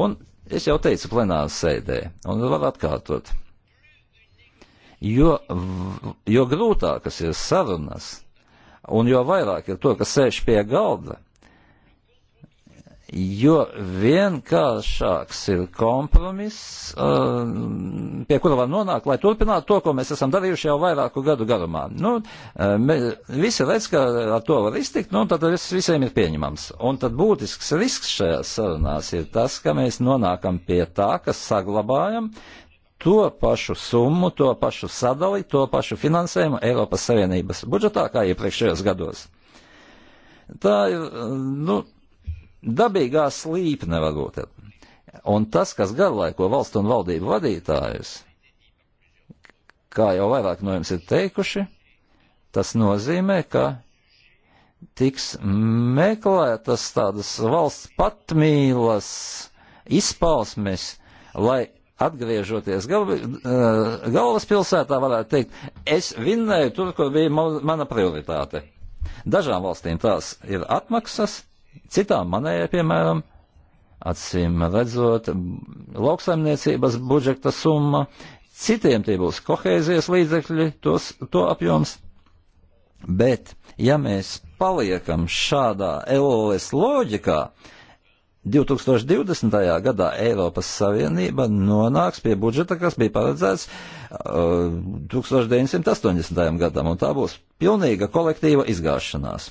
un es jau teicu plenāras sēdē, un var atkārtot, jo, jo grūtākas ir sarunas, un jo vairāk ir to, kas sēž pie galda, jo vienkāršāks ir kompromiss, uh, pie kura var nonākt, lai turpinātu to, ko mēs esam darījuši jau vairāku gadu garumā. Nu, uh, me, visi redz, ka ar to var iztikt, nu, tad tas visiem ir pieņemams. Un tad būtisks risks šajās sarunās ir tas, ka mēs nonākam pie tā, ka saglabājam to pašu summu, to pašu sadali, to pašu finansējumu Eiropas Savienības budžetā kā iepriekšējos gados. Tā ir, uh, nu, dabīgā slīpne varbūt. Un tas, kas garlaiko valstu un valdību vadītājus, kā jau vairāk no jums ir teikuši, tas nozīmē, ka tiks meklētas tādas valsts patmīlas izpausmes, lai atgriežoties gal, eh, galvaspilsētā, varētu teikt, es vinnēju tur, kur bija mana prioritāte. Dažām valstīm tās ir atmaksas, Citām manējai, piemēram, acīm redzot, lauksaimniecības budžeta summa, citiem tie būs kohēzijas līdzekļi, tos, to apjoms. Bet, ja mēs paliekam šādā LOS loģikā, 2020. gadā Eiropas Savienība nonāks pie budžeta, kas bija paredzēts uh, 1980. gadam, un tā būs pilnīga kolektīva izgāšanās.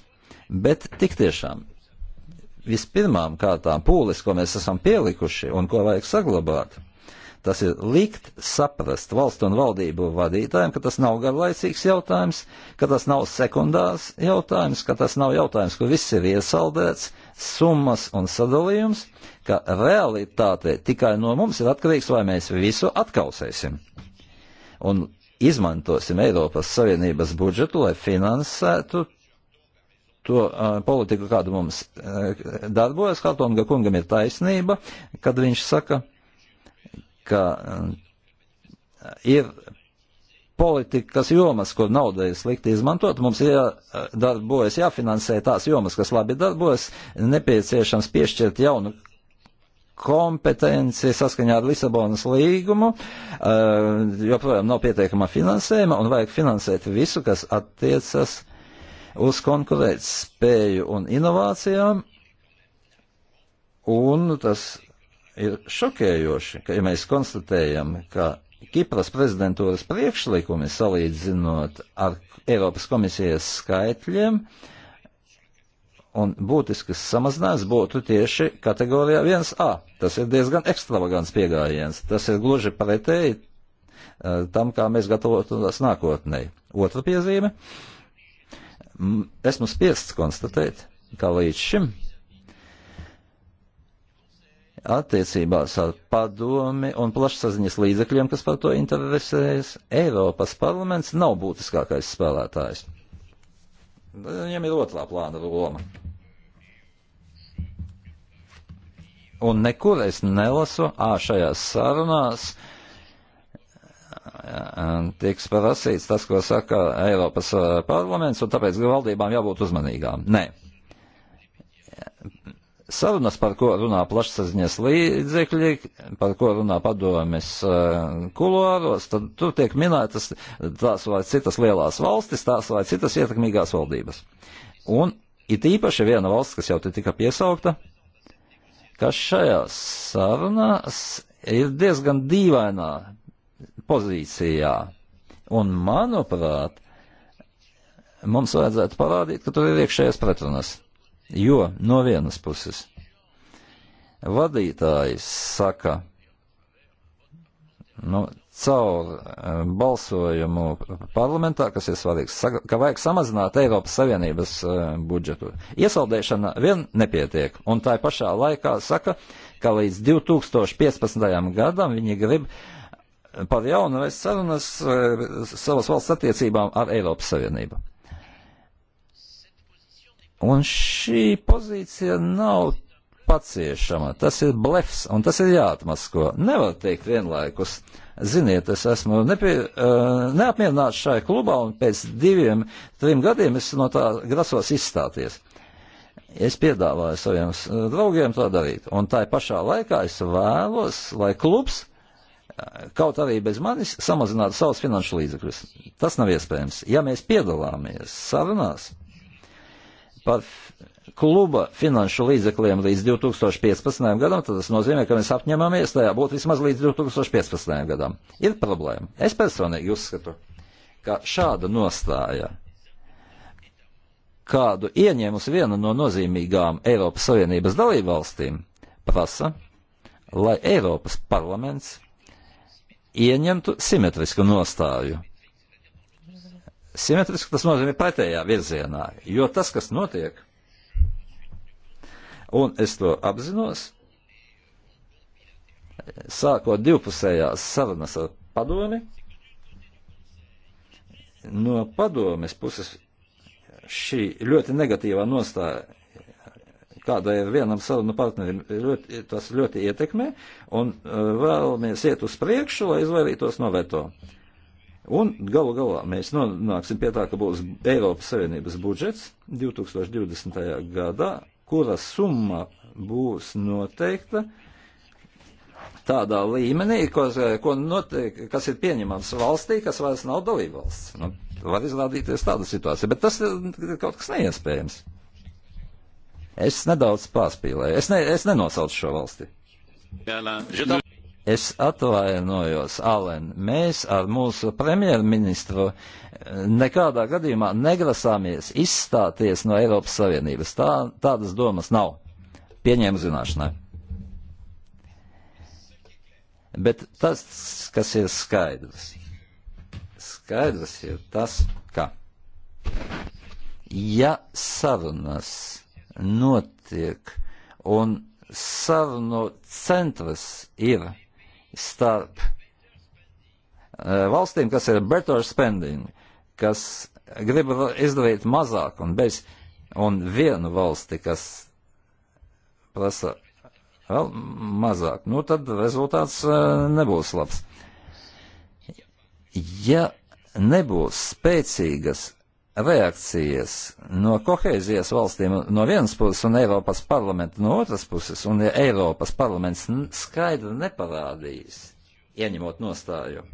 Bet tik tiešām vispirmām kārtām pūles, ko mēs esam pielikuši un ko vajag saglabāt, tas ir likt saprast valstu un valdību vadītājiem, ka tas nav garlaicīgs jautājums, ka tas nav sekundārs jautājums, ka tas nav jautājums, kur viss ir iesaldēts, summas un sadalījums, ka realitāte tikai no mums ir atkarīgs, vai mēs visu atkausēsim. Un izmantosim Eiropas Savienības budžetu, lai finansētu to uh, politiku, kādu mums uh, darbojas. Hartonga kungam ir taisnība, kad viņš saka, ka uh, ir politikas jomas, kur nauda ir slikti izmantot, mums ir jādarbojas, jāfinansē tās jomas, kas labi darbojas, nepieciešams piešķirt jaunu kompetenci saskaņā ar Lisabonas līgumu, uh, joprojām nav pietiekama finansējuma un vajag finansēt visu, kas attiecas uh, uz konkurēt spēju un inovācijām, un tas ir šokējoši, ka, ja mēs konstatējam, ka Kipras prezidentūras priekšlikumi salīdzinot ar Eiropas komisijas skaitļiem un būtiskas samazinājums būtu tieši kategorijā 1A. Tas ir diezgan ekstravagants pieejams. Tas ir gluži pretēji eh, tam, kā mēs gatavotos nākotnē. Otra piezīme. Uh, esmu spiests konstatēt, ka līdz šim attiecībās ar padomi un plašsaziņas līdzekļiem, kas par to interesējas, Eiropas parlaments nav būtiskākais spēlētājs. Viņam ir otrā plāna loma. Un nekur es nelasu, ā, šajās sarunās uh, tiks prasīts tas, ko saka Eiropas uh, parlaments, un tāpēc valdībām jābūt uzmanīgām. Nē. Sarunas, par ko runā plašsaziņas līdzekļi, par ko runā padomis uh, kuloros, tad tur tiek minētas tās vai citas lielās valstis, tās vai citas ietekmīgās valdības. Un it īpaši viena valsts, kas jau te tika piesaukta, kas šajā sarunās ir diezgan dīvainā pozīcijā. Un, manuprāt, mums vajadzētu parādīt, ka tur ir iekšējais pretrunas. Jo no vienas puses vadītājs saka, nu, caur eh, balsojumu parlamentā, kas ir svarīgs, saka, ka vajag samazināt Eiropas Savienības eh, budžetu. Iesaldēšana vien nepietiek, un tā pašā laikā saka, ka līdz 2015. gadam viņi grib uh, par jaunu vēst sarunas eh, savas valsts attiecībām ar Eiropas Savienību. Un šī pozīcija nav paciešama, tas ir blefs, un tas ir jāatmasko. Nevar teikt vienlaikus, ziniet, es esmu nepie, uh, neapmierināts šai klubā, un pēc diviem, trim gadiem es no tā grasos izstāties. Es piedāvāju saviem draugiem to darīt, un tā pašā laikā es vēlos, lai klubs kaut arī bez manis samazināt savus finanšu līdzekļus. Tas nav iespējams. Ja mēs piedalāmies sarunās par kluba finanšu līdzekļiem līdz 2015. gadam, tad tas nozīmē, ka mēs apņemamies tajā būt vismaz līdz 2015. gadam. Ir problēma. Es personīgi uzskatu, ka šāda nostāja, kādu ieņēmusi viena no nozīmīgām Eiropas Savienības dalībvalstīm, prasa, lai Eiropas parlaments ieņemtu simetrisku nostāju. Simetriski tas nozīmē pretējā virzienā, jo tas, kas notiek, un es to apzinos, sākot divpusējās sarunas ar padomi, no padomes puses šī ļoti negatīvā nostāja kāda ir vienam sarunu partnerim, ļoti, tas ļoti ietekmē, un e, vēlamies iet uz priekšu, lai izvairītos no veto. Un galu galā mēs nonāksim pie tā, ka būs Eiropas Savienības budžets 2020. gadā, kura summa būs noteikta tādā līmenī, ko, ko noteik, kas ir pieņemams valstī, kas vairs nav dalībvalsts. Nu, var izrādīties tāda situācija, bet tas ir kaut kas neiespējams. Es nedaudz pārspīlēju. Es, ne, es nenosaucu šo valsti. Es atvainojos, Alen, mēs ar mūsu premjerministru eh, nekādā gadījumā negrasāmies izstāties no Eiropas Savienības. Tā, tādas domas nav. Pieņēmu zināšanai. Bet tas, kas ir skaidrs, skaidrs ir tas, ka ja sarunas notiek, un sarunu centrs ir starp eh, valstīm, kas ir better spending, kas grib izdarīt mazāk un bez, un vienu valsti, kas prasa vēl mazāk, nu tad rezultāts eh, nebūs labs. Ja nebūs spēcīgas reakcijas no kohēzijas valstīm no vienas puses un Eiropas parlamenta no otras puses, un ja Eiropas parlaments skaidri neparādīs, ieņemot nostāju,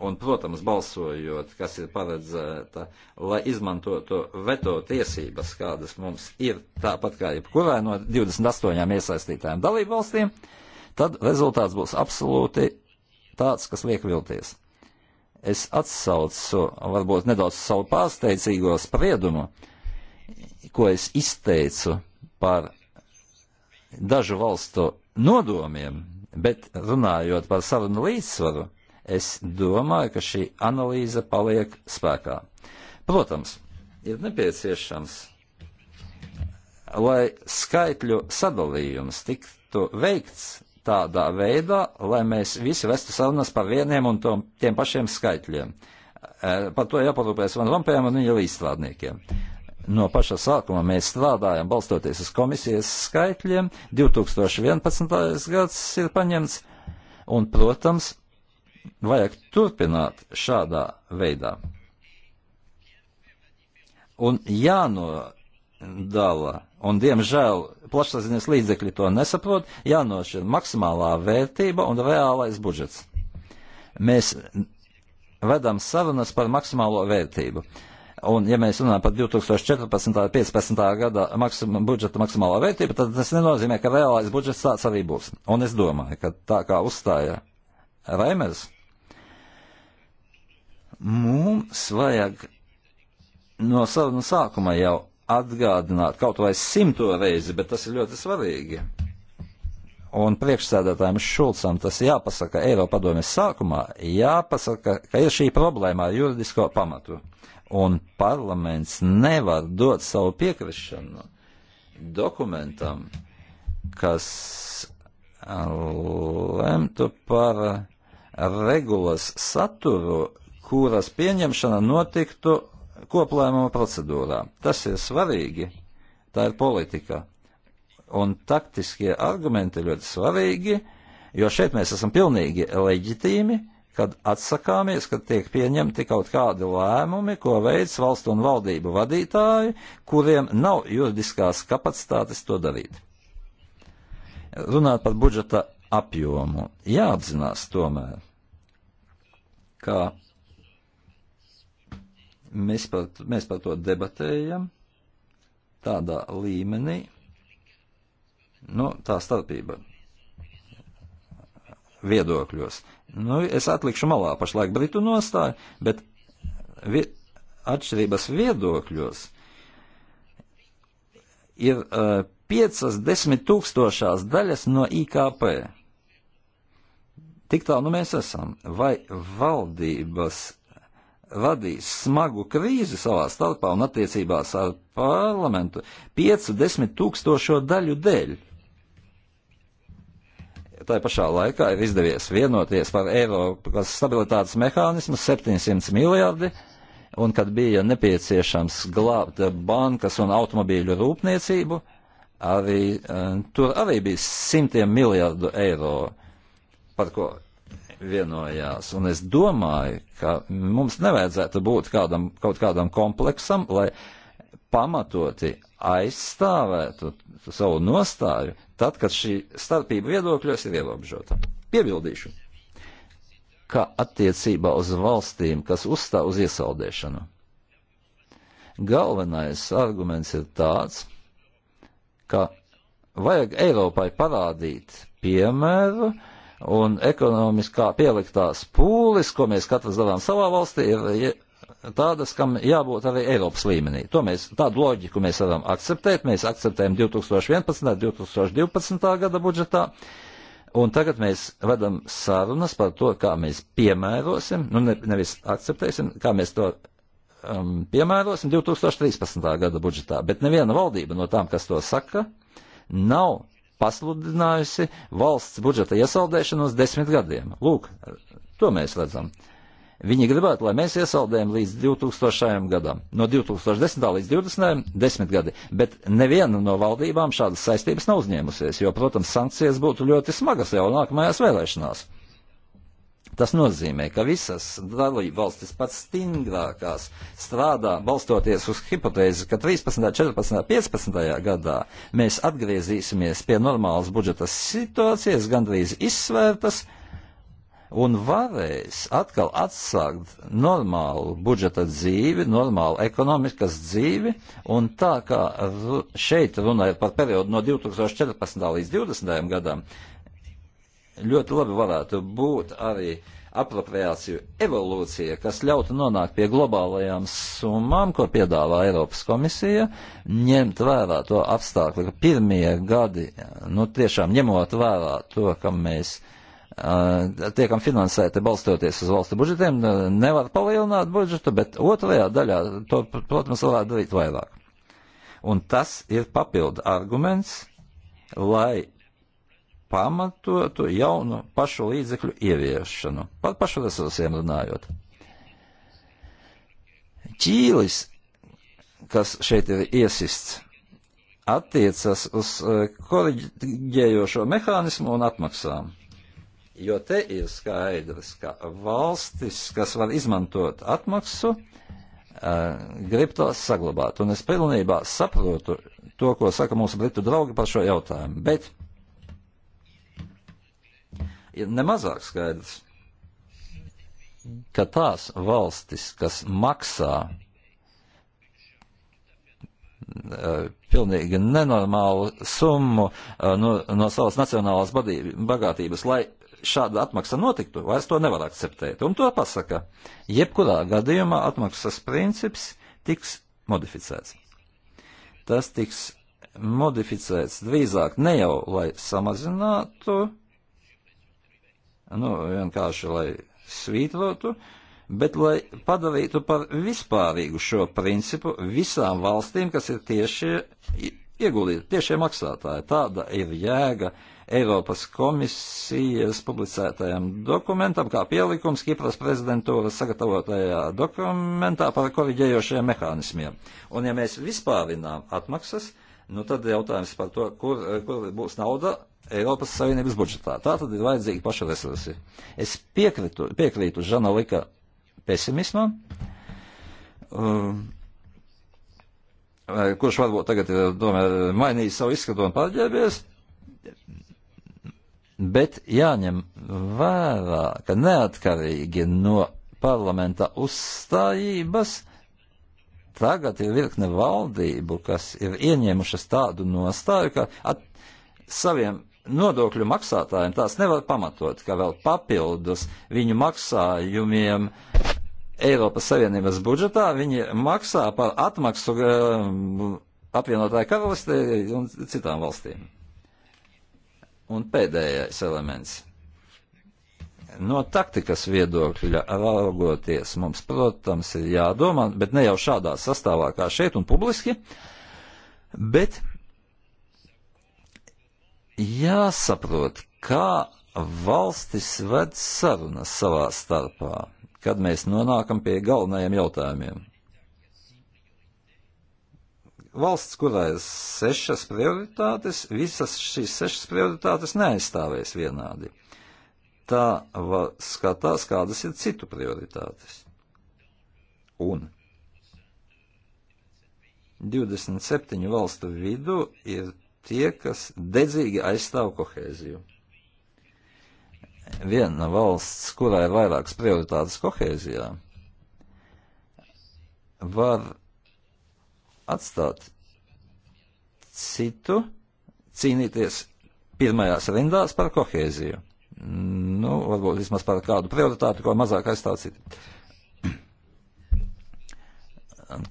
un, protams, balsojot, kas ir paredzēta, lai izmantotu veto tiesības, kādas mums ir, tāpat kā jebkurai no 28 iesaistītājiem dalību valstīm, tad rezultāts būs absolūti tāds, kas liek vilties es atsaucu varbūt nedaudz savu pārsteidzīgo spriedumu, ko es izteicu par dažu valstu nodomiem, bet runājot par sarunu līdzsvaru, es domāju, ka šī analīze paliek spēkā. Protams, ir nepieciešams, lai skaitļu sadalījums tiktu veikts tādā veidā, lai mēs visi vestu sarunas par vieniem un tom, tiem pašiem skaitļiem. E, par to jāparūpēs man rompējiem un viņa līdzstrādniekiem. No paša sākuma mēs strādājam balstoties uz komisijas skaitļiem. 2011. gads ir paņemts un, protams, vajag turpināt šādā veidā. Un jānodala un diemžēl plašsaziņas līdzekļi to nesaprot, jānošķir maksimālā vērtība un reālais budžets. Mēs vedam sarunas par maksimālo vērtību. Un, ja mēs runājam par 2014. un 2015. gada maksim, budžeta maksimālo vērtību, tad tas nenozīmē, ka reālais budžets tāds arī būs. Un es domāju, ka tā kā uzstāja Raimers, mums vajag no sarunu sākuma jau atgādināt kaut vai simto reizi, bet tas ir ļoti svarīgi. Un priekšsēdētājiem Šulcam tas jāpasaka Eiropadomjas sākumā, jāpasaka, ka ir šī problēma ar juridisko pamatu. Un parlaments nevar dot savu piekrišanu dokumentam, kas lemtu par regulas saturu, kuras pieņemšana notiktu koplēmuma procedūrā. Tas ir svarīgi. Tā ir politika. Un taktiskie argumenti ļoti svarīgi, jo šeit mēs esam pilnīgi leģitīmi, kad atsakāmies, kad tiek pieņemti kaut kādi lēmumi, ko veids valstu un valdību vadītāji, kuriem nav juridiskās kapacitātes to darīt. Runāt par budžeta apjomu. Jāatzinās tomēr, ka Mēs par, mēs par to debatējam tādā līmenī, nu, tā starpība viedokļos. Nu, es atlikšu malā pašlaik Britu nostāju, bet vi atšķirības viedokļos ir uh, piecas desmit tūkstošās daļas no IKP. Tik tālu nu mēs esam. Vai valdības radīs smagu krīzi savā starpā un attiecībās ar parlamentu 50 tūkstošo daļu dēļ. Tā pašā laikā ir izdevies vienoties par Eiropas stabilitātes mehānismu 700 miljardi, un kad bija nepieciešams glābt bankas un automobīļu rūpniecību, arī, eh, tur arī bija simtiem miljardu eiro, par ko vienojās. Un es domāju, ka mums nevajadzētu būt kādam, kaut kādam kompleksam, lai pamatoti aizstāvētu savu nostāju, tad, kad šī starpība viedokļos ir ierobežota. Piebildīšu, ka attiecībā uz valstīm, kas uzstāv uz iesaldēšanu, galvenais arguments ir tāds, ka vajag Eiropai parādīt piemēru, Un ekonomiskā pieliktās pūles, ko mēs katrs devām savā valstī, ir tādas, kam jābūt arī Eiropas līmenī. To mēs, tādu loģiku mēs varam akceptēt. Mēs akceptējam 2011. 2012. gada budžetā. Un tagad mēs vedam sarunas par to, kā mēs piemērosim, nu ne, nevis akceptēsim, kā mēs to um, piemērosim 2013. gada budžetā. Bet neviena valdība no tām, kas to saka, nav pasludinājusi valsts budžeta iesaldēšanu uz desmit gadiem. Lūk, to mēs redzam. Viņi gribētu, lai mēs iesaldējam līdz 2000. gadam, no 2010. līdz 2020. desmit gadi, bet neviena no valdībām šādas saistības nav uzņēmusies, jo, protams, sankcijas būtu ļoti smagas jau nākamajās vēlēšanās. Tas nozīmē, ka visas dalība valstis pats stingrākās strādā balstoties uz hipotēzi, ka 13., 14., 15. gadā mēs atgriezīsimies pie normālas budžeta situācijas, gandrīz izsvērtas, un varēs atkal atsākt normālu budžeta dzīvi, normālu ekonomikas dzīvi, un tā kā šeit runāja par periodu no 2014. līdz 2020. gadam, ļoti labi varētu būt arī apropriāciju evolūcija, kas ļautu nonākt pie globālajām summām, ko piedāvā Eiropas komisija, ņemt vērā to apstākli, ka pirmie gadi, nu tiešām ņemot vērā to, ka mēs uh, tiekam finansēti balstoties uz valstu budžetiem, nevar palielināt budžetu, bet otrajā daļā to, protams, varētu darīt vairāk. Un tas ir papildu arguments, lai pamatotu jaunu pašu līdzekļu ieviešanu, pat pašu resursiem runājot. Ķīlis, kas šeit ir iesists, attiecas uz eh, koriģējošo mehānismu un atmaksām. Jo te ir skaidrs, ka valstis, kas var izmantot atmaksu, eh, grib to saglabāt. Un es pilnībā saprotu to, ko saka mūsu britu draugi par šo jautājumu. Bet ir nemazāk skaidrs, ka tās valstis, kas maksā eh, pilnīgi nenormālu summu eh, no, no savas nacionālās bagātības, lai šāda atmaksa notiktu, vairs to nevar akceptēt. Un to pasaka, jebkurā gadījumā atmaksas princips tiks modificēts. Tas tiks modificēts drīzāk ne jau, lai samazinātu nu, vienkārši lai svītrotu, bet lai padarītu par vispārīgu šo principu visām valstīm, kas ir tieši ieguldīti, tiešie maksātāji. Tāda ir jēga Eiropas komisijas publicētajam dokumentam, kā pielikums Kipras prezidentūras sagatavotajā dokumentā par koriģējošajiem mehānismiem. Un ja mēs vispārinām atmaksas, Nu, tad jautājums par to, kur, eh, kur būs nauda Eiropas Savienības budžetā. Tā tad ir vajadzīgi paši resursi. Es piekritu, piekrītu Žana Lika pesimismam, um, eh, kurš varbūt tagad ir eh, domā, mainījis savu izskatu un pārģērbies, bet jāņem vērā, ka neatkarīgi no parlamenta uzstājības, Tagad ir virkne valdību, kas ir ieņēmušas tādu nostāju, ka at saviem nodokļu maksātājiem tās nevar pamatot, ka vēl papildus viņu maksājumiem Eiropas Savienības budžetā viņi maksā par atmaksu eh, apvienotāju karalistē un citām valstīm. Un pēdējais elements. No taktikas viedokļa raugoties, mums, protams, ir jādomā, bet ne jau šādā sastāvā kā šeit un publiski, bet jāsaprot, kā valstis ved sarunas savā starpā, kad mēs nonākam pie galvenajiem jautājumiem. Valsts, kurā ir sešas prioritātes, visas šīs sešas prioritātes neaizstāvēs vienādi tā skatās, kādas ir citu prioritātes. Un 27 valstu vidu ir tie, kas dedzīgi aizstāv kohēziju. Viena valsts, kurā ir vairākas prioritātes kohēzijā, var atstāt citu, cīnīties pirmajās rindās par kohēziju nu, varbūt vismaz par kādu prioritāti, ko mazāk aizstāv citi.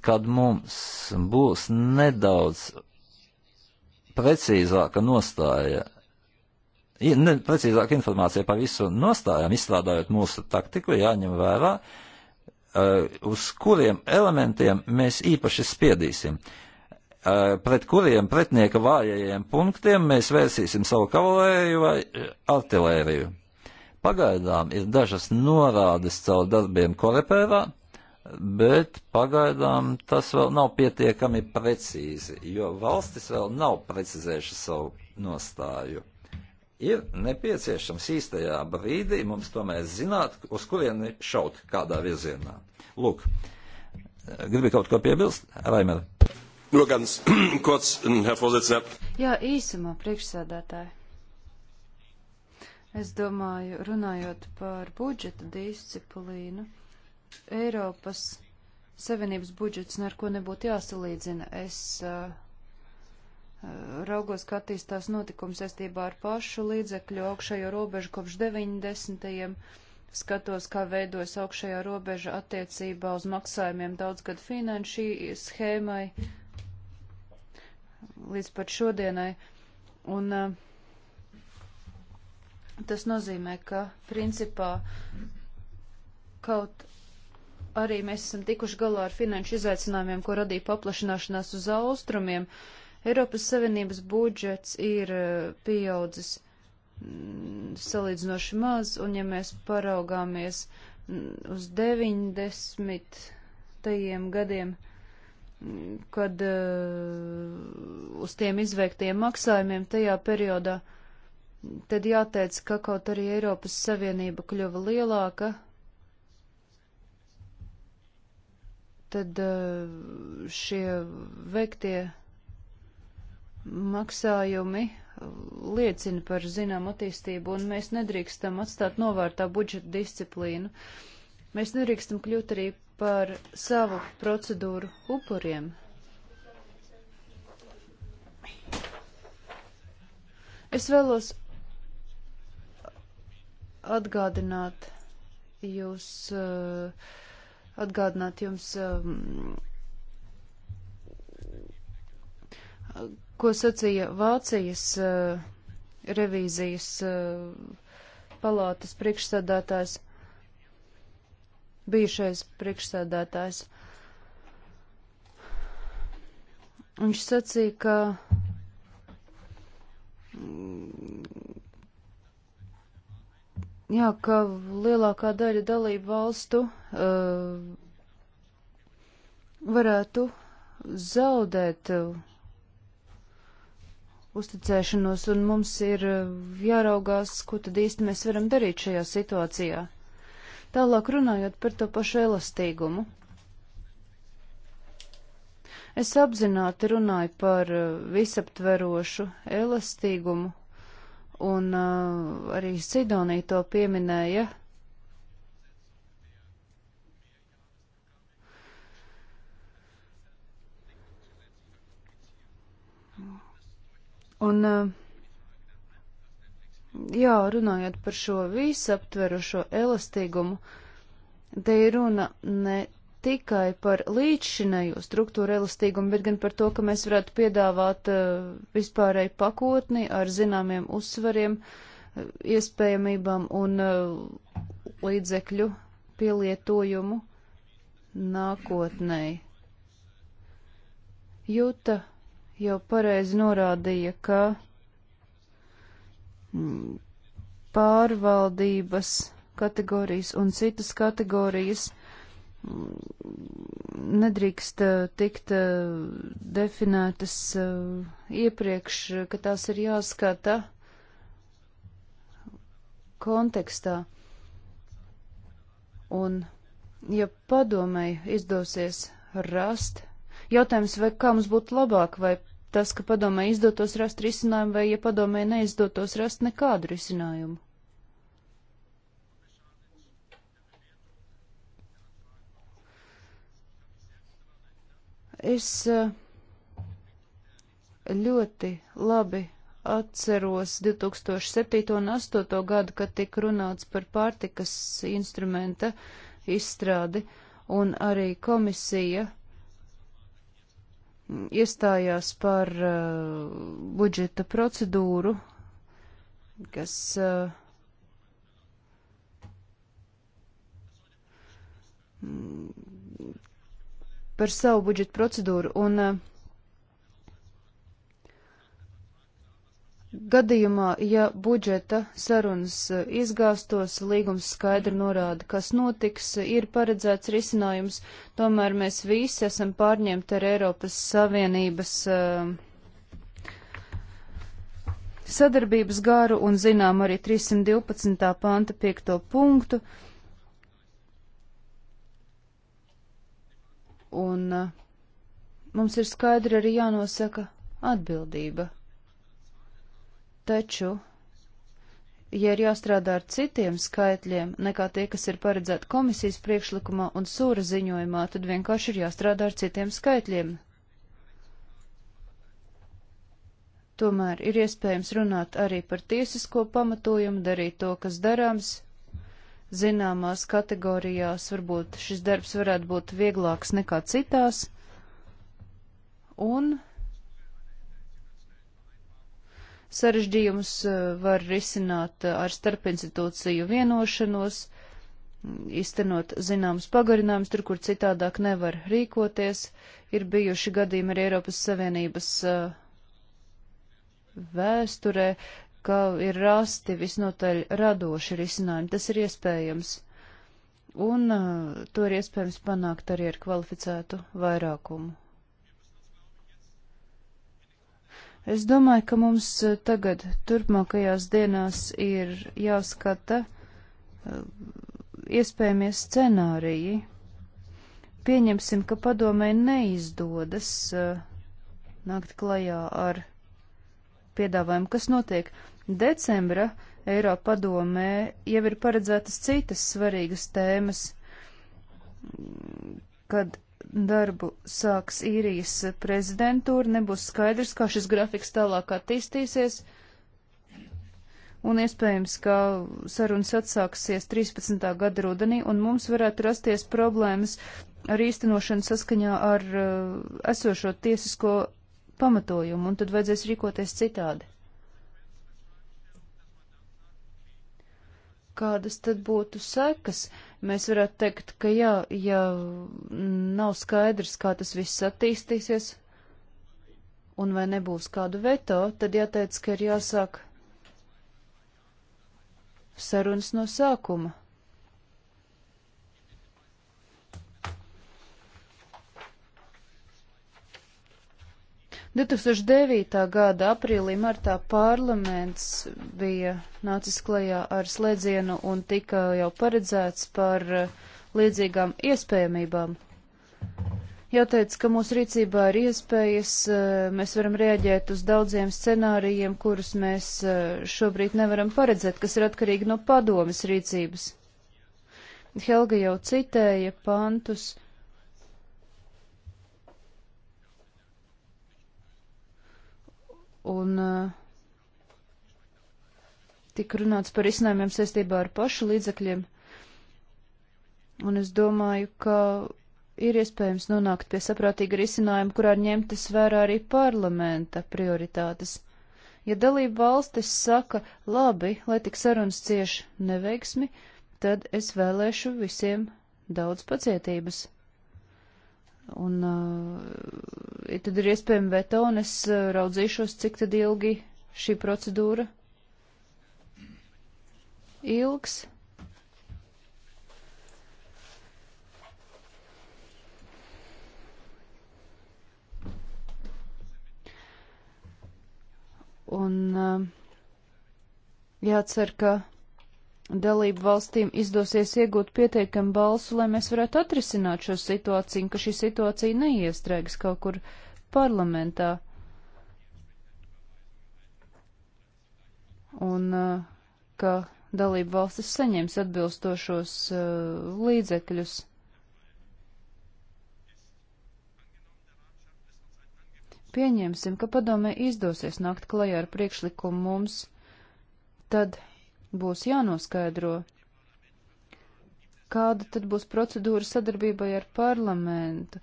Kad mums būs nedaudz precīzāka nostāja, ne, precīzāka informācija par visu nostājām, izstrādājot mūsu taktiku, jāņem vērā, eh, uz kuriem elementiem mēs īpaši spiedīsim. Uh, Eh, pret kuriem pretinieka vājajiem punktiem mēs vērsīsim savu kavalēriju vai eh, artilēriju. Pagaidām ir dažas norādes caur darbiem korepērā, bet pagaidām tas vēl nav pietiekami precīzi, jo valstis vēl nav precizējuši savu nostāju. Ir nepieciešams īstajā brīdī mums tomēr zināt, uz kurieni šaut kādā virzienā. Lūk, eh, gribi kaut ko piebilst, Raimer? Nur ganz (clears throat) kurz, ähm, Herr Vorsitzender. Jā, īsumā, priekšsēdētāji. Es domāju, runājot par budžeta disciplīnu, Eiropas Savienības budžets neko nebūtu jāsalīdzina. Es uh, uh raugos, kā attīstās notikums saistībā ar pašu līdzekļu augšējo robežu kopš 90. Skatos, kā veidojas augšējā robeža attiecībā uz maksājumiem daudzgad finanšu schēmai līdz pat šodienai. Un uh, tas nozīmē, ka principā kaut arī mēs esam tikuši galā ar finanšu izaicinājumiem, ko radīja paplašināšanās uz austrumiem. Eiropas Savienības budžets ir eh, pieaudzis mm, salīdzinoši maz, un ja mēs paraugāmies mm, uz 90. gadiem, kad uh, uz tiem izveiktiem maksājumiem tajā periodā, tad jāteic, ka kaut arī Eiropas Savienība kļuva lielāka, tad uh, šie veiktie maksājumi eh, liecina par zinām attīstību, un mēs nedrīkstam atstāt novārtā budžeta disciplīnu. Mēs nedrīkstam kļūt arī par savu procedūru upuriem. Es vēlos atgādināt jūs, uh, atgādināt jums, um, ko sacīja Vācijas uh, revīzijas uh, palātas priekšsādātājs bijušais priekšsēdētājs. Viņš sacīja, ka jā, ka lielākā daļa dalību valstu uh, varētu zaudēt uh, uzticēšanos, un mums ir uh, jāraugās, ko tad īsti mēs varam darīt šajā situācijā. Tālāk runājot par to pašu elastīgumu. Es apzināti runāju par uh, visaptverošu elastīgumu, un uh, arī Sidonija to pieminēja. Un uh, Jā, runājot par šo visaptverošo elastīgumu, te ir runa ne tikai par līdzšinējo struktūru elastīgumu, bet gan par to, ka mēs varētu piedāvāt uh, vispārēju pakotni ar zināmiem uzsvariem, eh, iespējamībām un uh, līdzekļu pielietojumu nākotnē. Juta jau pareizi norādīja, ka pārvaldības kategorijas un citas kategorijas mm, nedrīkst eh, tikt eh, definētas eh, iepriekš, ka tās ir jāskata kontekstā. Un, ja padomēji izdosies rast, jautājums, vai kā mums būtu labāk, vai tas, ka padomē izdotos rast risinājumu, vai ja padomē neizdotos rast nekādu risinājumu. Es eh, ļoti labi atceros 2007. un 2008. gadu, kad tika runāts par pārtikas instrumenta izstrādi, un arī komisija iestājās par uh, budžeta procedūru, kas uh, mm, par savu budžeta procedūru un uh, Gadījumā, ja budžeta sarunas eh, izgāstos, līgums skaidri norāda, kas notiks, eh, ir paredzēts risinājums, tomēr mēs visi esam pārņemti ar Eiropas Savienības uh, sadarbības garu un zinām arī 312. panta 5. punktu. Un uh, mums ir skaidri arī jānosaka atbildība Taču, ja ir jāstrādā ar citiem skaitļiem nekā tie, kas ir paredzēti komisijas priekšlikumā un sūra ziņojumā, tad vienkārši ir jāstrādā ar citiem skaitļiem. Tomēr ir iespējams runāt arī par tiesisko pamatojumu, darīt to, kas darāms. Zināmās kategorijās varbūt šis darbs varētu būt vieglāks nekā citās. Un sarežģījumus eh, var risināt eh, ar starpinstitūciju vienošanos, iztenot zināmas pagarinājumus tur, kur citādāk nevar rīkoties. Ir bijuši gadījumi arī Eiropas Savienības eh, vēsturē, ka ir rasti visnotaļ radoši risinājumi. Tas ir iespējams. Un to ir iespējams panākt arī ar kvalificētu vairākumu. Es domāju, ka mums eh, tagad, turpmākajās dienās, ir jāskata eh, iespējamie scenāriji. Pieņemsim, ka padomē neizdodas eh, nākt klajā ar piedāvājumu, kas notiek decembra Eiropa padomē, jau ir paredzētas citas svarīgas tēmas, kad darbu sāks īrijas prezidentūra, nebūs skaidrs, kā šis grafiks tālāk attīstīsies, un iespējams, ka sarunas atsāksies 13. gada rudenī, un mums varētu rasties problēmas ar īstenošanu saskaņā ar uh, esošo tiesisko pamatojumu, un tad vajadzēs rīkoties citādi. Kādas tad būtu sekas? Uh, Mēs varētu teikt, ka jā, ja nav skaidrs, kā tas viss attīstīsies, un vai nebūs kādu veto, tad jāteic, ka ir jāsāk sarunas no sākuma. 2009. gada aprīlī martā parlaments bija nācis klajā ar slēdzienu un tika jau paredzēts par eh, līdzīgām iespējamībām. Jau teicu, ka mūsu rīcībā ir iespējas, eh, mēs varam rēģēt uz daudziem scenārijiem, kurus mēs eh, šobrīd nevaram paredzēt, kas ir atkarīgi no padomas rīcības. Helga jau citēja pantus un eh, tika runāts par izcinājumiem saistībā ar pašu līdzekļiem. Un es domāju, ka ir iespējams nonākt pie saprātīga risinājuma, kurā ņemtas vērā arī parlamenta prioritātes. Ja dalība valstis saka, labi, lai tik sarunas cieš neveiksmi, tad es vēlēšu visiem daudz pacietības. Un uh, tad ir iespējami veto, un es eh, raudzīšos, cik tad ilgi šī procedūra ilgs. Un uh, jācer, ka dalību valstīm izdosies iegūt pietiekami balsu, lai mēs varētu atrisināt šo situāciju, un ka šī situācija neiestrēgs kaut kur parlamentā. Un uh, ka dalību valstis saņems atbilstošos uh, līdzekļus. Pieņemsim, ka padomē izdosies nākt klajā ar priekšlikumu mums, tad būs jānoskaidro, kāda tad būs procedūra sadarbībai ar parlamentu,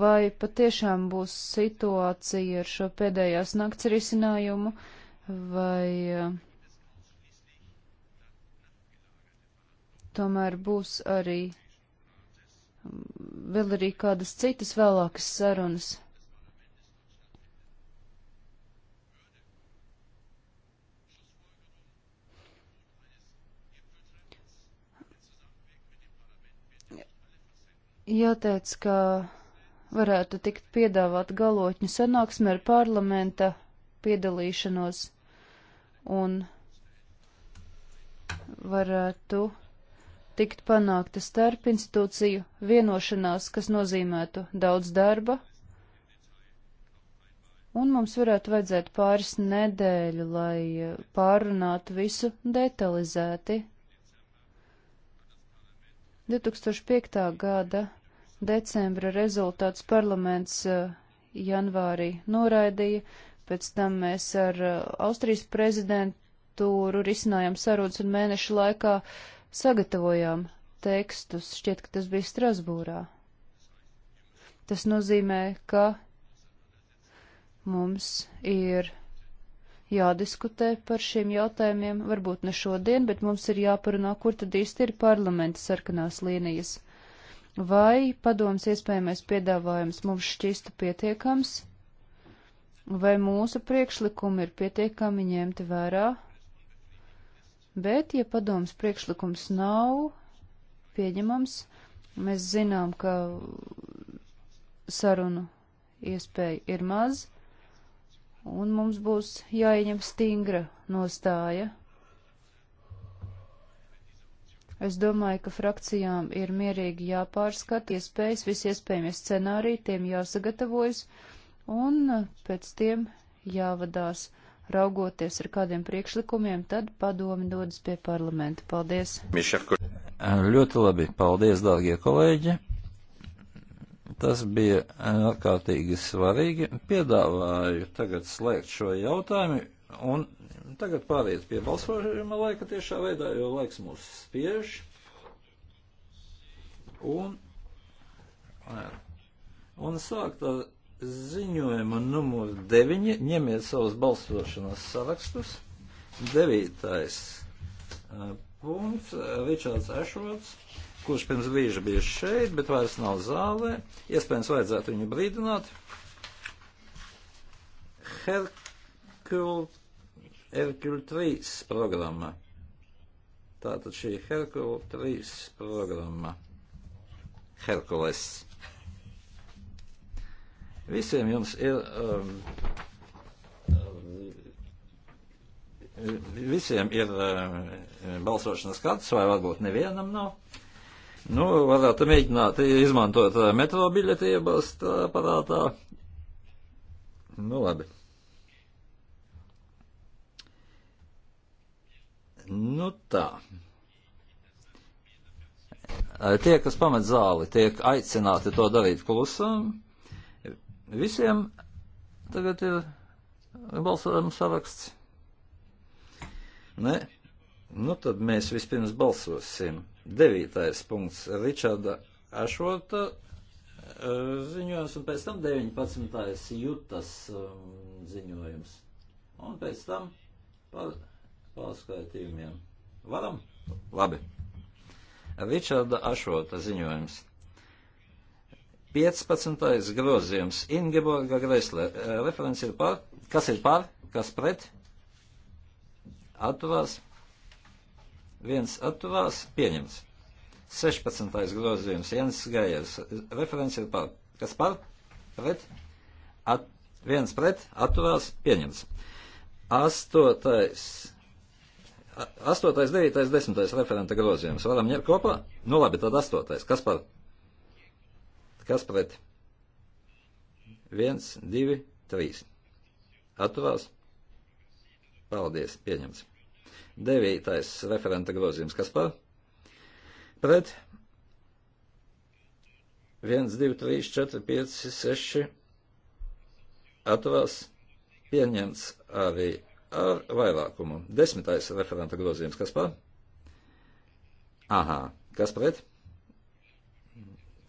vai patiešām būs situācija ar šo pēdējās nakts risinājumu, vai eh, tomēr būs arī mm, vēl arī kādas citas vēlākas sarunas. Jāteic, ka varētu tikt piedāvāt galotņu sanāksme ar parlamenta piedalīšanos un varētu tikt panākta starp institūciju vienošanās, kas nozīmētu daudz darba, un mums varētu vajadzēt pāris nedēļu, lai pārunātu visu detalizēti. 2005. gada decembra rezultāts parlaments eh, janvārī noraidīja, pēc tam mēs ar eh, Austrijas prezidentūru risinājām sarunas un mēnešu laikā sagatavojām tekstus, šķiet, ka tas bija Strasbūrā. Tas nozīmē, ka mums ir jādiskutē par šiem jautājumiem, varbūt ne šodien, bet mums ir jāparunā, kur tad īsti ir parlamenta sarkanās līnijas vai padoms iespējamais piedāvājums mums šķista pietiekams, vai mūsu priekšlikumi ir pietiekami ņemti vērā, bet, ja padoms priekšlikums nav pieņemams, mēs zinām, ka sarunu iespēja ir maz, un mums būs jāieņem stingra nostāja Es domāju, ka frakcijām ir mierīgi jāpārskat iespējas, visi iespējamie scenāriji, tiem jāsagatavojas un eh, pēc tiem jāvadās. Raugoties ar kādiem priekšlikumiem, tad padomi dodas pie parlamenta. Paldies! Ļoti labi, paldies, dārgie kolēģi! Tas bija eh, ārkārtīgi svarīgi. Piedāvāju tagad slēgt šo jautājumu un Tagad pāriet pie balsojuma laika tiešā veidā, jo laiks mūs spiež. Un, un sākt ar ziņojumu numur 9. Ņemiet savus balsošanas sarakstus. 9. punkts. Ričards Ešvots, kurš pirms brīža bija šeit, bet vairs nav zālē. Iespējams, vajadzētu viņu brīdināt. Herkult Herkul 3 programma. Tātad šī Herkul 3 programma. Herkules. Visiem jums ir. Um, um, Visiem ir um, balsošanas kartes, vai varbūt nevienam nav. Nu, varētu mēģināt izmantot uh, metro biļeti iebāzt uh, aparātā. Nu, labi. Nu tā. Tie, kas pamet zāli, tiek aicināti to darīt klusam. Visiem tagad ir balsojuma saraksts. Ne? Nu tad mēs vispirms balsosim. Devītais punkts Ričarda Ašota ziņojums un pēc tam 19. jutas ziņojums. Un pēc tam par pārskaitījumiem. Varam? Labi. Ričarda Ašota ziņojums. 15. grozījums. Ingeborga Gresle. Eh, referents ir par. Kas ir par? Kas pret? Atturās. Viens atturās. Pieņems. 16. grozījums. Jens Gajers. Referents ir par. Kas par? Pret? At, viens pret. Atturās. Pieņems. 8. Astotais, devītais, desmitais referenta grozījums. Varam ņemt kopā? Nu labi, tad astotais. Kas par? Kas pret? Viens, divi, trīs. Atturās? Paldies, pieņemts. Devītais referenta grozījums. Kas par? Pret? Viens, divi, trīs, četri, pieci, seši. Atturās? Pieņemts arī ar vairākumu. Desmitais referenta grozījums, kas par? Aha, kas pret?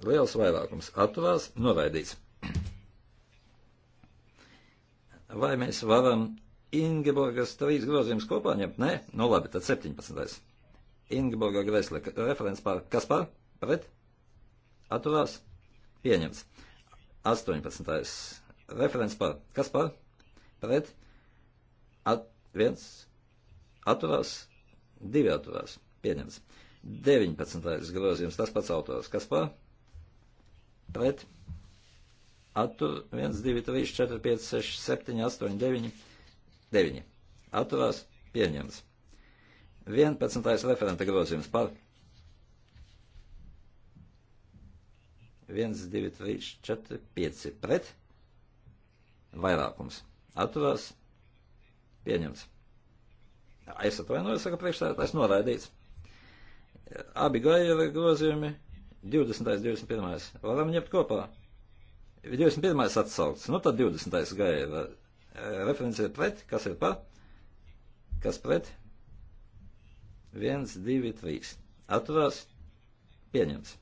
Liels vairākums atturās, noraidīts. Vai mēs varam Ingeborgas trīs grozījumus kopā ņemt? Nē, nu labi, tad 17. Ingeborga Gresle, referents par Kaspar, pret, atturās, pieņemts. 18. referents par Kaspar, pret, atturās At, viens atturās, divi atturās. Pieņems. 19. grozījums, tas pats autors. Kas pār? Pret. Attur 1, 2, 3, 4, 5, 6, 7, 8, 9, 9. Atturās, pieņems. 11. referenta grozījums par. 1, 2, 3, 4, 5 pret. Vairākums. Atturās, Pieņemts. Es atvainojos, saka priekšstādātājs, noraidīts. Abi gaira grozījumi 20. 21. Varam ņemt kopā. 21. atsaukts, nu tad 20. gaira. Referents ir pret, kas ir par? Kas pret? 1, 2, 3. Atturās. Pieņemts.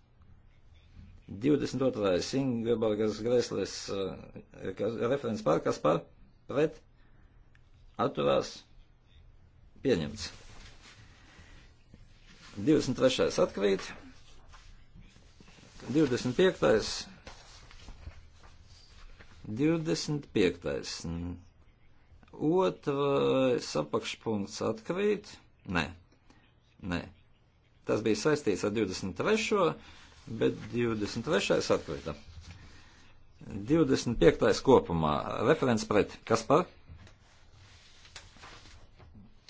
22. Ingeborgas Greslis, eh, kas, referents par, kas par? Pret? atturās pieņemts. 23. atkrīt, 25. 25. Otrais apakšpunkts atkrīt, nē, nē, tas bija saistīts ar 23. bet 23. atkrīta. 25. kopumā referents pret Kaspar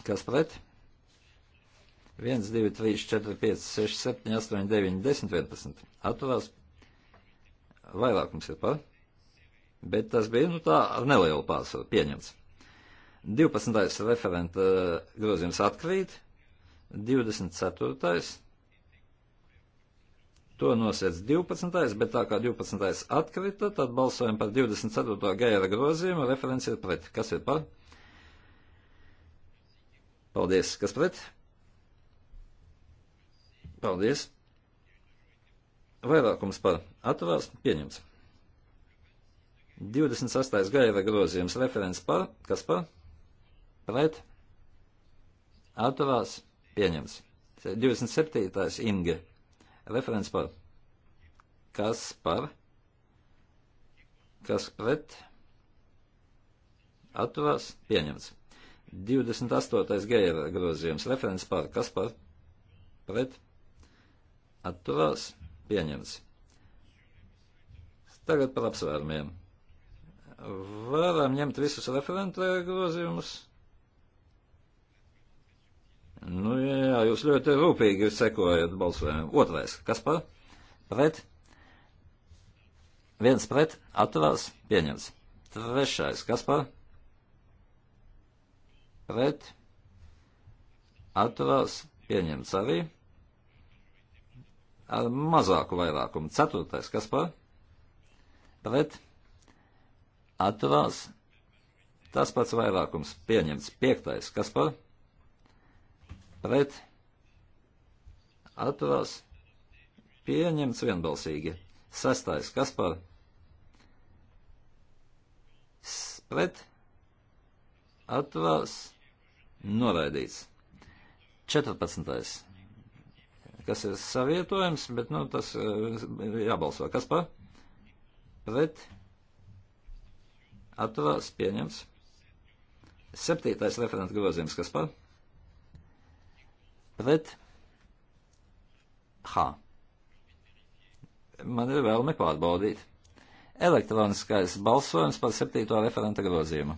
kas pret. 1, 2, 3, 4, 5, 6, 7, 8, 9, 10, 11. Atturās. Vairākums ir par. Bet tas bija, nu tā, ar nelielu pārsvaru pieņemts. 12. referenta eh, grozījums atkrīt. 24. To nosēc 12. bet tā kā 12. atkrita, tad balsojam par 24. gaira grozījumu. Referents ir pret. Kas ir par? Paldies. Kas pret? Paldies. Vairākums par atturās pieņemts. 28. gaiva grozījums referents par, kas par, pret, atturās, pieņemts. 27. Inge, referents par, kas par, kas pret, atturās, pieņemts. 28. geira grozījums referents par kas par pret atturās pieņemts. Tagad par apsvērumiem. Varam ņemt visus referenta grozījumus. Nu, jā, jūs ļoti rūpīgi sekojat balsojumiem. Otrais. Kas par? Pret. Viens pret. Atturās. Pieņemts. Trešais. Kas par? pret atturās pieņemts arī ar mazāku vairākumu. Ceturtais, kas par pret atturās tas pats vairākums pieņemts. Piektais, kas par pret atturās pieņemts vienbalsīgi. Sestais, kas par pret atturās pieņemts Noraidīts. 14. Kas ir savietojams, bet nu, tas eh, jābalso. Kas par? Pret. Atturās pieņemts. Septītais referenta grozījums. Kas par? Pret. H. Man ir vēlme pārbaudīt. Elektroniskais balsojums par septīto referenta grozījumu.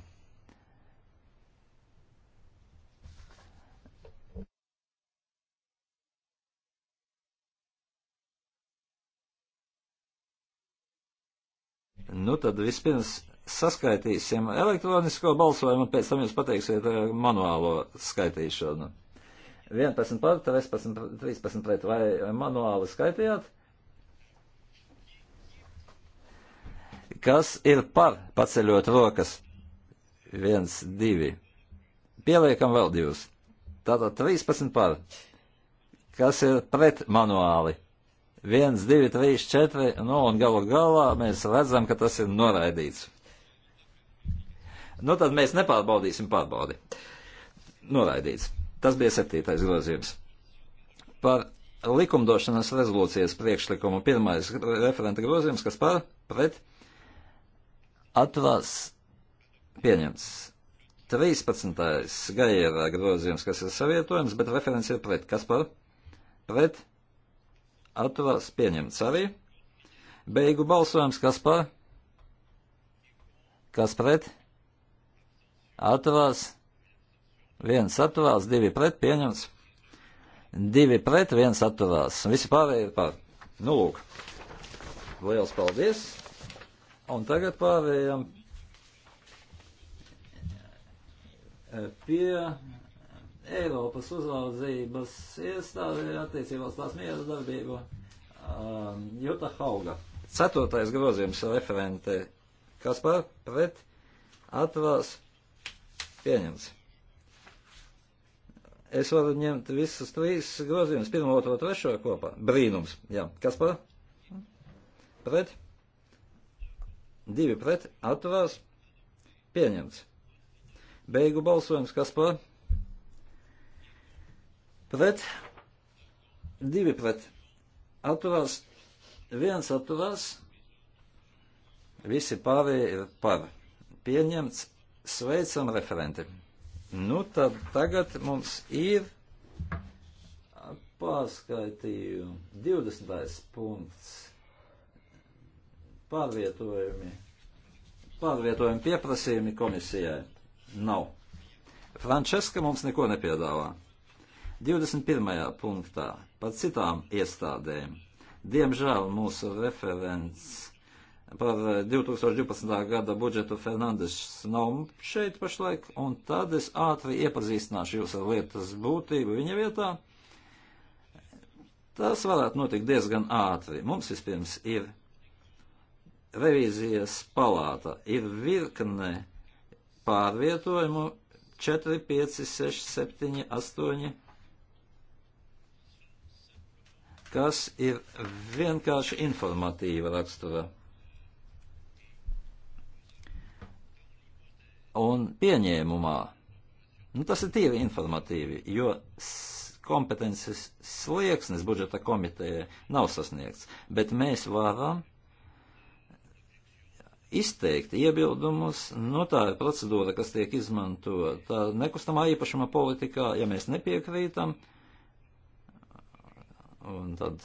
Nu, tad vispirms saskaitīsim elektronisko balsojumu, un pēc tam jūs pateiksiet eh, manuālo skaitīšanu. 11 par, 13, 13 pret, vai manuāli skaitījāt? Kas ir par paceļot rokas? 1, 2. Pieliekam vēl divus. Tātad 13 par. Kas ir pret manuāli? 1, 2, 3, 4, nu un galu galā mēs redzam, ka tas ir noraidīts. Nu tad mēs nepārbaudīsim pārbaudi. Noraidīts. Tas bija septītais grozījums. Par likumdošanas rezolūcijas priekšlikumu pirmais referenta grozījums, kas par pret atvās pieņemts. 13. gaierā grozījums, kas ir savietojums, bet referents ir pret. Kas par? Pret atturās pieņemts arī. Beigu balsojums, kas par, kas pret, atturās, viens atturās, divi pret, pieņemts, divi pret, viens atturās. Visi pārējie ir par. Nu, lūk. Liels paldies! Un tagad pārējām pie Eiropas uzraudzības iestāde attiecībā uz tās mieras darbību. Um, Juta Hauga. Ceturtais grozījums referente. Kas par pret atvās pieņemts? Es varu ņemt visus trīs grozījumus, pirmo, otro, trešo kopā. Brīnums, jā. Kas par? Pret? Divi pret atvās pieņemts. Beigu balsojums, kas par? pret, divi pret, atturās, viens atturās, visi pārējie ir par. Pieņemts, sveicam referenti. Nu tad tagad mums ir pārskaitīju 20. punkts pārvietojumi, pārvietojumi pieprasījumi komisijai. Nav. Frančeska mums neko nepiedāvā. 21. punktā par citām iestādēm. Diemžēl mūsu referents par 2012. Eh, gada budžetu Fernandes nav šeit pašlaik, un tad es ātri iepazīstināšu jūs ar lietas būtību viņa vietā. Tas varētu notikt diezgan ātri. Mums vispirms ir revīzijas palāta, ir virkne pārvietojumu 4, 5, 6, 7, 8 kas ir vienkārši informatīva rakstura. Un pieņēmumā, nu tas ir tīri informatīvi, jo kompetences slieksnis budžeta komitejai nav sasniegts, bet mēs varam izteikt iebildumus, nu tā ir procedūra, kas tiek izmantota nekustamā īpašuma politikā, ja mēs nepiekrītam, uh, Un tad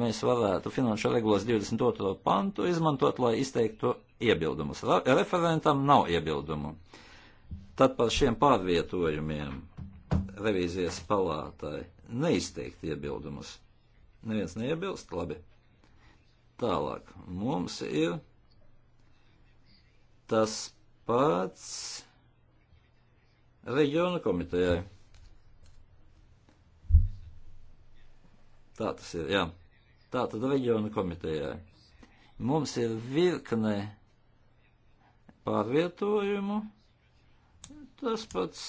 mēs varētu finanšu regulas 22. pantu izmantot, lai izteiktu iebildumus. Referentam nav iebildumu. Tad par šiem pārvietojumiem revīzijas palātai neizteikt iebildumus. Neviens neiebilst, labi. Tālāk mums ir tas pats reģiona komitejai. Tā tas ir, jā. Tā tad reģiona komitejai. Mums ir virkne pārvietojumu. Tas pats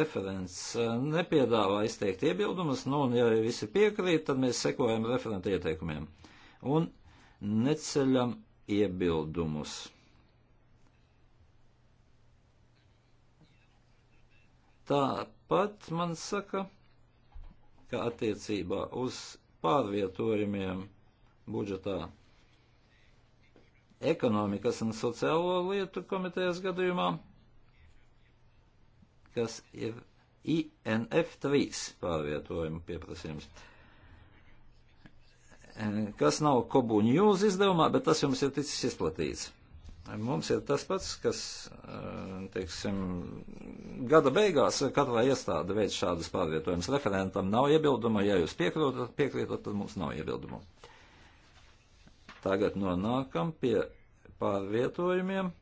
referents e, nepiedāvā izteikt iebildumus, nu un ja visi piekrīt, tad mēs sekojam referenta ieteikumiem un neceļam iebildumus. Tāpat man saka, ka attiecībā uz pārvietojumiem budžetā ekonomikas un sociālo lietu komitejas gadījumā, kas ir INF3 pārvietojuma pieprasījums, kas nav Kobu News izdevumā, bet tas jums ir ticis izplatīts. Mums ir tas pats, kas, eh, teiksim, gada beigās katrai iestāde veids šādas pārvietojumus. Referentam nav iebildumu, ja jūs piekrītat, piekrītat, tad mums nav iebildumu. Tagad nonākam pie pārvietojumiem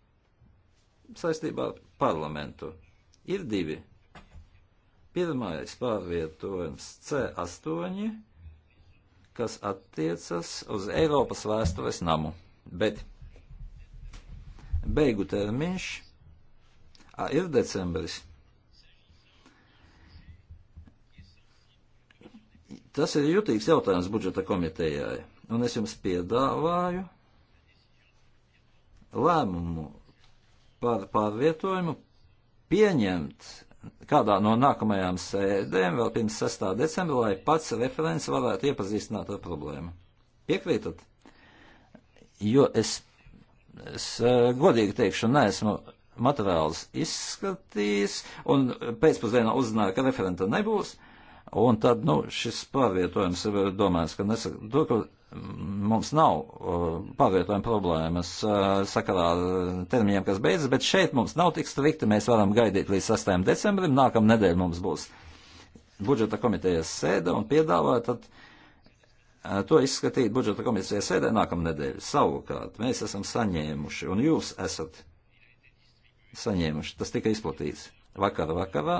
saistībā ar parlamentu. Ir divi. Pirmais pārvietojums C8, kas attiecas uz Eiropas vēstures namu, bet Beigu termiņš a, ir decembris. Tas ir jutīgs jautājums budžeta komitejai, un es jums piedāvāju lēmumu par pārvietojumu pieņemt kādā no nākamajām sēdēm, vēl pirms 6. decembra, lai pats referents varētu iepazīstināt ar problēmu. Piekrītat? Jo es es eh, godīgi teikšu, neesmu materiāls izskatījis, un pēcpusdienā uzzināju, ka referenta nebūs, un tad, nu, šis pārvietojums ir domājis, ka nesaka, to, ka mums nav eh, pārvietojuma problēmas eh, sakarā termiņiem, kas beidzas, bet šeit mums nav tik strikti, mēs varam gaidīt līdz 8. decembrim, nākam nedēļ mums būs budžeta komitejas sēde un piedāvāja tad. Uh, Eh, to izskatīt budžeta komisijas sēdē nākamnedēļ. Savukārt mēs esam saņēmuši, un jūs esat saņēmuši, tas tika izplatīts vakar vakarā,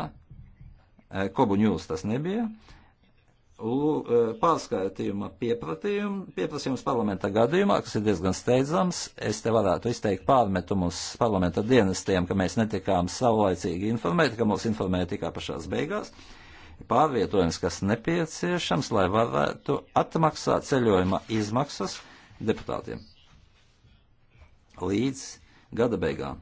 eh, kobu ņūs tas nebija, eh, pārskaitījuma pieprasījums parlamenta gadījumā, kas ir diezgan steidzams. Es te varētu izteikt pārmetumus parlamenta dienestiem, ka mēs netikām savlaicīgi informēti, ka mūs informēja tikai pašās beigās. Uh, pārvietojums, kas nepieciešams, lai varētu atmaksāt ceļojuma izmaksas deputātiem līdz gada beigām.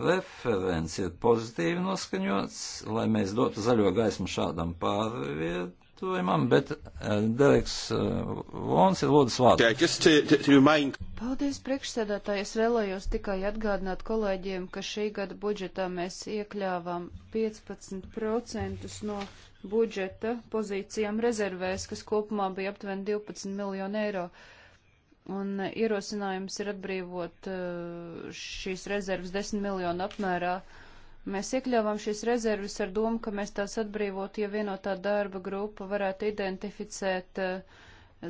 Referents ir pozitīvi noskaņots, lai mēs dotu zaļo gaismu šādam pārvietojumam mantojumam, bet eh, Dereks eh, Vons ir lūdzu vārdu. Paldies, priekšsēdētāji. Es vēlējos tikai atgādināt kolēģiem, ka šī gada budžetā mēs iekļāvām 15% no budžeta pozīcijām rezervēs, kas kopumā bija aptuveni 12 miljonu eiro. Un eh, ierosinājums ir atbrīvot šīs rezerves 10 miljonu apmērā. Uh, Mēs iekļāvām šīs rezerves ar domu, ka mēs tās atbrīvot, ja vienotā darba grupa varētu identificēt eh,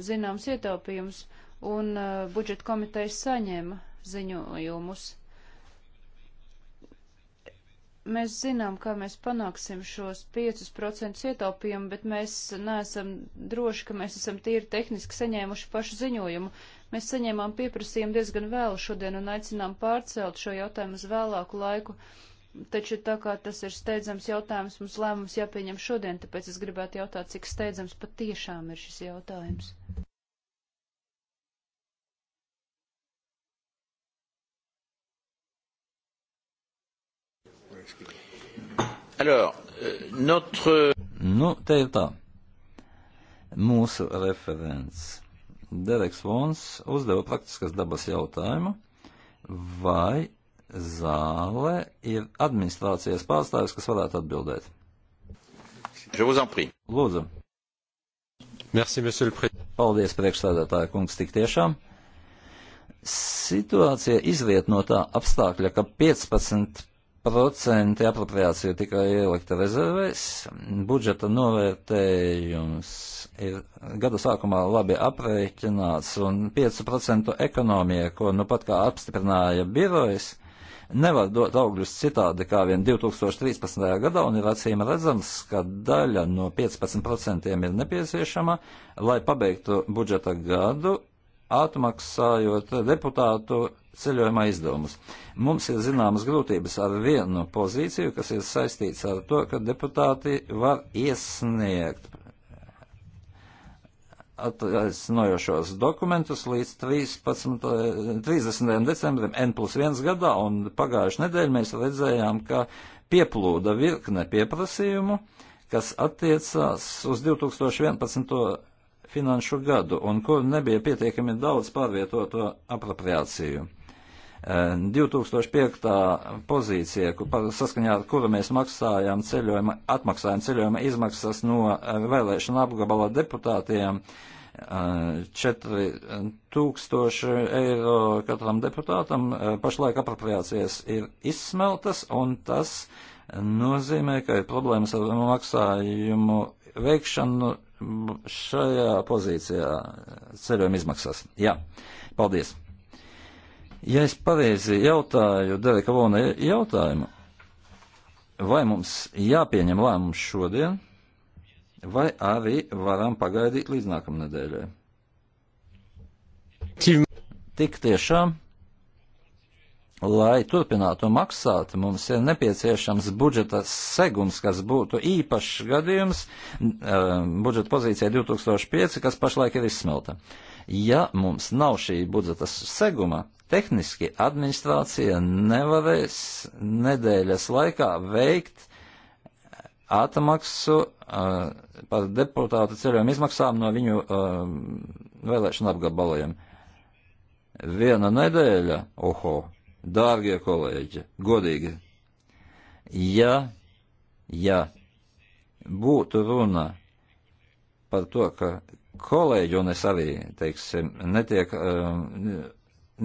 zināms ietaupījums, un eh, budžeta komitejas saņēma ziņojumus. Mēs zinām, kā mēs panāksim šos 5% ietaupījumu, bet mēs neesam droši, ka mēs esam tīri tehniski saņēmuši pašu ziņojumu. Mēs saņēmām pieprasījumu diezgan vēlu šodien un aicinām pārcelt šo jautājumu uz vēlāku laiku. Uh, taču tā kā tas ir steidzams jautājums, mums lēmums jāpieņem šodien, tāpēc es gribētu jautāt, cik steidzams patiešām ir šis jautājums. Alors, euh, notre... Nu, te ir tā. Mūsu referents Dereks Vons uzdeva praktiskas dabas jautājumu, vai zālē ir administrācijas pārstāvis, kas varētu atbildēt. Lūdzu. Merci, Paldies, priekšstādātāja kungs, tik tiešām. Situācija izriet no tā apstākļa, ka 15% apropriācija tikai ielikta rezervēs, budžeta novērtējums ir gada sākumā labi aprēķināts un 5% ekonomija, ko nu pat kā apstiprināja birojas, uh, nevar dot augļus citādi kā vien 2013. gadā, un ir acīm redzams, ka daļa no 15% ir nepieciešama, lai pabeigtu budžeta gadu, atmaksājot deputātu ceļojuma izdevumus. Mums ir zināmas grūtības ar vienu pozīciju, kas ir saistīts ar to, ka deputāti var iesniegt attaisnojošos dokumentus līdz 13, 30. decembrim N plus 1 gadā, un pagājušajā nedēļā mēs redzējām, ka pieplūda virkne pieprasījumu, kas attiecās uz 2011. finanšu gadu, un kur nebija pietiekami daudz pārvietoto apropriāciju. 2005. pozīcija, kur, saskaņā ar kuru mēs maksājām ceļojuma, atmaksājām ceļojuma izmaksas no vēlēšana apgabala deputātiem 4000 eh, eiro katram deputātam. Eh, pašlaik apropriācijas ir izsmeltas, un tas nozīmē, ka ir problēmas ar maksājumu veikšanu šajā pozīcijā ceļojuma izmaksas. Jā, paldies! Ja es pareizi jautāju Dereka Vona jautājumu, vai mums jāpieņem lēmums šodien, vai arī varam pagaidīt līdz nākamnedēļai? Tik tiešām, lai turpinātu maksāt, mums ir nepieciešams budžeta segums, kas būtu īpašs gadījums, eh, budžeta pozīcija 2005, kas pašlaik ir izsmelta. Uh, Ja mums nav šī budžeta seguma, tehniski administrācija nevarēs nedēļas laikā veikt eh, atmaksu uh, par deputātu ceļojuma izmaksām no viņu uh, eh, vēlēšana apgabaliem. Viena nedēļa, oho, dārgie kolēģi, godīgi, ja, ja būtu runa par to, ka kolēģi, un es arī, teiksim, netiek, um,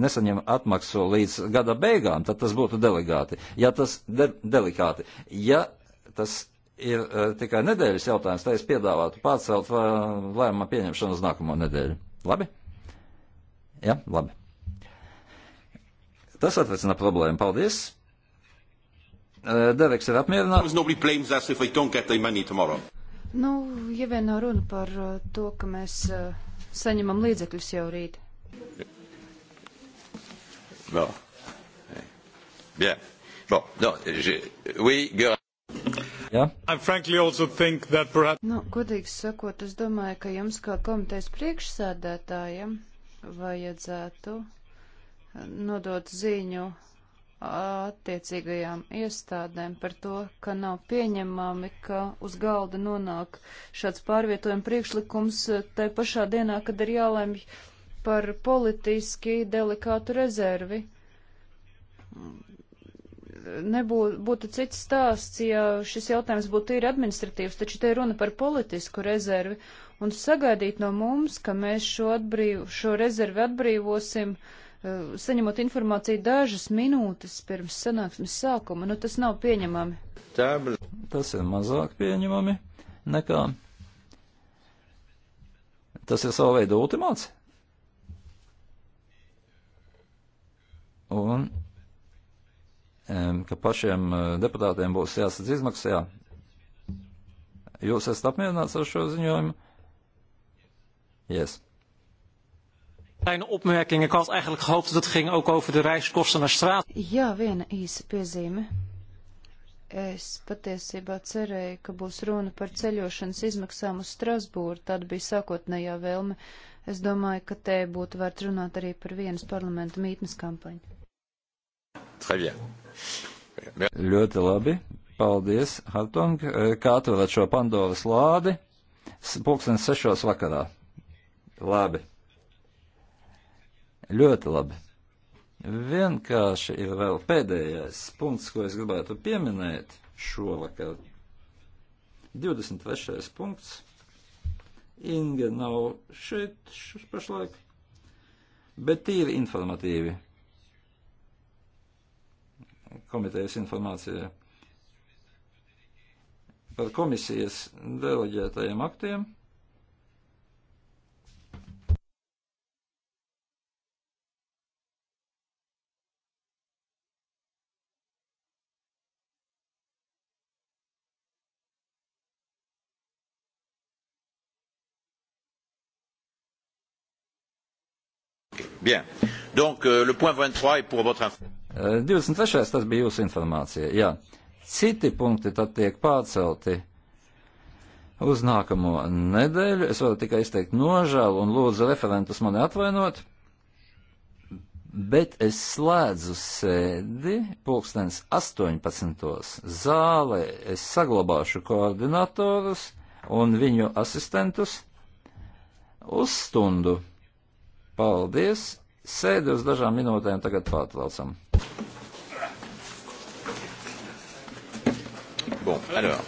nesaņem atmaksu līdz gada beigām, tad tas būtu delikāti. Ja tas de delikāti, ja tas ir uh, tikai nedēļas jautājums, tad es piedāvātu pārcelt uh, lēmuma pieņemšanu uz nākamo nedēļu. Labi? Jā, ja? labi. Tas atvecina problēmu. Paldies! Uh, Dereks ir apmierināts. Nu, ja vien nav runa par uh, to, ka mēs uh, saņemam līdzekļus jau rīt. Bon. Bien. Bon, non, je... Oui, girl. Ja? Perhaps... Nu, godīgi sakot, es domāju, ka jums kā komitejas priekšsēdētājam vajadzētu uh, nodot ziņu attiecīgajām iestādēm par to, ka nav pieņemami, ka uz galda nonāk šāds pārvietojuma priekšlikums eh, tai pašā dienā, kad ir jālemj par politiski delikātu rezervi. Nebūtu būt cits stāsts, ja šis jautājums būtu tīri administratīvs, taču te ir runa par politisku rezervi, un sagaidīt no mums, ka mēs šo, atbrīv, šo rezervi atbrīvosim, uh, Eh, saņemot informāciju dažas minūtes pirms sanāksmes sākuma, nu tas nav pieņemami. Tas ir mazāk pieņemami nekā. Tas ir sava veida ultimāts. Un ka pašiem eh, deputātiem būs jāsadz izmaksas, jā. Jūs esat apmierināts ar šo ziņojumu? Yes. Kleine opmerking. Ik had eigenlijk gehoopt dat het ging ook over de reiskosten naar straat. Jā, viena īsa piezīme. Es patiesībā cerēju, ka būs runa par ceļošanas izmaksām uz Strasbūru, tad bija sākotnējā vēlme. Es domāju, ka te būtu vērt runāt arī par vienas parlamenta mītnes kampaņu. Ļoti labi. Paldies, Hartung. Kā atvēlēt šo Pandoras lādi? Pūkstens sešos vakarā. Labi. Ļoti labi. Vienkārši ir vēl pēdējais punkts, ko es gribētu pieminēt šovakar. 23. punkts. Inga nav šeit pašlaik, bet tīri informatīvi. Komitejas informācija par komisijas deleģētajiem aktiem. Bien. Donc, euh, le point 23 est pour votre information. Euh, 23. tas bija jūsu informācija, jā. Citi punkti tad tiek pārcelti uz nākamo nedēļu. Es varu tikai izteikt nožēlu un lūdzu referentus mani atvainot, bet es slēdzu sēdi pulkstens 18. zālē. Es saglabāšu koordinatorus un viņu asistentus uz stundu. Paldies! Sēdi uz dažām minūtēm tagad pārtraucam. Bon, alors.